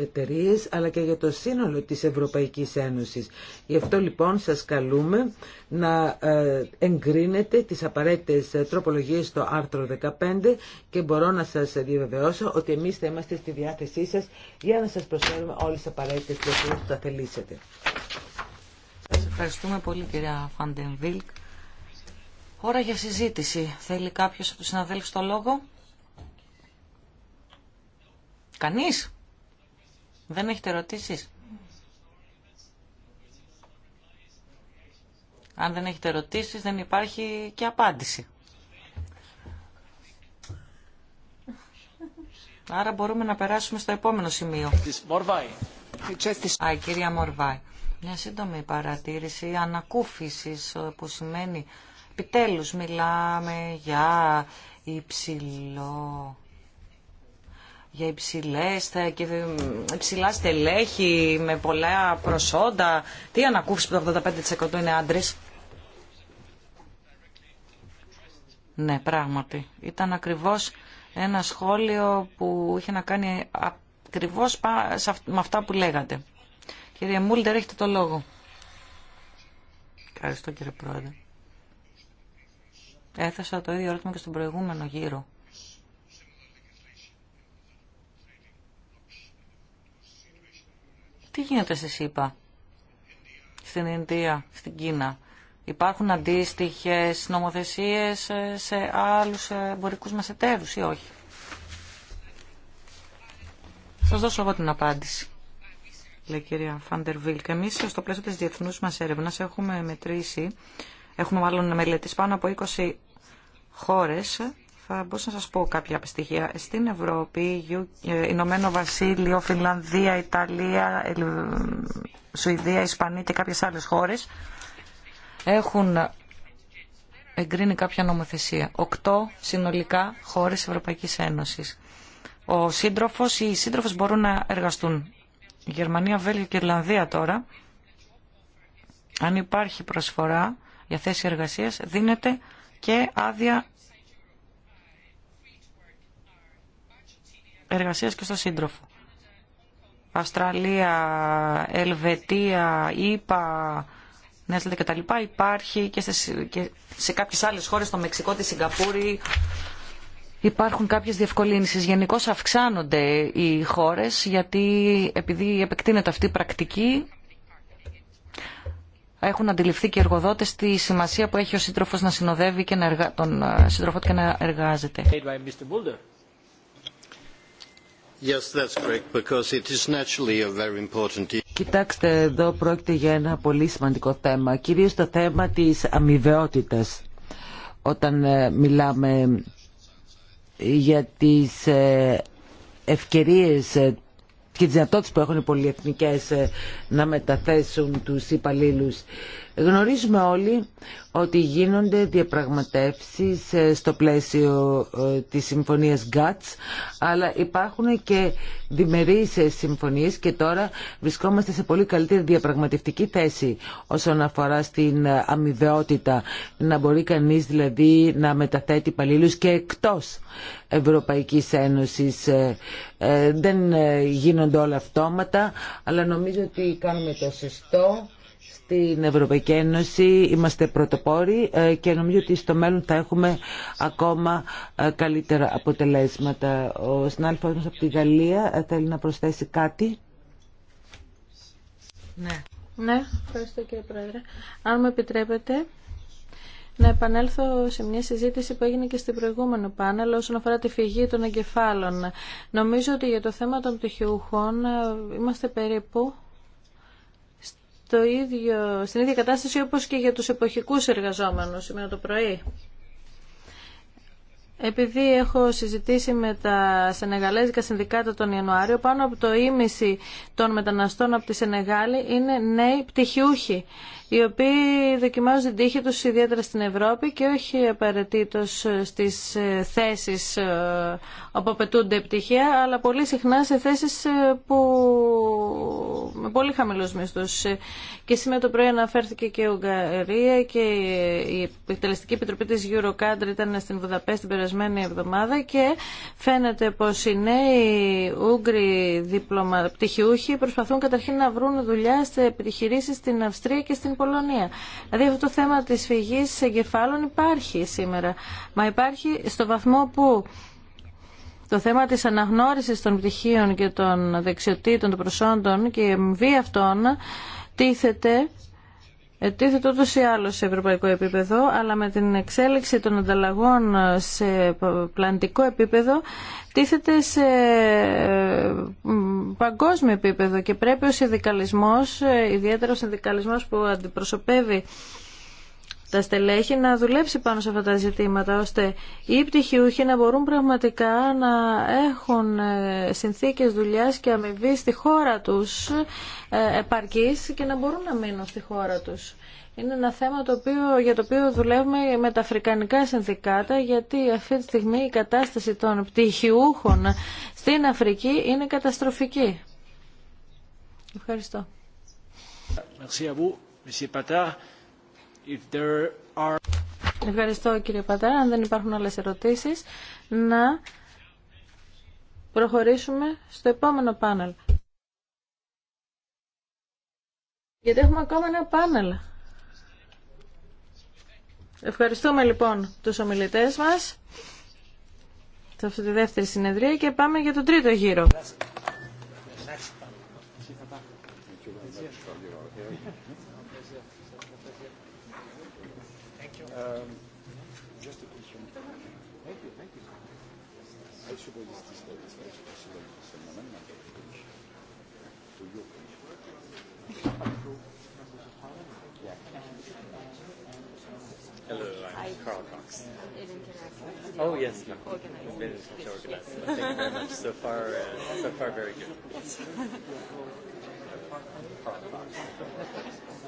εταιρείε, αλλά και για το σύνολο της Ευρωπαϊκής Ένωσης. Γι' αυτό λοιπόν σας καλούμε να ε, εγκρίνετε τις απαραίτητες τροπολογίες στο άρθρο 15 και μπορώ να σας διαβεβαιώσω ότι εμείς θα είμαστε στη διάθεσή σας για να σας προσφέρουμε όλες τις απαραίτητες πληροφορίες που θα θελήσετε. Σας ευχαριστούμε πολύ κυρία Φαντεμβίλκ. Ώρα για συζήτηση. Θέλει κάποιος από τους συναδέλφους το λόγο. Κανείς. Δεν έχετε ερωτήσεις. Αν δεν έχετε ερωτήσεις δεν υπάρχει και απάντηση. Άρα μπορούμε να περάσουμε στο επόμενο σημείο. Α, η κυρία Μορβάη. Μια σύντομη παρατήρηση ανακούφισης ε, που σημαίνει επιτέλους μιλάμε για υψηλό για υψηλές, και υψηλά στελέχη με πολλά προσόντα. Τι ανακούφιση που το 85% είναι άντρες. Ναι, πράγματι. Ήταν ακριβώς ένα σχόλιο που είχε να κάνει ακριβώς με αυτά που λέγατε. Κύριε Μούλτερ, έχετε το λόγο. Ευχαριστώ κύριε Πρόεδρε. Έθεσα το ίδιο ερώτημα και στον προηγούμενο γύρο. Τι γίνεται σε ΣΥΠΑ, στην Ινδία, στην Κίνα. Υπάρχουν αντίστοιχε νομοθεσίες ε, σε άλλου εμπορικού μα εταίρου η κυρία Φάντερ Βίλκ. Εμεί στο πλαίσιο τη διεθνού μα έρευνα έχουμε μετρήσει, έχουμε μάλλον μελετήσει πάνω από 20 χώρε θα μπορούσα να σας πω κάποια στοιχεία. Στην Ευρώπη, ε, Ηνωμένο Βασίλειο, Φιλανδία, Ιταλία, Σουηδία, Ισπανία και κάποιες άλλες χώρες έχουν εγκρίνει κάποια νομοθεσία. Οκτώ συνολικά χώρες Ευρωπαϊκής Ένωσης. Ο σύντροφος ή οι σύντροφες μπορούν να εργαστούν. Η Γερμανία, εργαστουν γερμανια βελγιο και Ιρλανδία τώρα, αν υπάρχει προσφορά για θέση εργασίας, δίνεται και άδεια εργασίας και στο σύντροφο. Αυστραλία, Ελβετία, ΗΠΑ, Νέα Ζηλανδία κτλ. Υπάρχει και σε, και σε κάποιες άλλες χώρες, στο Μεξικό, τη Σιγκαπούρη, υπάρχουν κάποιες διευκολύνσεις. Γενικώ αυξάνονται οι χώρες γιατί επειδή επεκτείνεται αυτή η πρακτική έχουν αντιληφθεί και οι εργοδότες τη σημασία που έχει ο σύντροφος να συνοδεύει και να εργα... τον ε, σύντροφο και να εργάζεται. Κοιτάξτε, εδώ πρόκειται για ένα πολύ σημαντικό θέμα, κυρίως το θέμα της αμοιβαιότητας. Όταν ε, μιλάμε ε, για τις ε, ευκαιρίες και τις δυνατότητες που έχουν οι πολυεθνικές να μεταθέσουν τους υπαλλήλους Γνωρίζουμε όλοι ότι γίνονται διαπραγματεύσεις ε, στο πλαίσιο ε, της συμφωνίας GATS, αλλά υπάρχουν και διμερείς ε, συμφωνίες και τώρα βρισκόμαστε σε πολύ καλύτερη διαπραγματευτική θέση όσον αφορά στην αμοιβαιότητα. Να μπορεί κανείς δηλαδή να μεταθέτει υπαλλήλου και εκτός Ευρωπαϊκής Ένωσης. Δεν γίνονται όλα αυτόματα, αλλά νομίζω ότι κάνουμε το σωστό στην Ευρωπαϊκή Ένωση είμαστε πρωτοπόροι ε, και νομίζω ότι στο μέλλον θα έχουμε ακόμα ε, καλύτερα αποτελέσματα. Ο συνάδελφός μας από τη Γαλλία ε, θέλει να προσθέσει κάτι. Ναι. Ναι, ευχαριστώ κύριε Πρόεδρε. Αν μου επιτρέπετε, να επανέλθω σε μια συζήτηση που έγινε και στην προηγούμενο πάνελ όσον αφορά τη φυγή των εγκεφάλων. Νομίζω ότι για το θέμα των πτυχιούχων είμαστε περίπου στο ίδιο, στην ίδια κατάσταση όπως και για τους εποχικούς εργαζόμενους σήμερα το πρωί. Επειδή έχω συζητήσει με τα Σενεγαλέζικα Συνδικάτα τον Ιανουάριο, πάνω από το ίμιση των μεταναστών από τη Σενεγάλη είναι νέοι πτυχιούχοι οι οποίοι δοκιμάζουν την τύχη τους ιδιαίτερα στην Ευρώπη και όχι απαραίτητο στις ε, θέσεις ε, όπου απαιτούνται πτυχία, αλλά πολύ συχνά σε θέσεις ε, που με πολύ χαμηλούς μισθούς. Και σήμερα το πρωί αναφέρθηκε και η Ουγγαρία και η Εκτελεστική Επιτροπή της Eurocountry ήταν στην Βουδαπέστη την περασμένη εβδομάδα και φαίνεται πως οι νέοι Ούγγροι διπλωμα... πτυχιούχοι προσπαθούν καταρχήν να βρουν δουλειά σε επιχειρήσεις στην Αυστρία και στην Πολωνία Πολωνία. Δηλαδή αυτό το θέμα της φυγής εγκεφάλων υπάρχει σήμερα. Μα υπάρχει στο βαθμό που το θέμα της αναγνώρισης των πτυχίων και των δεξιοτήτων των προσόντων και βία αυτών τίθεται Τίθεται ούτως ή άλλως σε ευρωπαϊκό επίπεδο, αλλά με την εξέλιξη των ανταλλαγών σε πλανητικό επίπεδο, τίθεται σε παγκόσμιο επίπεδο και πρέπει ο συνδικαλισμός, ε, ιδιαίτερα ο συνδικαλισμός που αντιπροσωπεύει τα στελέχη να δουλέψει πάνω σε αυτά τα ζητήματα, ώστε οι πτυχιούχοι να μπορούν πραγματικά να έχουν ε, συνθήκες δουλειάς και αμοιβή στη χώρα τους ε, επαρκής και να μπορούν να μείνουν στη χώρα τους. Είναι ένα θέμα το οποίο, για το οποίο δουλεύουμε με τα αφρικανικά συνδικάτα, γιατί αυτή τη στιγμή η κατάσταση των πτυχιούχων στην Αφρική είναι καταστροφική. Ευχαριστώ. Merci à Ευχαριστώ κύριε Πατέρα. Αν δεν υπάρχουν άλλες ερωτήσεις, να προχωρήσουμε στο επόμενο πάνελ. Γιατί έχουμε ακόμα ένα πάνελ. Ευχαριστούμε λοιπόν τους ομιλητές μας σε αυτή τη δεύτερη συνεδρία και πάμε για τον τρίτο γύρο. Oh yes, it's been organized. Thank you very much. So far, uh, so far, very good.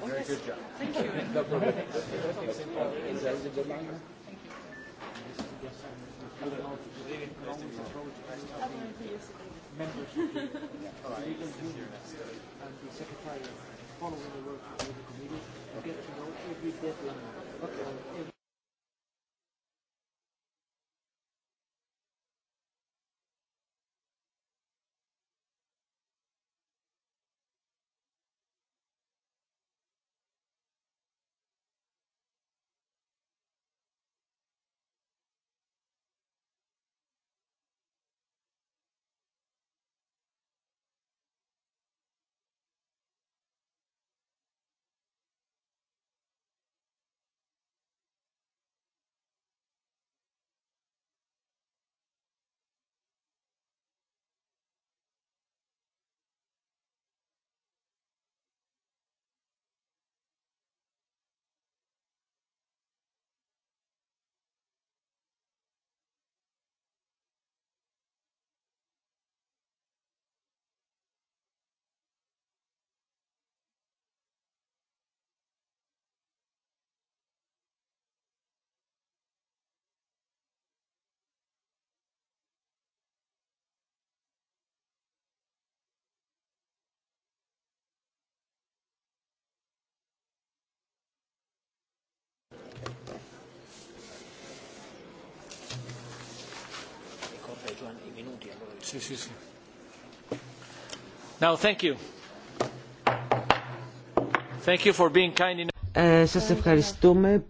Very good job. Thank you. No problem. Is there a deadline? Members. All And the secretary following the work of the committee get to know every deadline. Okay. Ε, σας ευχαριστούμε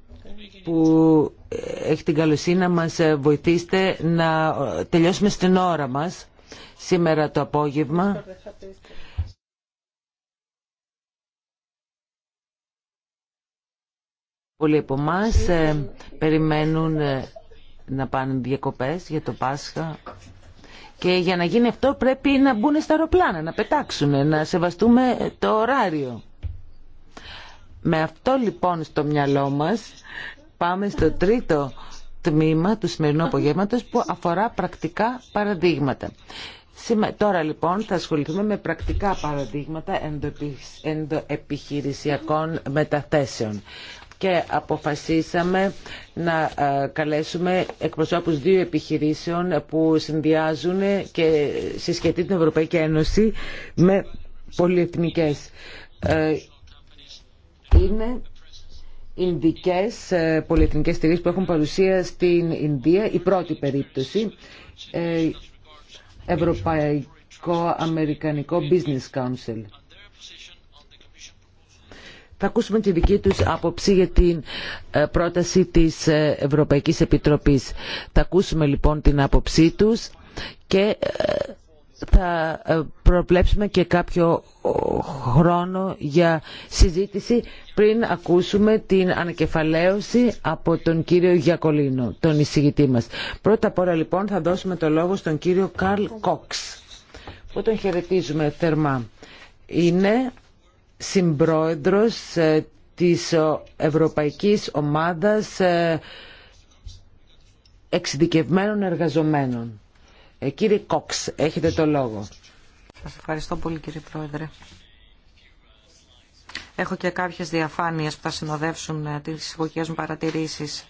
που έχετε την καλοσύνη να μας ε, βοηθήσετε να ε, τελειώσουμε στην ώρα μας σήμερα το απόγευμα. Πολλοί από εμά περιμένουν να πάνε διακοπές για το Πάσχα. Και για να γίνει αυτό πρέπει να μπουν στα αεροπλάνα, να πετάξουν, να σεβαστούμε το ωράριο. Με αυτό λοιπόν στο μυαλό μας πάμε στο τρίτο τμήμα του σημερινού απογεύματος που αφορά πρακτικά παραδείγματα. Τώρα λοιπόν θα ασχοληθούμε με πρακτικά παραδείγματα ενδοεπιχειρησιακών μεταθέσεων και αποφασίσαμε να ε, καλέσουμε εκπροσώπους δύο επιχειρήσεων που συνδυάζουν και συσχετεί την Ευρωπαϊκή Ένωση με πολυεθνικές. Ε, είναι Ινδικές ε, πολυεθνικές εταιρείε που έχουν παρουσία στην Ινδία, η πρώτη περίπτωση, Ευρωπαϊκό Αμερικανικό Business Council. Θα ακούσουμε τη δική τους άποψη για την ε, πρόταση της ε, Ευρωπαϊκής Επιτροπής. Θα ακούσουμε λοιπόν την άποψή τους και ε, θα προβλέψουμε και κάποιο χρόνο για συζήτηση πριν ακούσουμε την ανακεφαλαίωση από τον κύριο Γιακολίνο, τον εισηγητή μας. Πρώτα απ' όλα λοιπόν θα δώσουμε το λόγο στον κύριο Καρλ Κόξ, που τον χαιρετίζουμε θερμά. Είναι συμπρόεδρος ε, της ε, Ευρωπαϊκής Ομάδας ε, Εξειδικευμένων Εργαζομένων. Κύριε Κόξ, έχετε το λόγο. Σας ευχαριστώ πολύ κύριε Πρόεδρε. Έχω και κάποιες διαφάνειες που θα συνοδεύσουν τις εισηγωγικές μου παρατηρήσεις.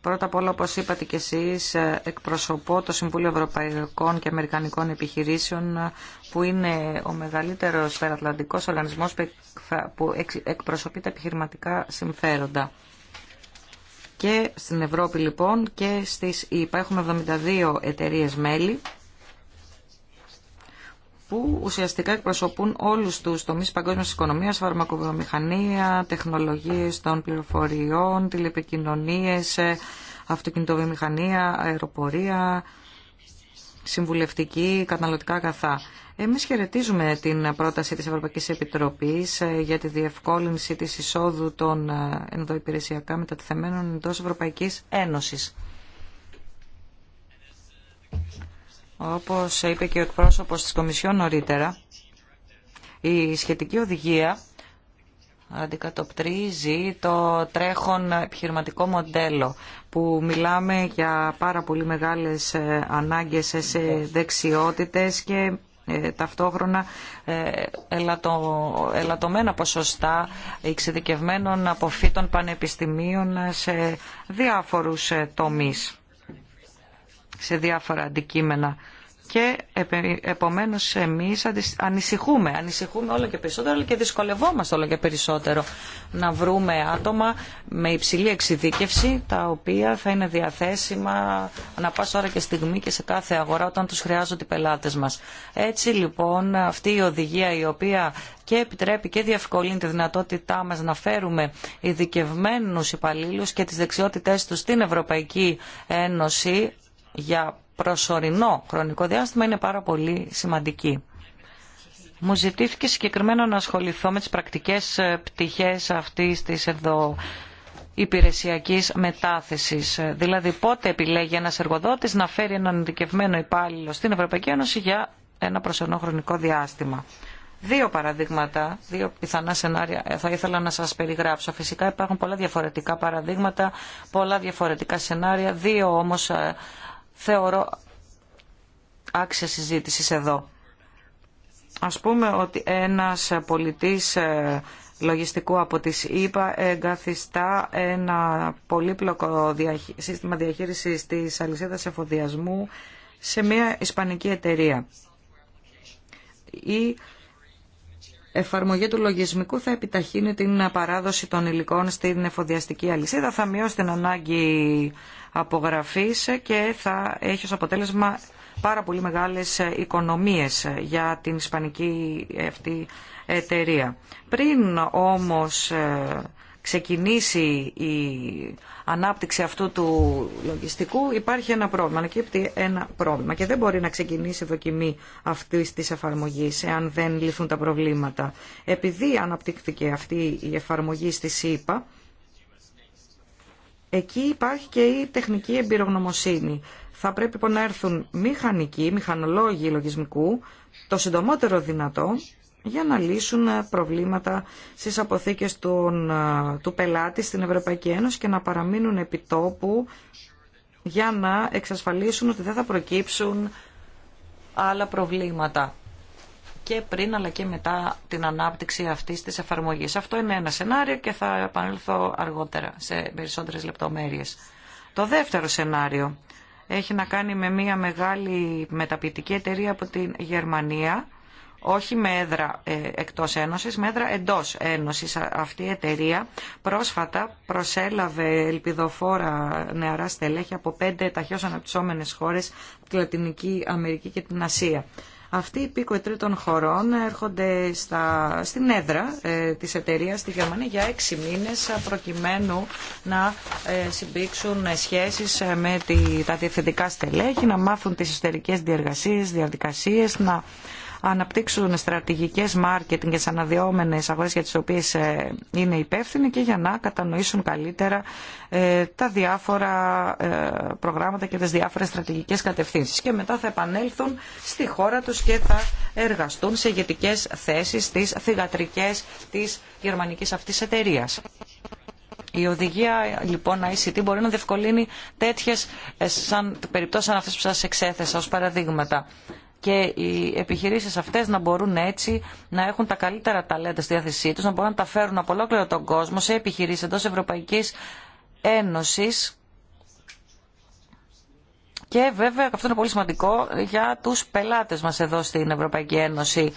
Πρώτα απ' όλα, όπως είπατε και εσείς, ε, εκπροσωπώ το Συμβούλιο Ευρωπαϊκών και Αμερικανικών Επιχειρήσεων, ε, που είναι ο μεγαλύτερος περατλαντικός οργανισμός που εκπροσωπεί τα επιχειρηματικά συμφέροντα. Και στην Ευρώπη, λοιπόν, και στις ΗΠΑ έχουμε 72 εταιρείες μέλη που ουσιαστικά εκπροσωπούν όλους τους τομείς παγκόσμιας οικονομίας, φαρμακοβιομηχανία, τεχνολογίες των πληροφοριών, τηλεπικοινωνίες, ε, αυτοκινητοβιομηχανία, αεροπορία, συμβουλευτική, καταναλωτικά αγαθά. Εμείς χαιρετίζουμε την πρόταση της Ευρωπαϊκής Επιτροπής ε, για τη διευκόλυνση της εισόδου των ε, ενδοϊπηρεσιακά μετατεθεμένων εντός Ευρωπαϊκής Ένωσης. Όπως είπε και ο εκπρόσωπος της Κομισιόν νωρίτερα, η σχετική οδηγία αντικατοπτρίζει το τρέχον επιχειρηματικό μοντέλο που μιλάμε για πάρα πολύ μεγάλες ε, ανάγκες σε δεξιότητες και ε, ταυτόχρονα ε, ελατω, ελαττωμένα ποσοστά εξειδικευμένων αποφύτων πανεπιστημίων σε διάφορους τομείς σε διάφορα αντικείμενα. Και επομένως εμείς ανησυχούμε, ανησυχούμε όλο και περισσότερο και δυσκολευόμαστε όλο και περισσότερο να βρούμε άτομα με υψηλή εξειδίκευση τα οποία θα είναι διαθέσιμα να πάσα ώρα και στιγμή και σε κάθε αγορά όταν τους χρειάζονται οι πελάτες μας. Έτσι λοιπόν αυτή η οδηγία η οποία και επιτρέπει και διευκολύνει τη δυνατότητά μας να φέρουμε ειδικευμένου υπαλλήλου και τις δεξιότητές τους στην Ευρωπαϊκή Ένωση για προσωρινό χρονικό διάστημα είναι πάρα πολύ σημαντική. Μου ζητήθηκε συγκεκριμένα να ασχοληθώ με τις πρακτικές ε, πτυχές αυτής της εδώ υπηρεσιακής μετάθεσης. Ε, δηλαδή πότε επιλέγει ένας εργοδότης να φέρει έναν ειδικευμένο υπάλληλο στην Ευρωπαϊκή Ένωση για ένα προσωρινό χρονικό διάστημα. Δύο παραδείγματα, δύο πιθανά σενάρια ε, θα ήθελα να σας περιγράψω. Φυσικά υπάρχουν πολλά διαφορετικά παραδείγματα, πολλά διαφορετικά σενάρια. Δύο όμως θεωρώ άξια συζήτηση εδώ. Ας πούμε ότι ένας πολιτής ε, λογιστικού από τις ΕΠΑ εγκαθιστά ένα πολύπλοκο σύστημα διαχείρισης της αλυσίδας εφοδιασμού σε μια ισπανική εταιρεία ή εφαρμογή του λογισμικού θα επιταχύνει την παράδοση των υλικών στην εφοδιαστική αλυσίδα, θα μειώσει την ανάγκη απογραφής και θα έχει ως αποτέλεσμα πάρα πολύ μεγάλες οικονομίες για την ισπανική αυτή εταιρεία. Πριν όμως ε, ξεκινήσει η ανάπτυξη αυτού του λογιστικού υπάρχει ένα πρόβλημα, ανακύπτει ένα πρόβλημα και δεν μπορεί να ξεκινήσει η δοκιμή αυτή τη εφαρμογή εάν δεν λυθούν τα προβλήματα. Επειδή αναπτύχθηκε αυτή η εφαρμογή στη ΣΥΠΑ, εκεί υπάρχει και η τεχνική εμπειρογνωμοσύνη. Θα πρέπει λοιπόν να έρθουν μηχανικοί, μηχανολόγοι λογισμικού, το συντομότερο δυνατό, για να λύσουν ε, προβλήματα στις αποθήκες του, ε, του πελάτη στην Ευρωπαϊκή Ένωση και να παραμείνουν επιτόπου για να εξασφαλίσουν ότι δεν θα προκύψουν άλλα προβλήματα και πριν αλλά και μετά την ανάπτυξη αυτής της εφαρμογής. Αυτό είναι ένα σενάριο και θα επανέλθω αργότερα σε περισσότερες λεπτομέρειες. Το δεύτερο σενάριο έχει να κάνει με μια μεγάλη μεταποιητική εταιρεία από την Γερμανία όχι με έδρα ε, εκτός Ένωσης, με έδρα εντός Ένωσης. Αυτή η εταιρεία πρόσφατα προσέλαβε ελπιδοφόρα νεαρά στελέχη από πέντε ταχιώς αναπτυσσόμενες χώρες, τη Λατινική Αμερική και την Ασία. Αυτοί οι πήκοοι τρίτων χωρών έρχονται στην έδρα ε, της εταιρείας στη Γερμανία για έξι μήνες ε, προκειμένου να ε, συμπήξουν σχέσεις με τη, τα διευθυντικά στελέχη, να μάθουν τις εσωτερικές διεργασίες, διαδικασίες, αναπτύξουν στρατηγικές μάρκετινγκ και αναδυόμενες αγορές για τις οποίες ε, είναι υπεύθυνοι και για να κατανοήσουν καλύτερα ε, τα διάφορα ε, προγράμματα και τις διάφορες στρατηγικές κατευθύνσεις. Και μετά θα επανέλθουν στη χώρα τους και θα εργαστούν σε ηγετικές θέσεις στις θηγατρικές της γερμανικής αυτής εταιρείας. Η οδηγία λοιπόν ICT μπορεί να διευκολύνει τέτοιε περιπτώσει σαν που σα εξέθεσα ως παραδείγματα και οι επιχειρήσεις αυτές να μπορούν έτσι να έχουν τα καλύτερα ταλέντα στη διάθεσή τους, να μπορούν να τα φέρουν από ολόκληρο τον κόσμο σε επιχειρήσεις εντός Ευρωπαϊκής Ένωσης και βέβαια αυτό είναι πολύ σημαντικό για τους πελάτες μας εδώ στην Ευρωπαϊκή Ένωση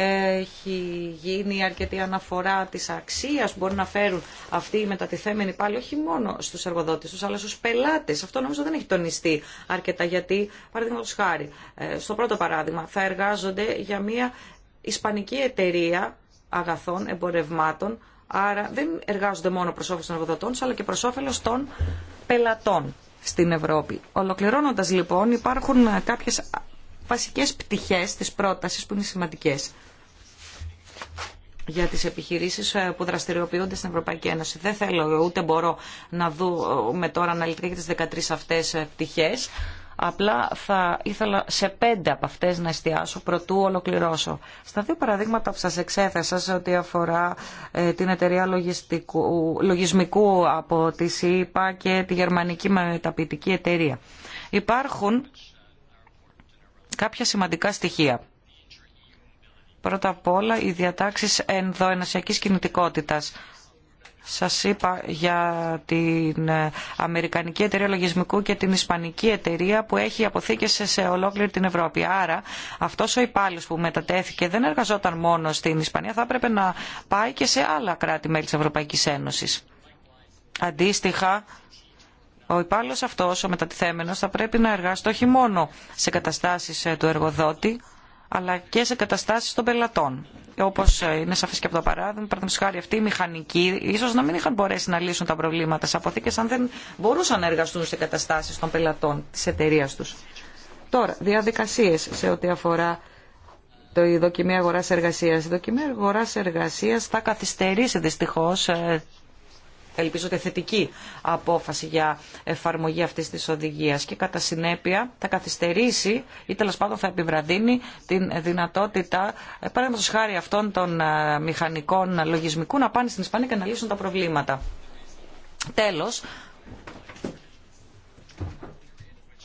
έχει γίνει αρκετή αναφορά της αξίας που μπορεί να φέρουν αυτοί οι μετατιθέμενοι πάλι όχι μόνο στους εργοδότες του, αλλά στους πελάτες. Αυτό νομίζω δεν έχει τονιστεί αρκετά γιατί, παραδείγματος χάρη, ε, στο πρώτο παράδειγμα θα εργάζονται για μια ισπανική εταιρεία αγαθών, εμπορευμάτων, άρα δεν εργάζονται μόνο προς όφελος των εργοδοτών αλλά και προς όφελος των πελατών στην Ευρώπη. Ολοκληρώνοντας λοιπόν υπάρχουν κάποιες βασικές πτυχές της πρόταση που είναι σημαντικέ για τις επιχειρήσεις ε, που δραστηριοποιούνται στην Ευρωπαϊκή Ένωση. Δεν θέλω ούτε μπορώ να δούμε ε, τώρα αναλυτικά για τις 13 αυτές ε, πτυχές. Απλά θα ήθελα σε πέντε από αυτές να εστιάσω προτού ολοκληρώσω. Στα δύο παραδείγματα που σας εξέθεσα σε ό,τι αφορά την εταιρεία λογισμικού από τη ΣΥΠΑ και τη γερμανική μεταποιητική εταιρεία. Υπάρχουν κάποια σημαντικά στοιχεία Πρώτα απ' όλα οι διατάξεις ενδοενασιακής κινητικότητας. Σας είπα για την ε, Αμερικανική Εταιρεία Λογισμικού και την Ισπανική Εταιρεία που έχει αποθήκες σε ολόκληρη την Ευρώπη. Άρα αυτός ο υπάλληλος που μετατέθηκε δεν εργαζόταν μόνο στην Ισπανία, θα έπρεπε να πάει και σε άλλα κράτη-μέλη της Ευρωπαϊκής Ένωσης. Αντίστοιχα, ο υπάλληλο αυτός, ο μετατιθέμενος, θα πρέπει να εργάζεται όχι μόνο σε καταστάσει ε, του εργοδότη, αλλά και σε καταστάσει των πελατών. Όπω ε, είναι σαφέ και από το παράδειγμα, παραδείγματο χάρη αυτοί οι μηχανικοί ίσω να μην είχαν μπορέσει να λύσουν τα προβλήματα σε αποθήκε αν δεν μπορούσαν να εργαστούν σε καταστάσει των πελατών τη εταιρεία του. Τώρα, διαδικασίε σε ό,τι αφορά το, η δοκιμή αγορά-εργασία. Η δοκιμή αγορά-εργασία θα καθυστερήσει δυστυχώ ε, ελπίζω θετική απόφαση για εφαρμογή αυτή της οδηγία. και κατά συνέπεια θα καθυστερήσει ή τέλο πάντων θα επιβραδύνει την δυνατότητα ε, παραδείγματο χάρη αυτών των ε, μηχανικών λογισμικού να πάνε στην Ισπανία και να λύσουν τα προβλήματα. Τέλο,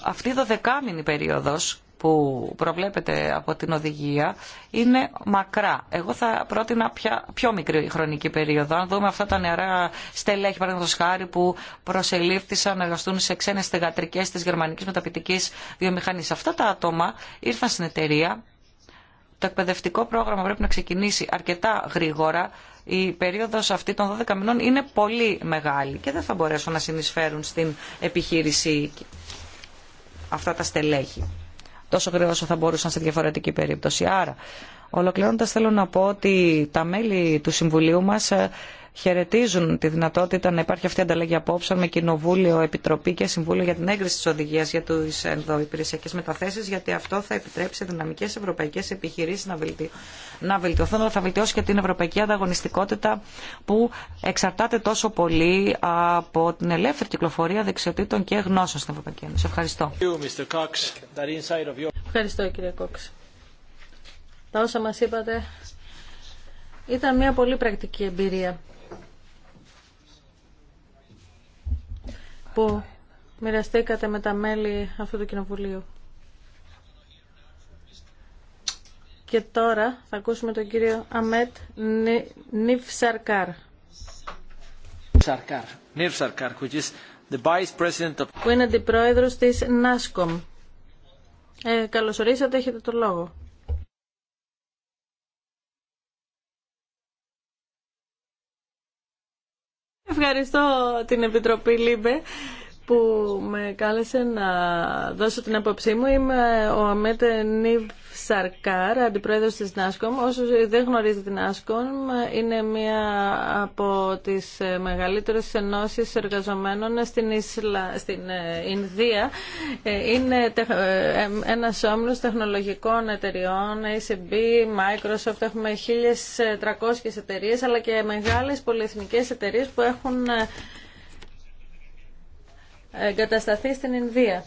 αυτή η δωδεκάμινη περίοδος που προβλέπεται από την οδηγία είναι μακρά. Εγώ θα πρότεινα πιο μικρή χρονική περίοδο. Αν δούμε αυτά τα νεαρά στελέχη, παραδείγματο χάρη, που προσελήφθησαν να εργαστούν σε ξένε θεγατρικέ τη γερμανική μεταπητική βιομηχανή. Αυτά τα άτομα ήρθαν στην εταιρεία. Το εκπαιδευτικό πρόγραμμα πρέπει να ξεκινήσει αρκετά γρήγορα. Η περίοδο αυτή των 12 μηνών είναι πολύ μεγάλη και δεν θα μπορέσουν να συνεισφέρουν στην επιχείρηση αυτά τα στελέχη τόσο γρήγορα όσο θα μπορούσαν σε διαφορετική περίπτωση. Άρα, ολοκληρώνοντα θέλω να πω ότι τα μέλη του Συμβουλίου μας ε, χαιρετίζουν τη δυνατότητα να υπάρχει αυτή η ανταλλαγή απόψεων με Κοινοβούλιο, Επιτροπή και Συμβούλιο για την έγκριση τη οδηγία για τι ενδοϊπηρεσιακέ μεταθέσει, γιατί αυτό θα επιτρέψει δυναμικέ ευρωπαϊκέ επιχειρήσει να, βελτι... να βελτιωθούν, αλλά θα βελτιώσει και την ευρωπαϊκή ανταγωνιστικότητα που εξαρτάται τόσο πολύ από την ελεύθερη κυκλοφορία δεξιοτήτων και γνώσεων στην Ευρωπαϊκή Ένωση. Ευχαριστώ. Ευχαριστώ κύριε Κόξ. Τα όσα μας ήταν μια πολύ πρακτική εμπειρία. που μοιραστήκατε με τα μέλη αυτού του Κοινοβουλίου. Και τώρα θα ακούσουμε τον κύριο Αμέτ Νιφσαρκάρ. Νιφσαρκάρ, που είναι αντιπρόεδρος της ΝΑΣΚΟΜ. Ε, καλωσορίσατε, έχετε το λόγο. Ευχαριστώ την Επιτροπή Λίμπε που με κάλεσε να δώσω την απόψή μου. Είμαι ο Αμέτε Νίβ Σαρκάρ, αντιπρόεδρος της ΝΑΣΚΟΜ. όσο δεν γνωρίζετε την ΝΑΣΚΟΜ, είναι μία από τις μεγαλύτερες ενώσεις εργαζομένων στην, Ισλα... στην ε, Ινδία. Ε, είναι ε, ένας όμιλος τεχνολογικών εταιριών, ACB, Microsoft, έχουμε 1.300 εταιρείες, αλλά και μεγάλες πολυεθνικές εταιρείες που έχουν εγκατασταθεί στην Ινδία.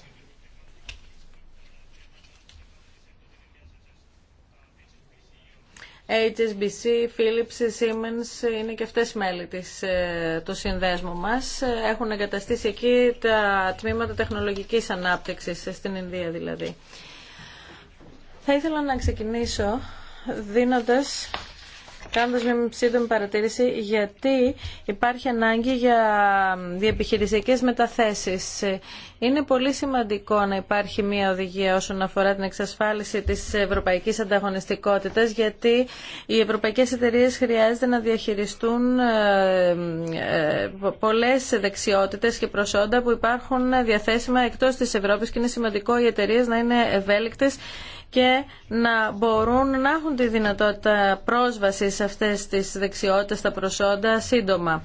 HSBC, Philips, Siemens είναι και αυτές μέλη της, ε, του συνδέσμου μας. Έχουν εγκαταστήσει εκεί τα τμήματα τεχνολογικής ανάπτυξης, ε, στην Ινδία δηλαδή. Θα ήθελα να ξεκινήσω δίνοντας κάνοντας μια σύντομη παρατήρηση γιατί υπάρχει ανάγκη για διεπιχειρησιακές μεταθέσεις. Είναι πολύ σημαντικό να υπάρχει μια οδηγία όσον αφορά την εξασφάλιση της ευρωπαϊκής ανταγωνιστικότητας γιατί οι ευρωπαϊκές εταιρείες χρειάζεται να διαχειριστούν ε, ε, πολλές δεξιότητες και προσόντα που υπάρχουν διαθέσιμα εκτός της Ευρώπης και είναι σημαντικό οι εταιρείε να είναι ευέλικτες και να μπορούν να έχουν τη δυνατότητα πρόσβαση σε αυτές τις δεξιότητες, τα προσόντα σύντομα.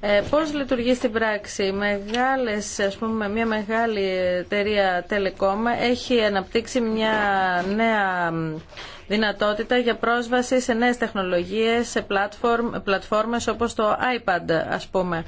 Ε, πώς λειτουργεί στην πράξη. Μεγάλες, ας πούμε, μια μεγάλη εταιρεία Telecom έχει αναπτύξει μια νέα δυνατότητα για πρόσβαση σε νέες τεχνολογίες, σε πλατφόρμες όπως το iPad, ας πούμε.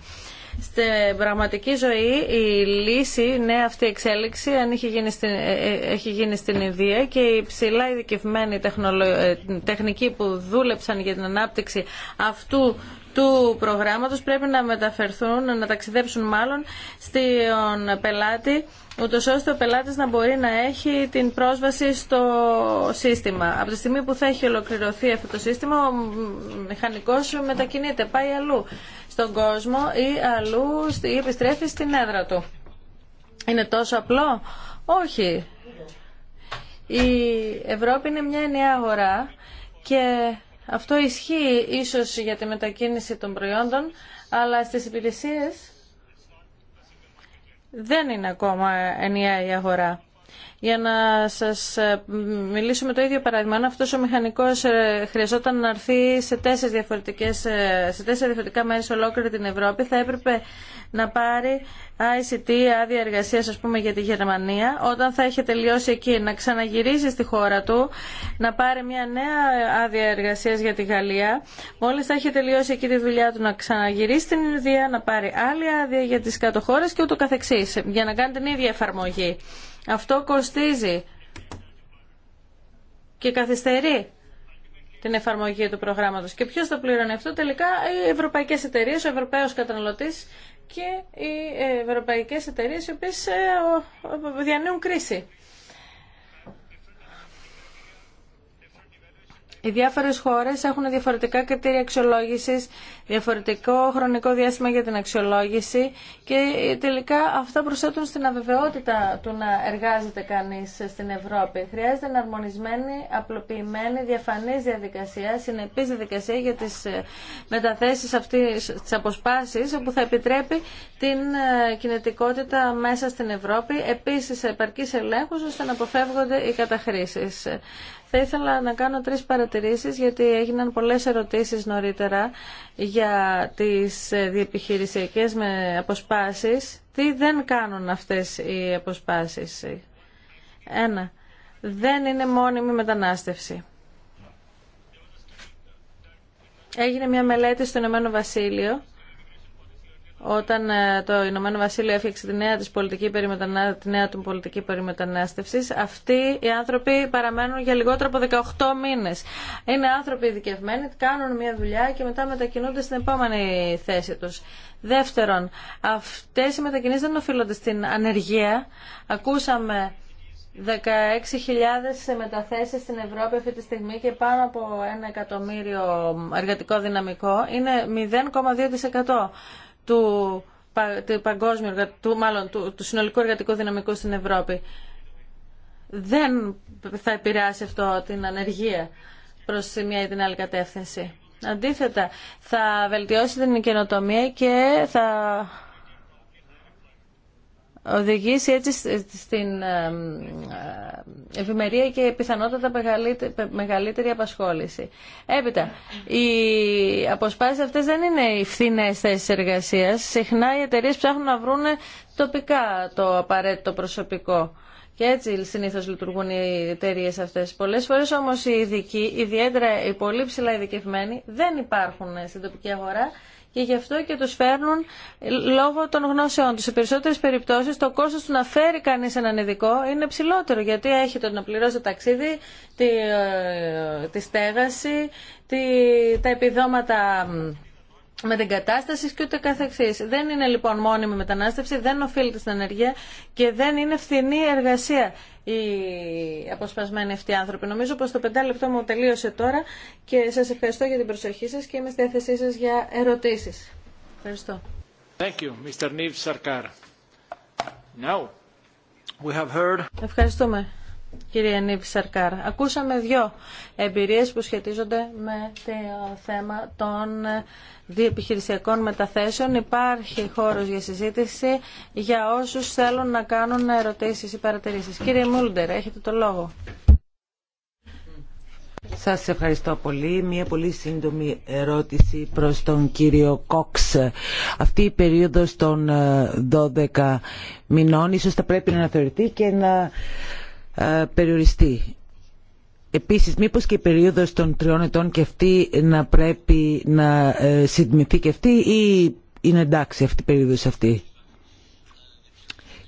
Στην πραγματική ζωή η λύση, ναι, αυτή η εξέλιξη αν ε, ε, έχει γίνει στην Ινδία και οι ψηλά ειδικευμένοι τεχνολο... Ε, τεχνικοί που δούλεψαν για την ανάπτυξη αυτού του προγράμματος πρέπει να μεταφερθούν, να ταξιδέψουν μάλλον στον πελάτη ούτω ώστε ο πελάτη να μπορεί να έχει την πρόσβαση στο σύστημα. Από τη στιγμή που θα έχει ολοκληρωθεί αυτό το σύστημα, ο μηχανικό μετακινείται, πάει αλλού στον κόσμο ή αλλού ή επιστρέφει στην έδρα του. Είναι τόσο απλό. Όχι. Η Ευρώπη είναι μια ενιαία αγορά και αυτό ισχύει ίσως για τη μετακίνηση των προϊόντων, αλλά στις υπηρεσίες δεν είναι ακόμα ενιαία η αγορά για να σας ε, μιλήσουμε το ίδιο παράδειγμα. Αν αυτός ο μηχανικός ε, χρειαζόταν να έρθει σε τέσσερι διαφορετικές, ε, σε τέσσερις διαφορετικά μέρη σε ολόκληρη την Ευρώπη, θα έπρεπε να πάρει ICT, άδεια εργασία, α πούμε, για τη Γερμανία, όταν θα έχει τελειώσει εκεί, να ξαναγυρίσει στη χώρα του, να πάρει μια νέα άδεια εργασία για τη Γαλλία, μόλι θα έχει τελειώσει εκεί τη δουλειά του, να ξαναγυρίσει στην Ινδία, να πάρει άλλη άδεια για τι κάτω χώρε και ούτω καθεξή, για να κάνει την ίδια εφαρμογή. Αυτό κοστίζει και καθυστερεί την εφαρμογή του προγράμματος. Και ποιος θα πληρώνει αυτό τελικά οι ευρωπαϊκές εταιρείες, ο ευρωπαίος καταναλωτής και οι ευρωπαϊκές εταιρείες οι οποίες ε, διανύουν κρίση. Οι διάφορε χώρε έχουν διαφορετικά κριτήρια αξιολόγηση, διαφορετικό χρονικό διάστημα για την αξιολόγηση και τελικά αυτά προσθέτουν στην αβεβαιότητα του να εργάζεται κανεί στην Ευρώπη. Χρειάζεται εναρμονισμένη, απλοποιημένη, διαφανή διαδικασία, συνεπή διαδικασία για τι ε, μεταθέσεις αυτή τη αποσπάση, όπου θα επιτρέπει την ε, κινητικότητα μέσα στην Ευρώπη, επίση επαρκή ελέγχου, ώστε να αποφεύγονται οι καταχρήσει. Θα ήθελα να κάνω τρεις παρατηρήσεις γιατί έγιναν πολλές ερωτήσεις νωρίτερα για τις ε, διεπιχειρησιακές με αποσπάσεις. Τι δεν κάνουν αυτές οι αποσπάσεις. Ένα. Δεν είναι μόνιμη μετανάστευση. Έγινε μια μελέτη στο Ηνωμένο Βασίλειο όταν ε, το Ηνωμένο Βασίλειο έφτιαξε τη νέα, της πολιτική του πολιτική περιμετανάστευση, αυτοί οι άνθρωποι παραμένουν για λιγότερο από 18 μήνε. Είναι άνθρωποι ειδικευμένοι, κάνουν μια δουλειά και μετά μετακινούνται στην επόμενη θέση του. Δεύτερον, αυτέ οι μετακινήσει δεν οφείλονται στην ανεργία. Ακούσαμε 16.000 μεταθέσεις στην Ευρώπη αυτή τη στιγμή και πάνω από ένα εκατομμύριο εργατικό δυναμικό είναι 0,2% του, του του, μάλλον του, του συνολικού εργατικού δυναμικού στην Ευρώπη. Δεν θα επηρεάσει αυτό την ανεργία προς τη μία ή την άλλη κατεύθυνση. Αντίθετα, θα βελτιώσει την καινοτομία και θα οδηγήσει έτσι στην ε, ευημερία και πιθανότατα μεγαλύτερη απασχόληση. Έπειτα, οι αποσπάσεις αυτές δεν είναι οι φθηνέ θέσει εργασία. Συχνά οι εταιρείε ψάχνουν να βρουν τοπικά το απαραίτητο προσωπικό. Και έτσι συνήθω λειτουργούν οι εταιρείε αυτέ. Πολλέ φορέ όμω οι ειδικοί, ιδιαίτερα οι πολύ ψηλά ειδικευμένοι, δεν υπάρχουν στην τοπική αγορά και γι' αυτό και του φέρνουν λόγω των γνώσεών τους. Σε περισσότερες περιπτώσεις το κόστος του να φέρει κάνει έναν ειδικό είναι ψηλότερο γιατί έχει το να πληρώσει το ταξίδι, τη, ε, τη στέγαση, τη, τα επιδόματα με την κατάσταση και ούτε καθεξής. Δεν είναι λοιπόν μόνιμη μετανάστευση, δεν οφείλεται στην ενεργεία και δεν είναι φθηνή εργασία οι αποσπασμένοι αυτοί άνθρωποι. Νομίζω πως το πεντάλεπτό μου τελείωσε τώρα και σας ευχαριστώ για την προσοχή σας και είμαι στη διάθεσή σας για ερωτήσεις. Ευχαριστώ. Thank you, Mr. Now, we have heard... Ευχαριστούμε κύριε Νίβ Σαρκάρ. Ακούσαμε δύο εμπειρίες που σχετίζονται με το θέμα των διεπιχειρησιακών μεταθέσεων. Υπάρχει χώρος για συζήτηση για όσους θέλουν να κάνουν ερωτήσεις ή παρατηρήσεις. Κύριε Μούλντερ, έχετε το λόγο. Σας ευχαριστώ πολύ. Μία πολύ σύντομη ερώτηση προς τον κύριο Κόξ. Αυτή η περίοδος των 12 ε, μηνών ίσως θα πρέπει να θεωρηθεί και να ε, περιοριστεί. Επίσης, μήπως και η περίοδος των τριών ετών και αυτή να πρέπει να ε, συντμηθεί και αυτή ή είναι εντάξει αυτή η περίοδος αυτή.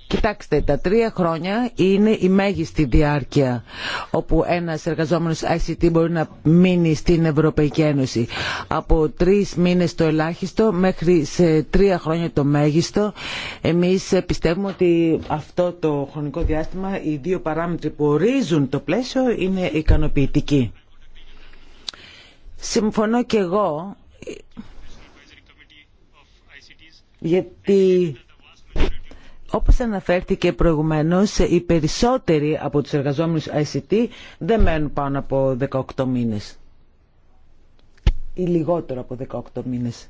Κοιτάξτε, τα τρία χρόνια είναι η μέγιστη διάρκεια όπου ένας εργαζόμενος ICT μπορεί να μείνει στην Ευρωπαϊκή Ένωση. Από τρεις μήνες το ελάχιστο μέχρι σε τρία χρόνια το μέγιστο. Εμείς πιστεύουμε ότι αυτό το χρονικό διάστημα, οι δύο παράμετροι που ορίζουν το πλαίσιο είναι ικανοποιητικοί. Συμφωνώ και εγώ ε, γιατί όπως αναφέρθηκε προηγουμένως, οι περισσότεροι από τους εργαζόμενους ICT δεν μένουν πάνω από 18 μήνες ή λιγότερο από 18 μήνες.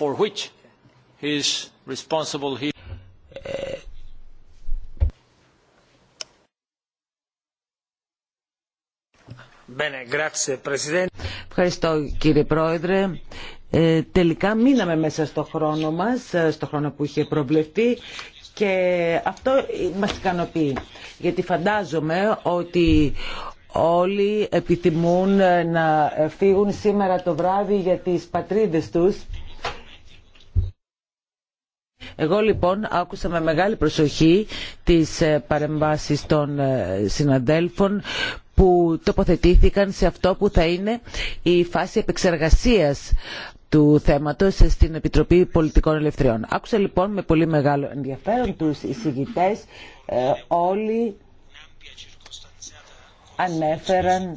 For which Ευχαριστώ κύριε Πρόεδρε. Ε, τελικά μείναμε μέσα στο χρόνο μας, ε, στο χρόνο που είχε προβλεφτεί και αυτό μας ικανοποιεί. Γιατί φαντάζομαι ότι όλοι επιθυμούν ε, να φύγουν σήμερα το βράδυ για τις πατρίδες τους εγώ λοιπόν άκουσα με μεγάλη προσοχή τις ε, παρεμβάσεις των ε, συναντέλφων που τοποθετήθηκαν σε αυτό που θα είναι η φάση επεξεργασίας του θέματος στην Επιτροπή Πολιτικών Ελευθεριών. Άκουσα λοιπόν με πολύ μεγάλο ενδιαφέρον τους εισηγητές ε, όλοι ανέφεραν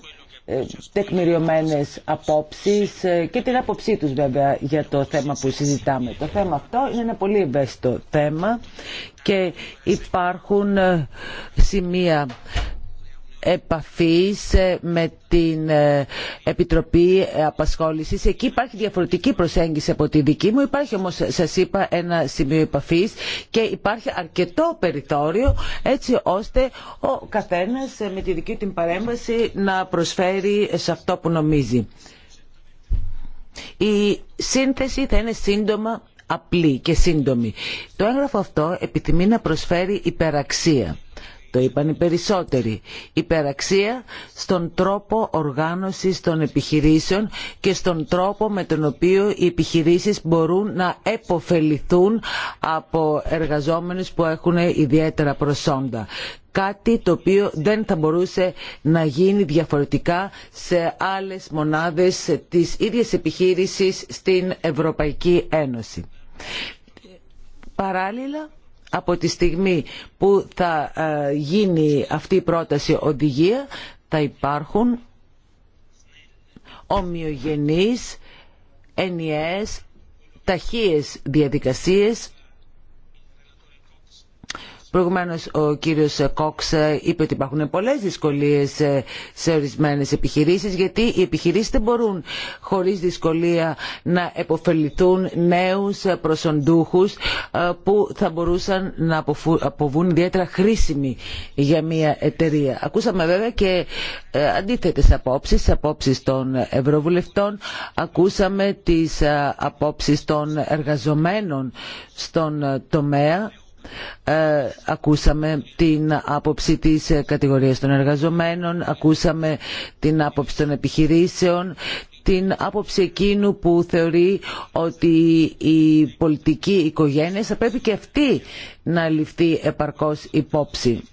ε, τεκμηριωμένες απόψεις ε, και την άποψή τους βέβαια για το θέμα που συζητάμε. Το θέμα αυτό είναι ένα πολύ ευαίσθητο θέμα και υπάρχουν ε, σημεία επαφής ε, με την ε, Επιτροπή Απασχόλησης. Εκεί υπάρχει διαφορετική προσέγγιση από τη δική μου. Υπάρχει όμως, σας είπα, ένα σημείο επαφής και υπάρχει αρκετό περιθώριο έτσι ώστε ο καθένας ε, με τη δική την παρέμβαση να προσφέρει σε αυτό που νομίζει. Η σύνθεση θα είναι σύντομα απλή και σύντομη. Το έγγραφο αυτό επιθυμεί να προσφέρει υπεραξία το είπαν οι περισσότεροι. Υπεραξία στον τρόπο οργάνωσης των επιχειρήσεων και στον τρόπο με τον οποίο οι επιχειρήσεις μπορούν να επωφεληθούν από εργαζόμενους που έχουν ιδιαίτερα προσόντα. Κάτι το οποίο δεν θα μπορούσε να γίνει διαφορετικά σε άλλες μονάδες της ίδιας επιχείρησης στην Ευρωπαϊκή Ένωση. Παράλληλα, από τη στιγμή που θα ε, γίνει αυτή η πρόταση οδηγία θα υπάρχουν ομοιογενείς, ενιαίες, ταχύες διαδικασίες Προηγουμένω, ο κύριο Κόξ είπε ότι υπάρχουν πολλέ δυσκολίε σε ορισμένε επιχειρήσει, γιατί οι επιχειρήσει δεν μπορούν χωρίς δυσκολία να επωφεληθούν νέου προσοντούχους ε, που θα μπορούσαν να αποβούν ιδιαίτερα χρήσιμοι για μια εταιρεία. Ακούσαμε βέβαια και ε, αντίθετε απόψεις, απόψεις των ευρωβουλευτών, ακούσαμε τι ε, απόψει των εργαζομένων στον τομέα ε, ακούσαμε την άποψη της ε, κατηγορίας των εργαζομένων, ακούσαμε την άποψη των επιχειρήσεων, την άποψη εκείνου που θεωρεί ότι η πολιτική οικογένεια θα πρέπει και αυτή να ληφθεί επαρκώς υπόψη.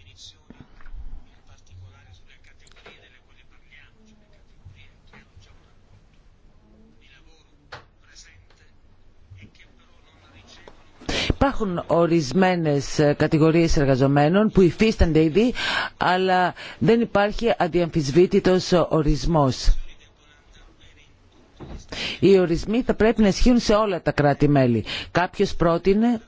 Υπάρχουν ορισμένες ε, κατηγορίες εργαζομένων που υφίστανται ήδη, αλλά δεν υπάρχει αδιαμφισβήτητος ορισμός. Οι ορισμοί θα πρέπει να ισχύουν σε όλα τα κράτη-μέλη. Κάποιος πρότεινε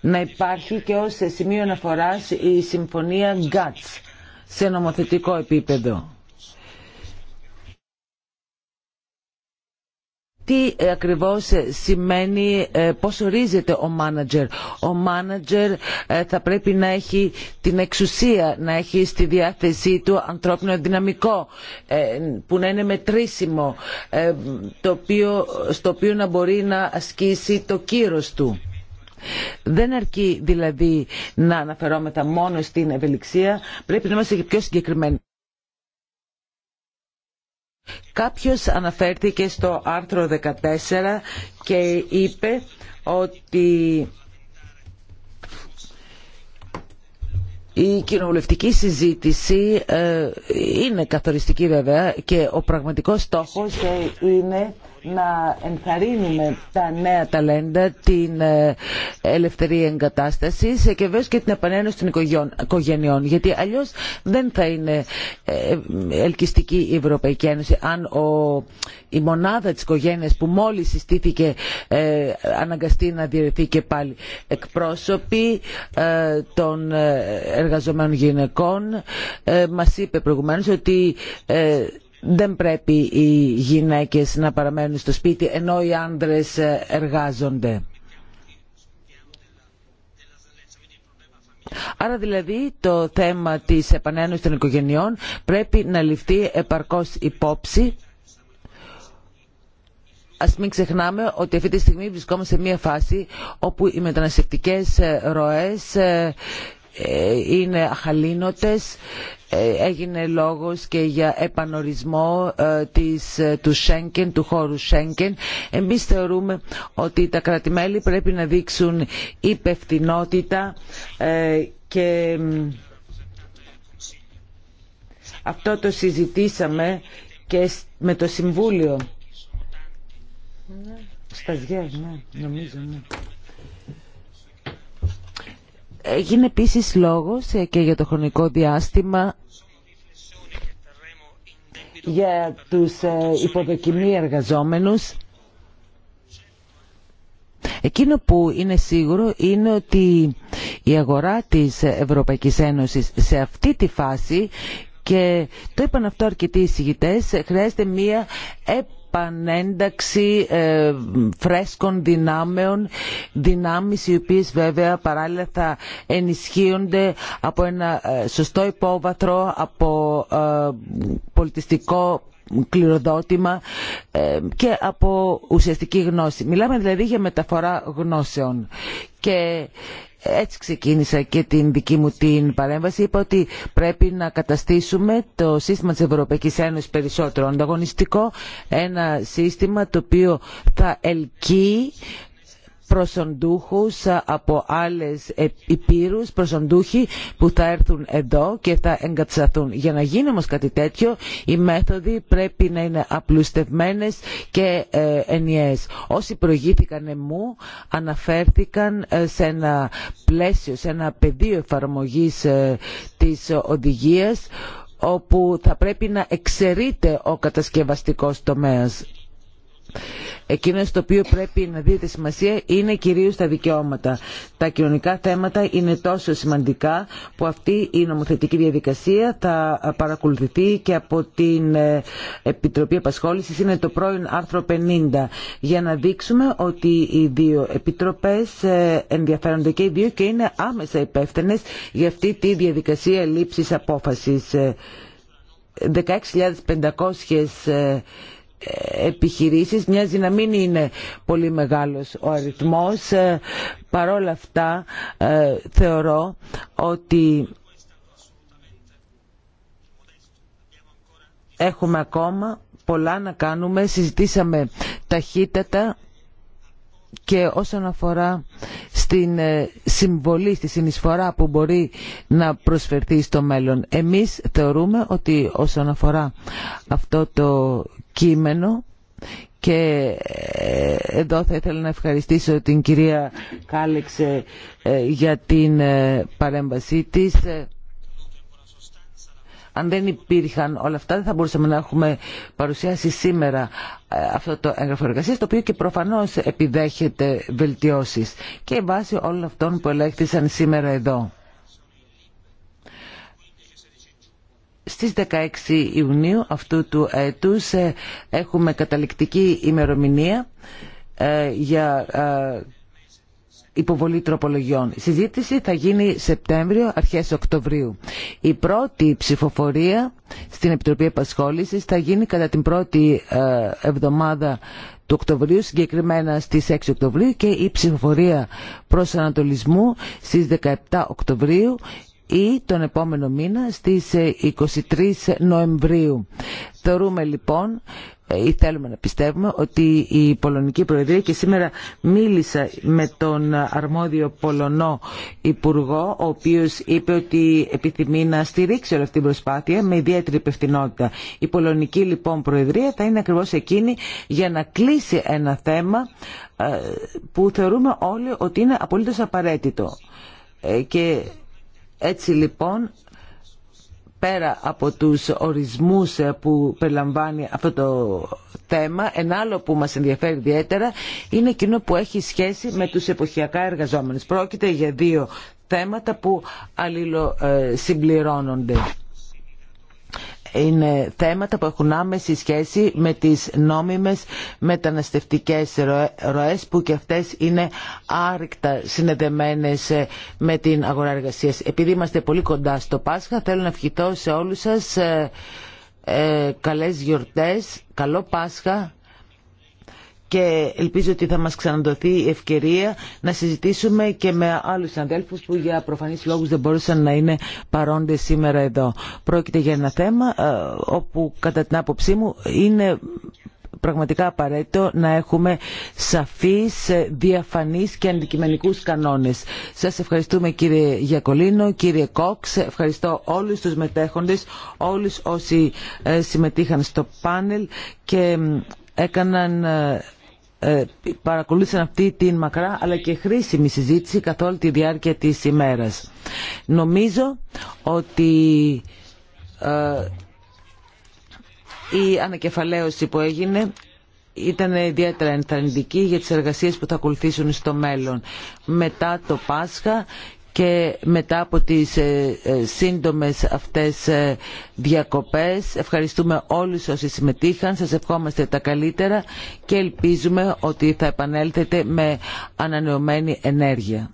να υπάρχει και ως σημείο αναφοράς η συμφωνία GATS σε νομοθετικό επίπεδο. τι ε, ακριβώς ε, σημαίνει, ε, πώς ορίζεται ο μάνατζερ. Ο μάνατζερ θα πρέπει να έχει την εξουσία, να έχει στη διάθεσή του ανθρώπινο δυναμικό, που να είναι μετρήσιμο, το οποίο, στο οποίο να μπορεί να ασκήσει το κύρος του. Δεν αρκεί δηλαδή να αναφερόμεθα μόνο στην ευελιξία, πρέπει να είμαστε πιο συγκεκριμένοι. Κάποιος αναφέρθηκε στο άρθρο 14 και είπε ότι η κοινοβουλευτική συζήτηση ε, είναι καθοριστική βέβαια και ο πραγματικός στόχος είναι να ενθαρρύνουμε τα νέα ταλέντα, την ε, ελευθερία εγκατάσταση και βέβαια και την επανένωση των οικογενειών. Γιατί αλλιώ δεν θα είναι ε, ελκυστική η Ευρωπαϊκή Ένωση αν ο, η μονάδα τη οικογένεια που μόλι συστήθηκε ε, αναγκαστεί να διαιρεθεί και πάλι. Εκπρόσωποι των εργαζομένων γυναικών μα είπε προηγουμένω ότι δεν πρέπει οι γυναίκες να παραμένουν στο σπίτι ενώ οι άνδρες εργάζονται. Άρα δηλαδή το θέμα της επανένωσης των οικογενειών πρέπει να ληφθεί επαρκώς υπόψη. Ας μην ξεχνάμε ότι αυτή τη στιγμή βρισκόμαστε σε μια φάση όπου οι μεταναστευτικές ροές ε, είναι αχαλήνοτες ε, έγινε λόγος και για επανορισμό ε, της, ε, του του χώρου Σέγκεν. Εμείς θεωρούμε ότι τα κρατημέλη πρέπει να δείξουν υπευθυνότητα και αυτό το συζητήσαμε και με το Συμβούλιο. ναι, νομίζω, ναι. Έγινε επίσης λόγος και για το χρονικό διάστημα για τους ε, υποδοκιμή εργαζόμενους. Εκείνο που είναι σίγουρο είναι ότι η αγορά της Ευρωπαϊκής Ένωσης σε αυτή τη φάση και το είπαν αυτό αρκετοί εισηγητές, χρειάζεται μία επανένταξη ε, φρέσκων δυνάμεων, δυνάμεις οι οποίες βέβαια παράλληλα θα ενισχύονται από ένα ε, σωστό υπόβαθρο, από ε, πολιτιστικό κληροδότημα και από ουσιαστική γνώση. Μιλάμε δηλαδή για μεταφορά γνώσεων. Και έτσι ξεκίνησα και την δική μου την παρέμβαση. Είπα ότι πρέπει να καταστήσουμε το σύστημα της Ευρωπαϊκής Ένωσης περισσότερο ανταγωνιστικό, ένα σύστημα το οποίο θα ελκύει προσοντούχους ε, από άλλες ε, υπήρους, προσοντούχοι που θα έρθουν εδώ και θα εγκατσαθούν. Για να γίνει όμως κάτι τέτοιο, οι μέθοδοι πρέπει να είναι απλουστευμένες και ε, ενιαίες. Όσοι προηγήθηκαν μου αναφέρθηκαν σε ένα πλαίσιο, σε ένα πεδίο εφαρμογής της οδηγίας όπου θα πρέπει να εξαιρείται ο κατασκευαστικός τομέας. Εκείνο το οποίο πρέπει να δείτε σημασία είναι κυρίως τα δικαιώματα. Τα κοινωνικά θέματα είναι τόσο σημαντικά που αυτή η νομοθετική διαδικασία θα παρακολουθηθεί και από την ε, Επιτροπή Επασχόλησης. Είναι το πρώην άρθρο 50 για να δείξουμε ότι οι δύο επιτροπές ε, ενδιαφέρονται και οι δύο και είναι άμεσα υπεύθυνε για αυτή τη διαδικασία λήψης απόφασης. 16.500 ε, επιχειρήσεις μοιάζει να μην είναι πολύ μεγάλος ο αριθμός ε, παρόλα αυτά ε, θεωρώ ότι έχουμε ακόμα πολλά να κάνουμε συζητήσαμε ταχύτατα και όσον αφορά στην ε, συμβολή, στη συνεισφορά που μπορεί να προσφερθεί στο μέλλον. Εμείς θεωρούμε ότι όσον αφορά αυτό το κείμενο και ε, εδώ θα ήθελα να ευχαριστήσω την κυρία Κάλεξε ε, για την παρέμβασή της. Αν δεν υπήρχαν όλα αυτά δεν θα μπορούσαμε να έχουμε παρουσιάσει σήμερα ε, αυτό το έγγραφο εργασία, το οποίο και προφανώ επιδέχεται βελτιώσει και βάσει όλων αυτών που ελέγχθησαν σήμερα εδώ. Στις 16 Ιουνίου αυτού του έτους ε, έχουμε καταληκτική ημερομηνία ε, για υποβολή τροπολογιών. Η συζήτηση θα γίνει Σεπτέμβριο, αρχές Οκτωβρίου. Η πρώτη ψηφοφορία στην Επιτροπή Επασχόλησης θα γίνει κατά την πρώτη ε, εβδομάδα του Οκτωβρίου, συγκεκριμένα στις 6 Οκτωβρίου και η ψηφοφορία προς ανατολισμού στις 17 Οκτωβρίου ή τον επόμενο μήνα στις 23 ε, Νοεμβρίου. Θεωρούμε λοιπόν ε, ή θέλουμε να πιστεύουμε ότι η Πολωνική Προεδρία και σήμερα μίλησα με τον αρμόδιο Πολωνό Υπουργό ο οποίος είπε ότι επιθυμεί να στηρίξει όλη αυτή την προσπάθεια με ιδιαίτερη υπευθυνότητα. Η Πολωνική λοιπόν Προεδρία θα είναι ακριβώς εκείνη για να κλείσει ένα θέμα ε, που θεωρούμε όλοι ότι είναι απολύτως απαραίτητο και έτσι λοιπόν πέρα από τους ορισμούς ε, που περιλαμβάνει αυτό το θέμα, ένα άλλο που μας ενδιαφέρει ιδιαίτερα είναι εκείνο που έχει σχέση με τους εποχιακά εργαζόμενους. Πρόκειται για δύο θέματα που αλληλοσυμπληρώνονται. Ε, είναι θέματα που έχουν άμεση σχέση με τις νόμιμες μεταναστευτικές ροές που και αυτές είναι άρρηκτα συνεδεμένες ε, με την αγορά εργασίας. Επειδή είμαστε πολύ κοντά στο Πάσχα θέλω να ευχηθώ σε όλους σας ε, ε, καλές γιορτές, καλό Πάσχα και ελπίζω ότι θα μας ξαναδοθεί η ευκαιρία να συζητήσουμε και με άλλους αδέλφους που για προφανείς λόγους δεν μπορούσαν να είναι παρόντες σήμερα εδώ. Πρόκειται για ένα θέμα ε, όπου κατά την άποψή μου είναι πραγματικά απαραίτητο να έχουμε σαφείς, ε, διαφανείς και αντικειμενικούς κανόνες. Σας ευχαριστούμε κύριε Γιακολίνο, κύριε Κόξ, ευχαριστώ όλους τους μετέχοντες, όλους όσοι ε, συμμετείχαν στο πάνελ και έκαναν ε, παρακολούθησαν αυτή την μακρά αλλά και χρήσιμη συζήτηση καθ' όλη τη διάρκεια της ημέρας. Νομίζω ότι ε, η ανακεφαλαίωση που έγινε ήταν ιδιαίτερα ενθαρρυντική για τις εργασίες που θα ακολουθήσουν στο μέλλον. Μετά το Πάσχα και μετά από τις ε, ε, σύντομες αυτές ε, διακοπές ευχαριστούμε όλους όσοι συμμετείχαν σας ευχόμαστε τα καλύτερα και ελπίζουμε ότι θα επανέλθετε με ανανεωμένη ενέργεια.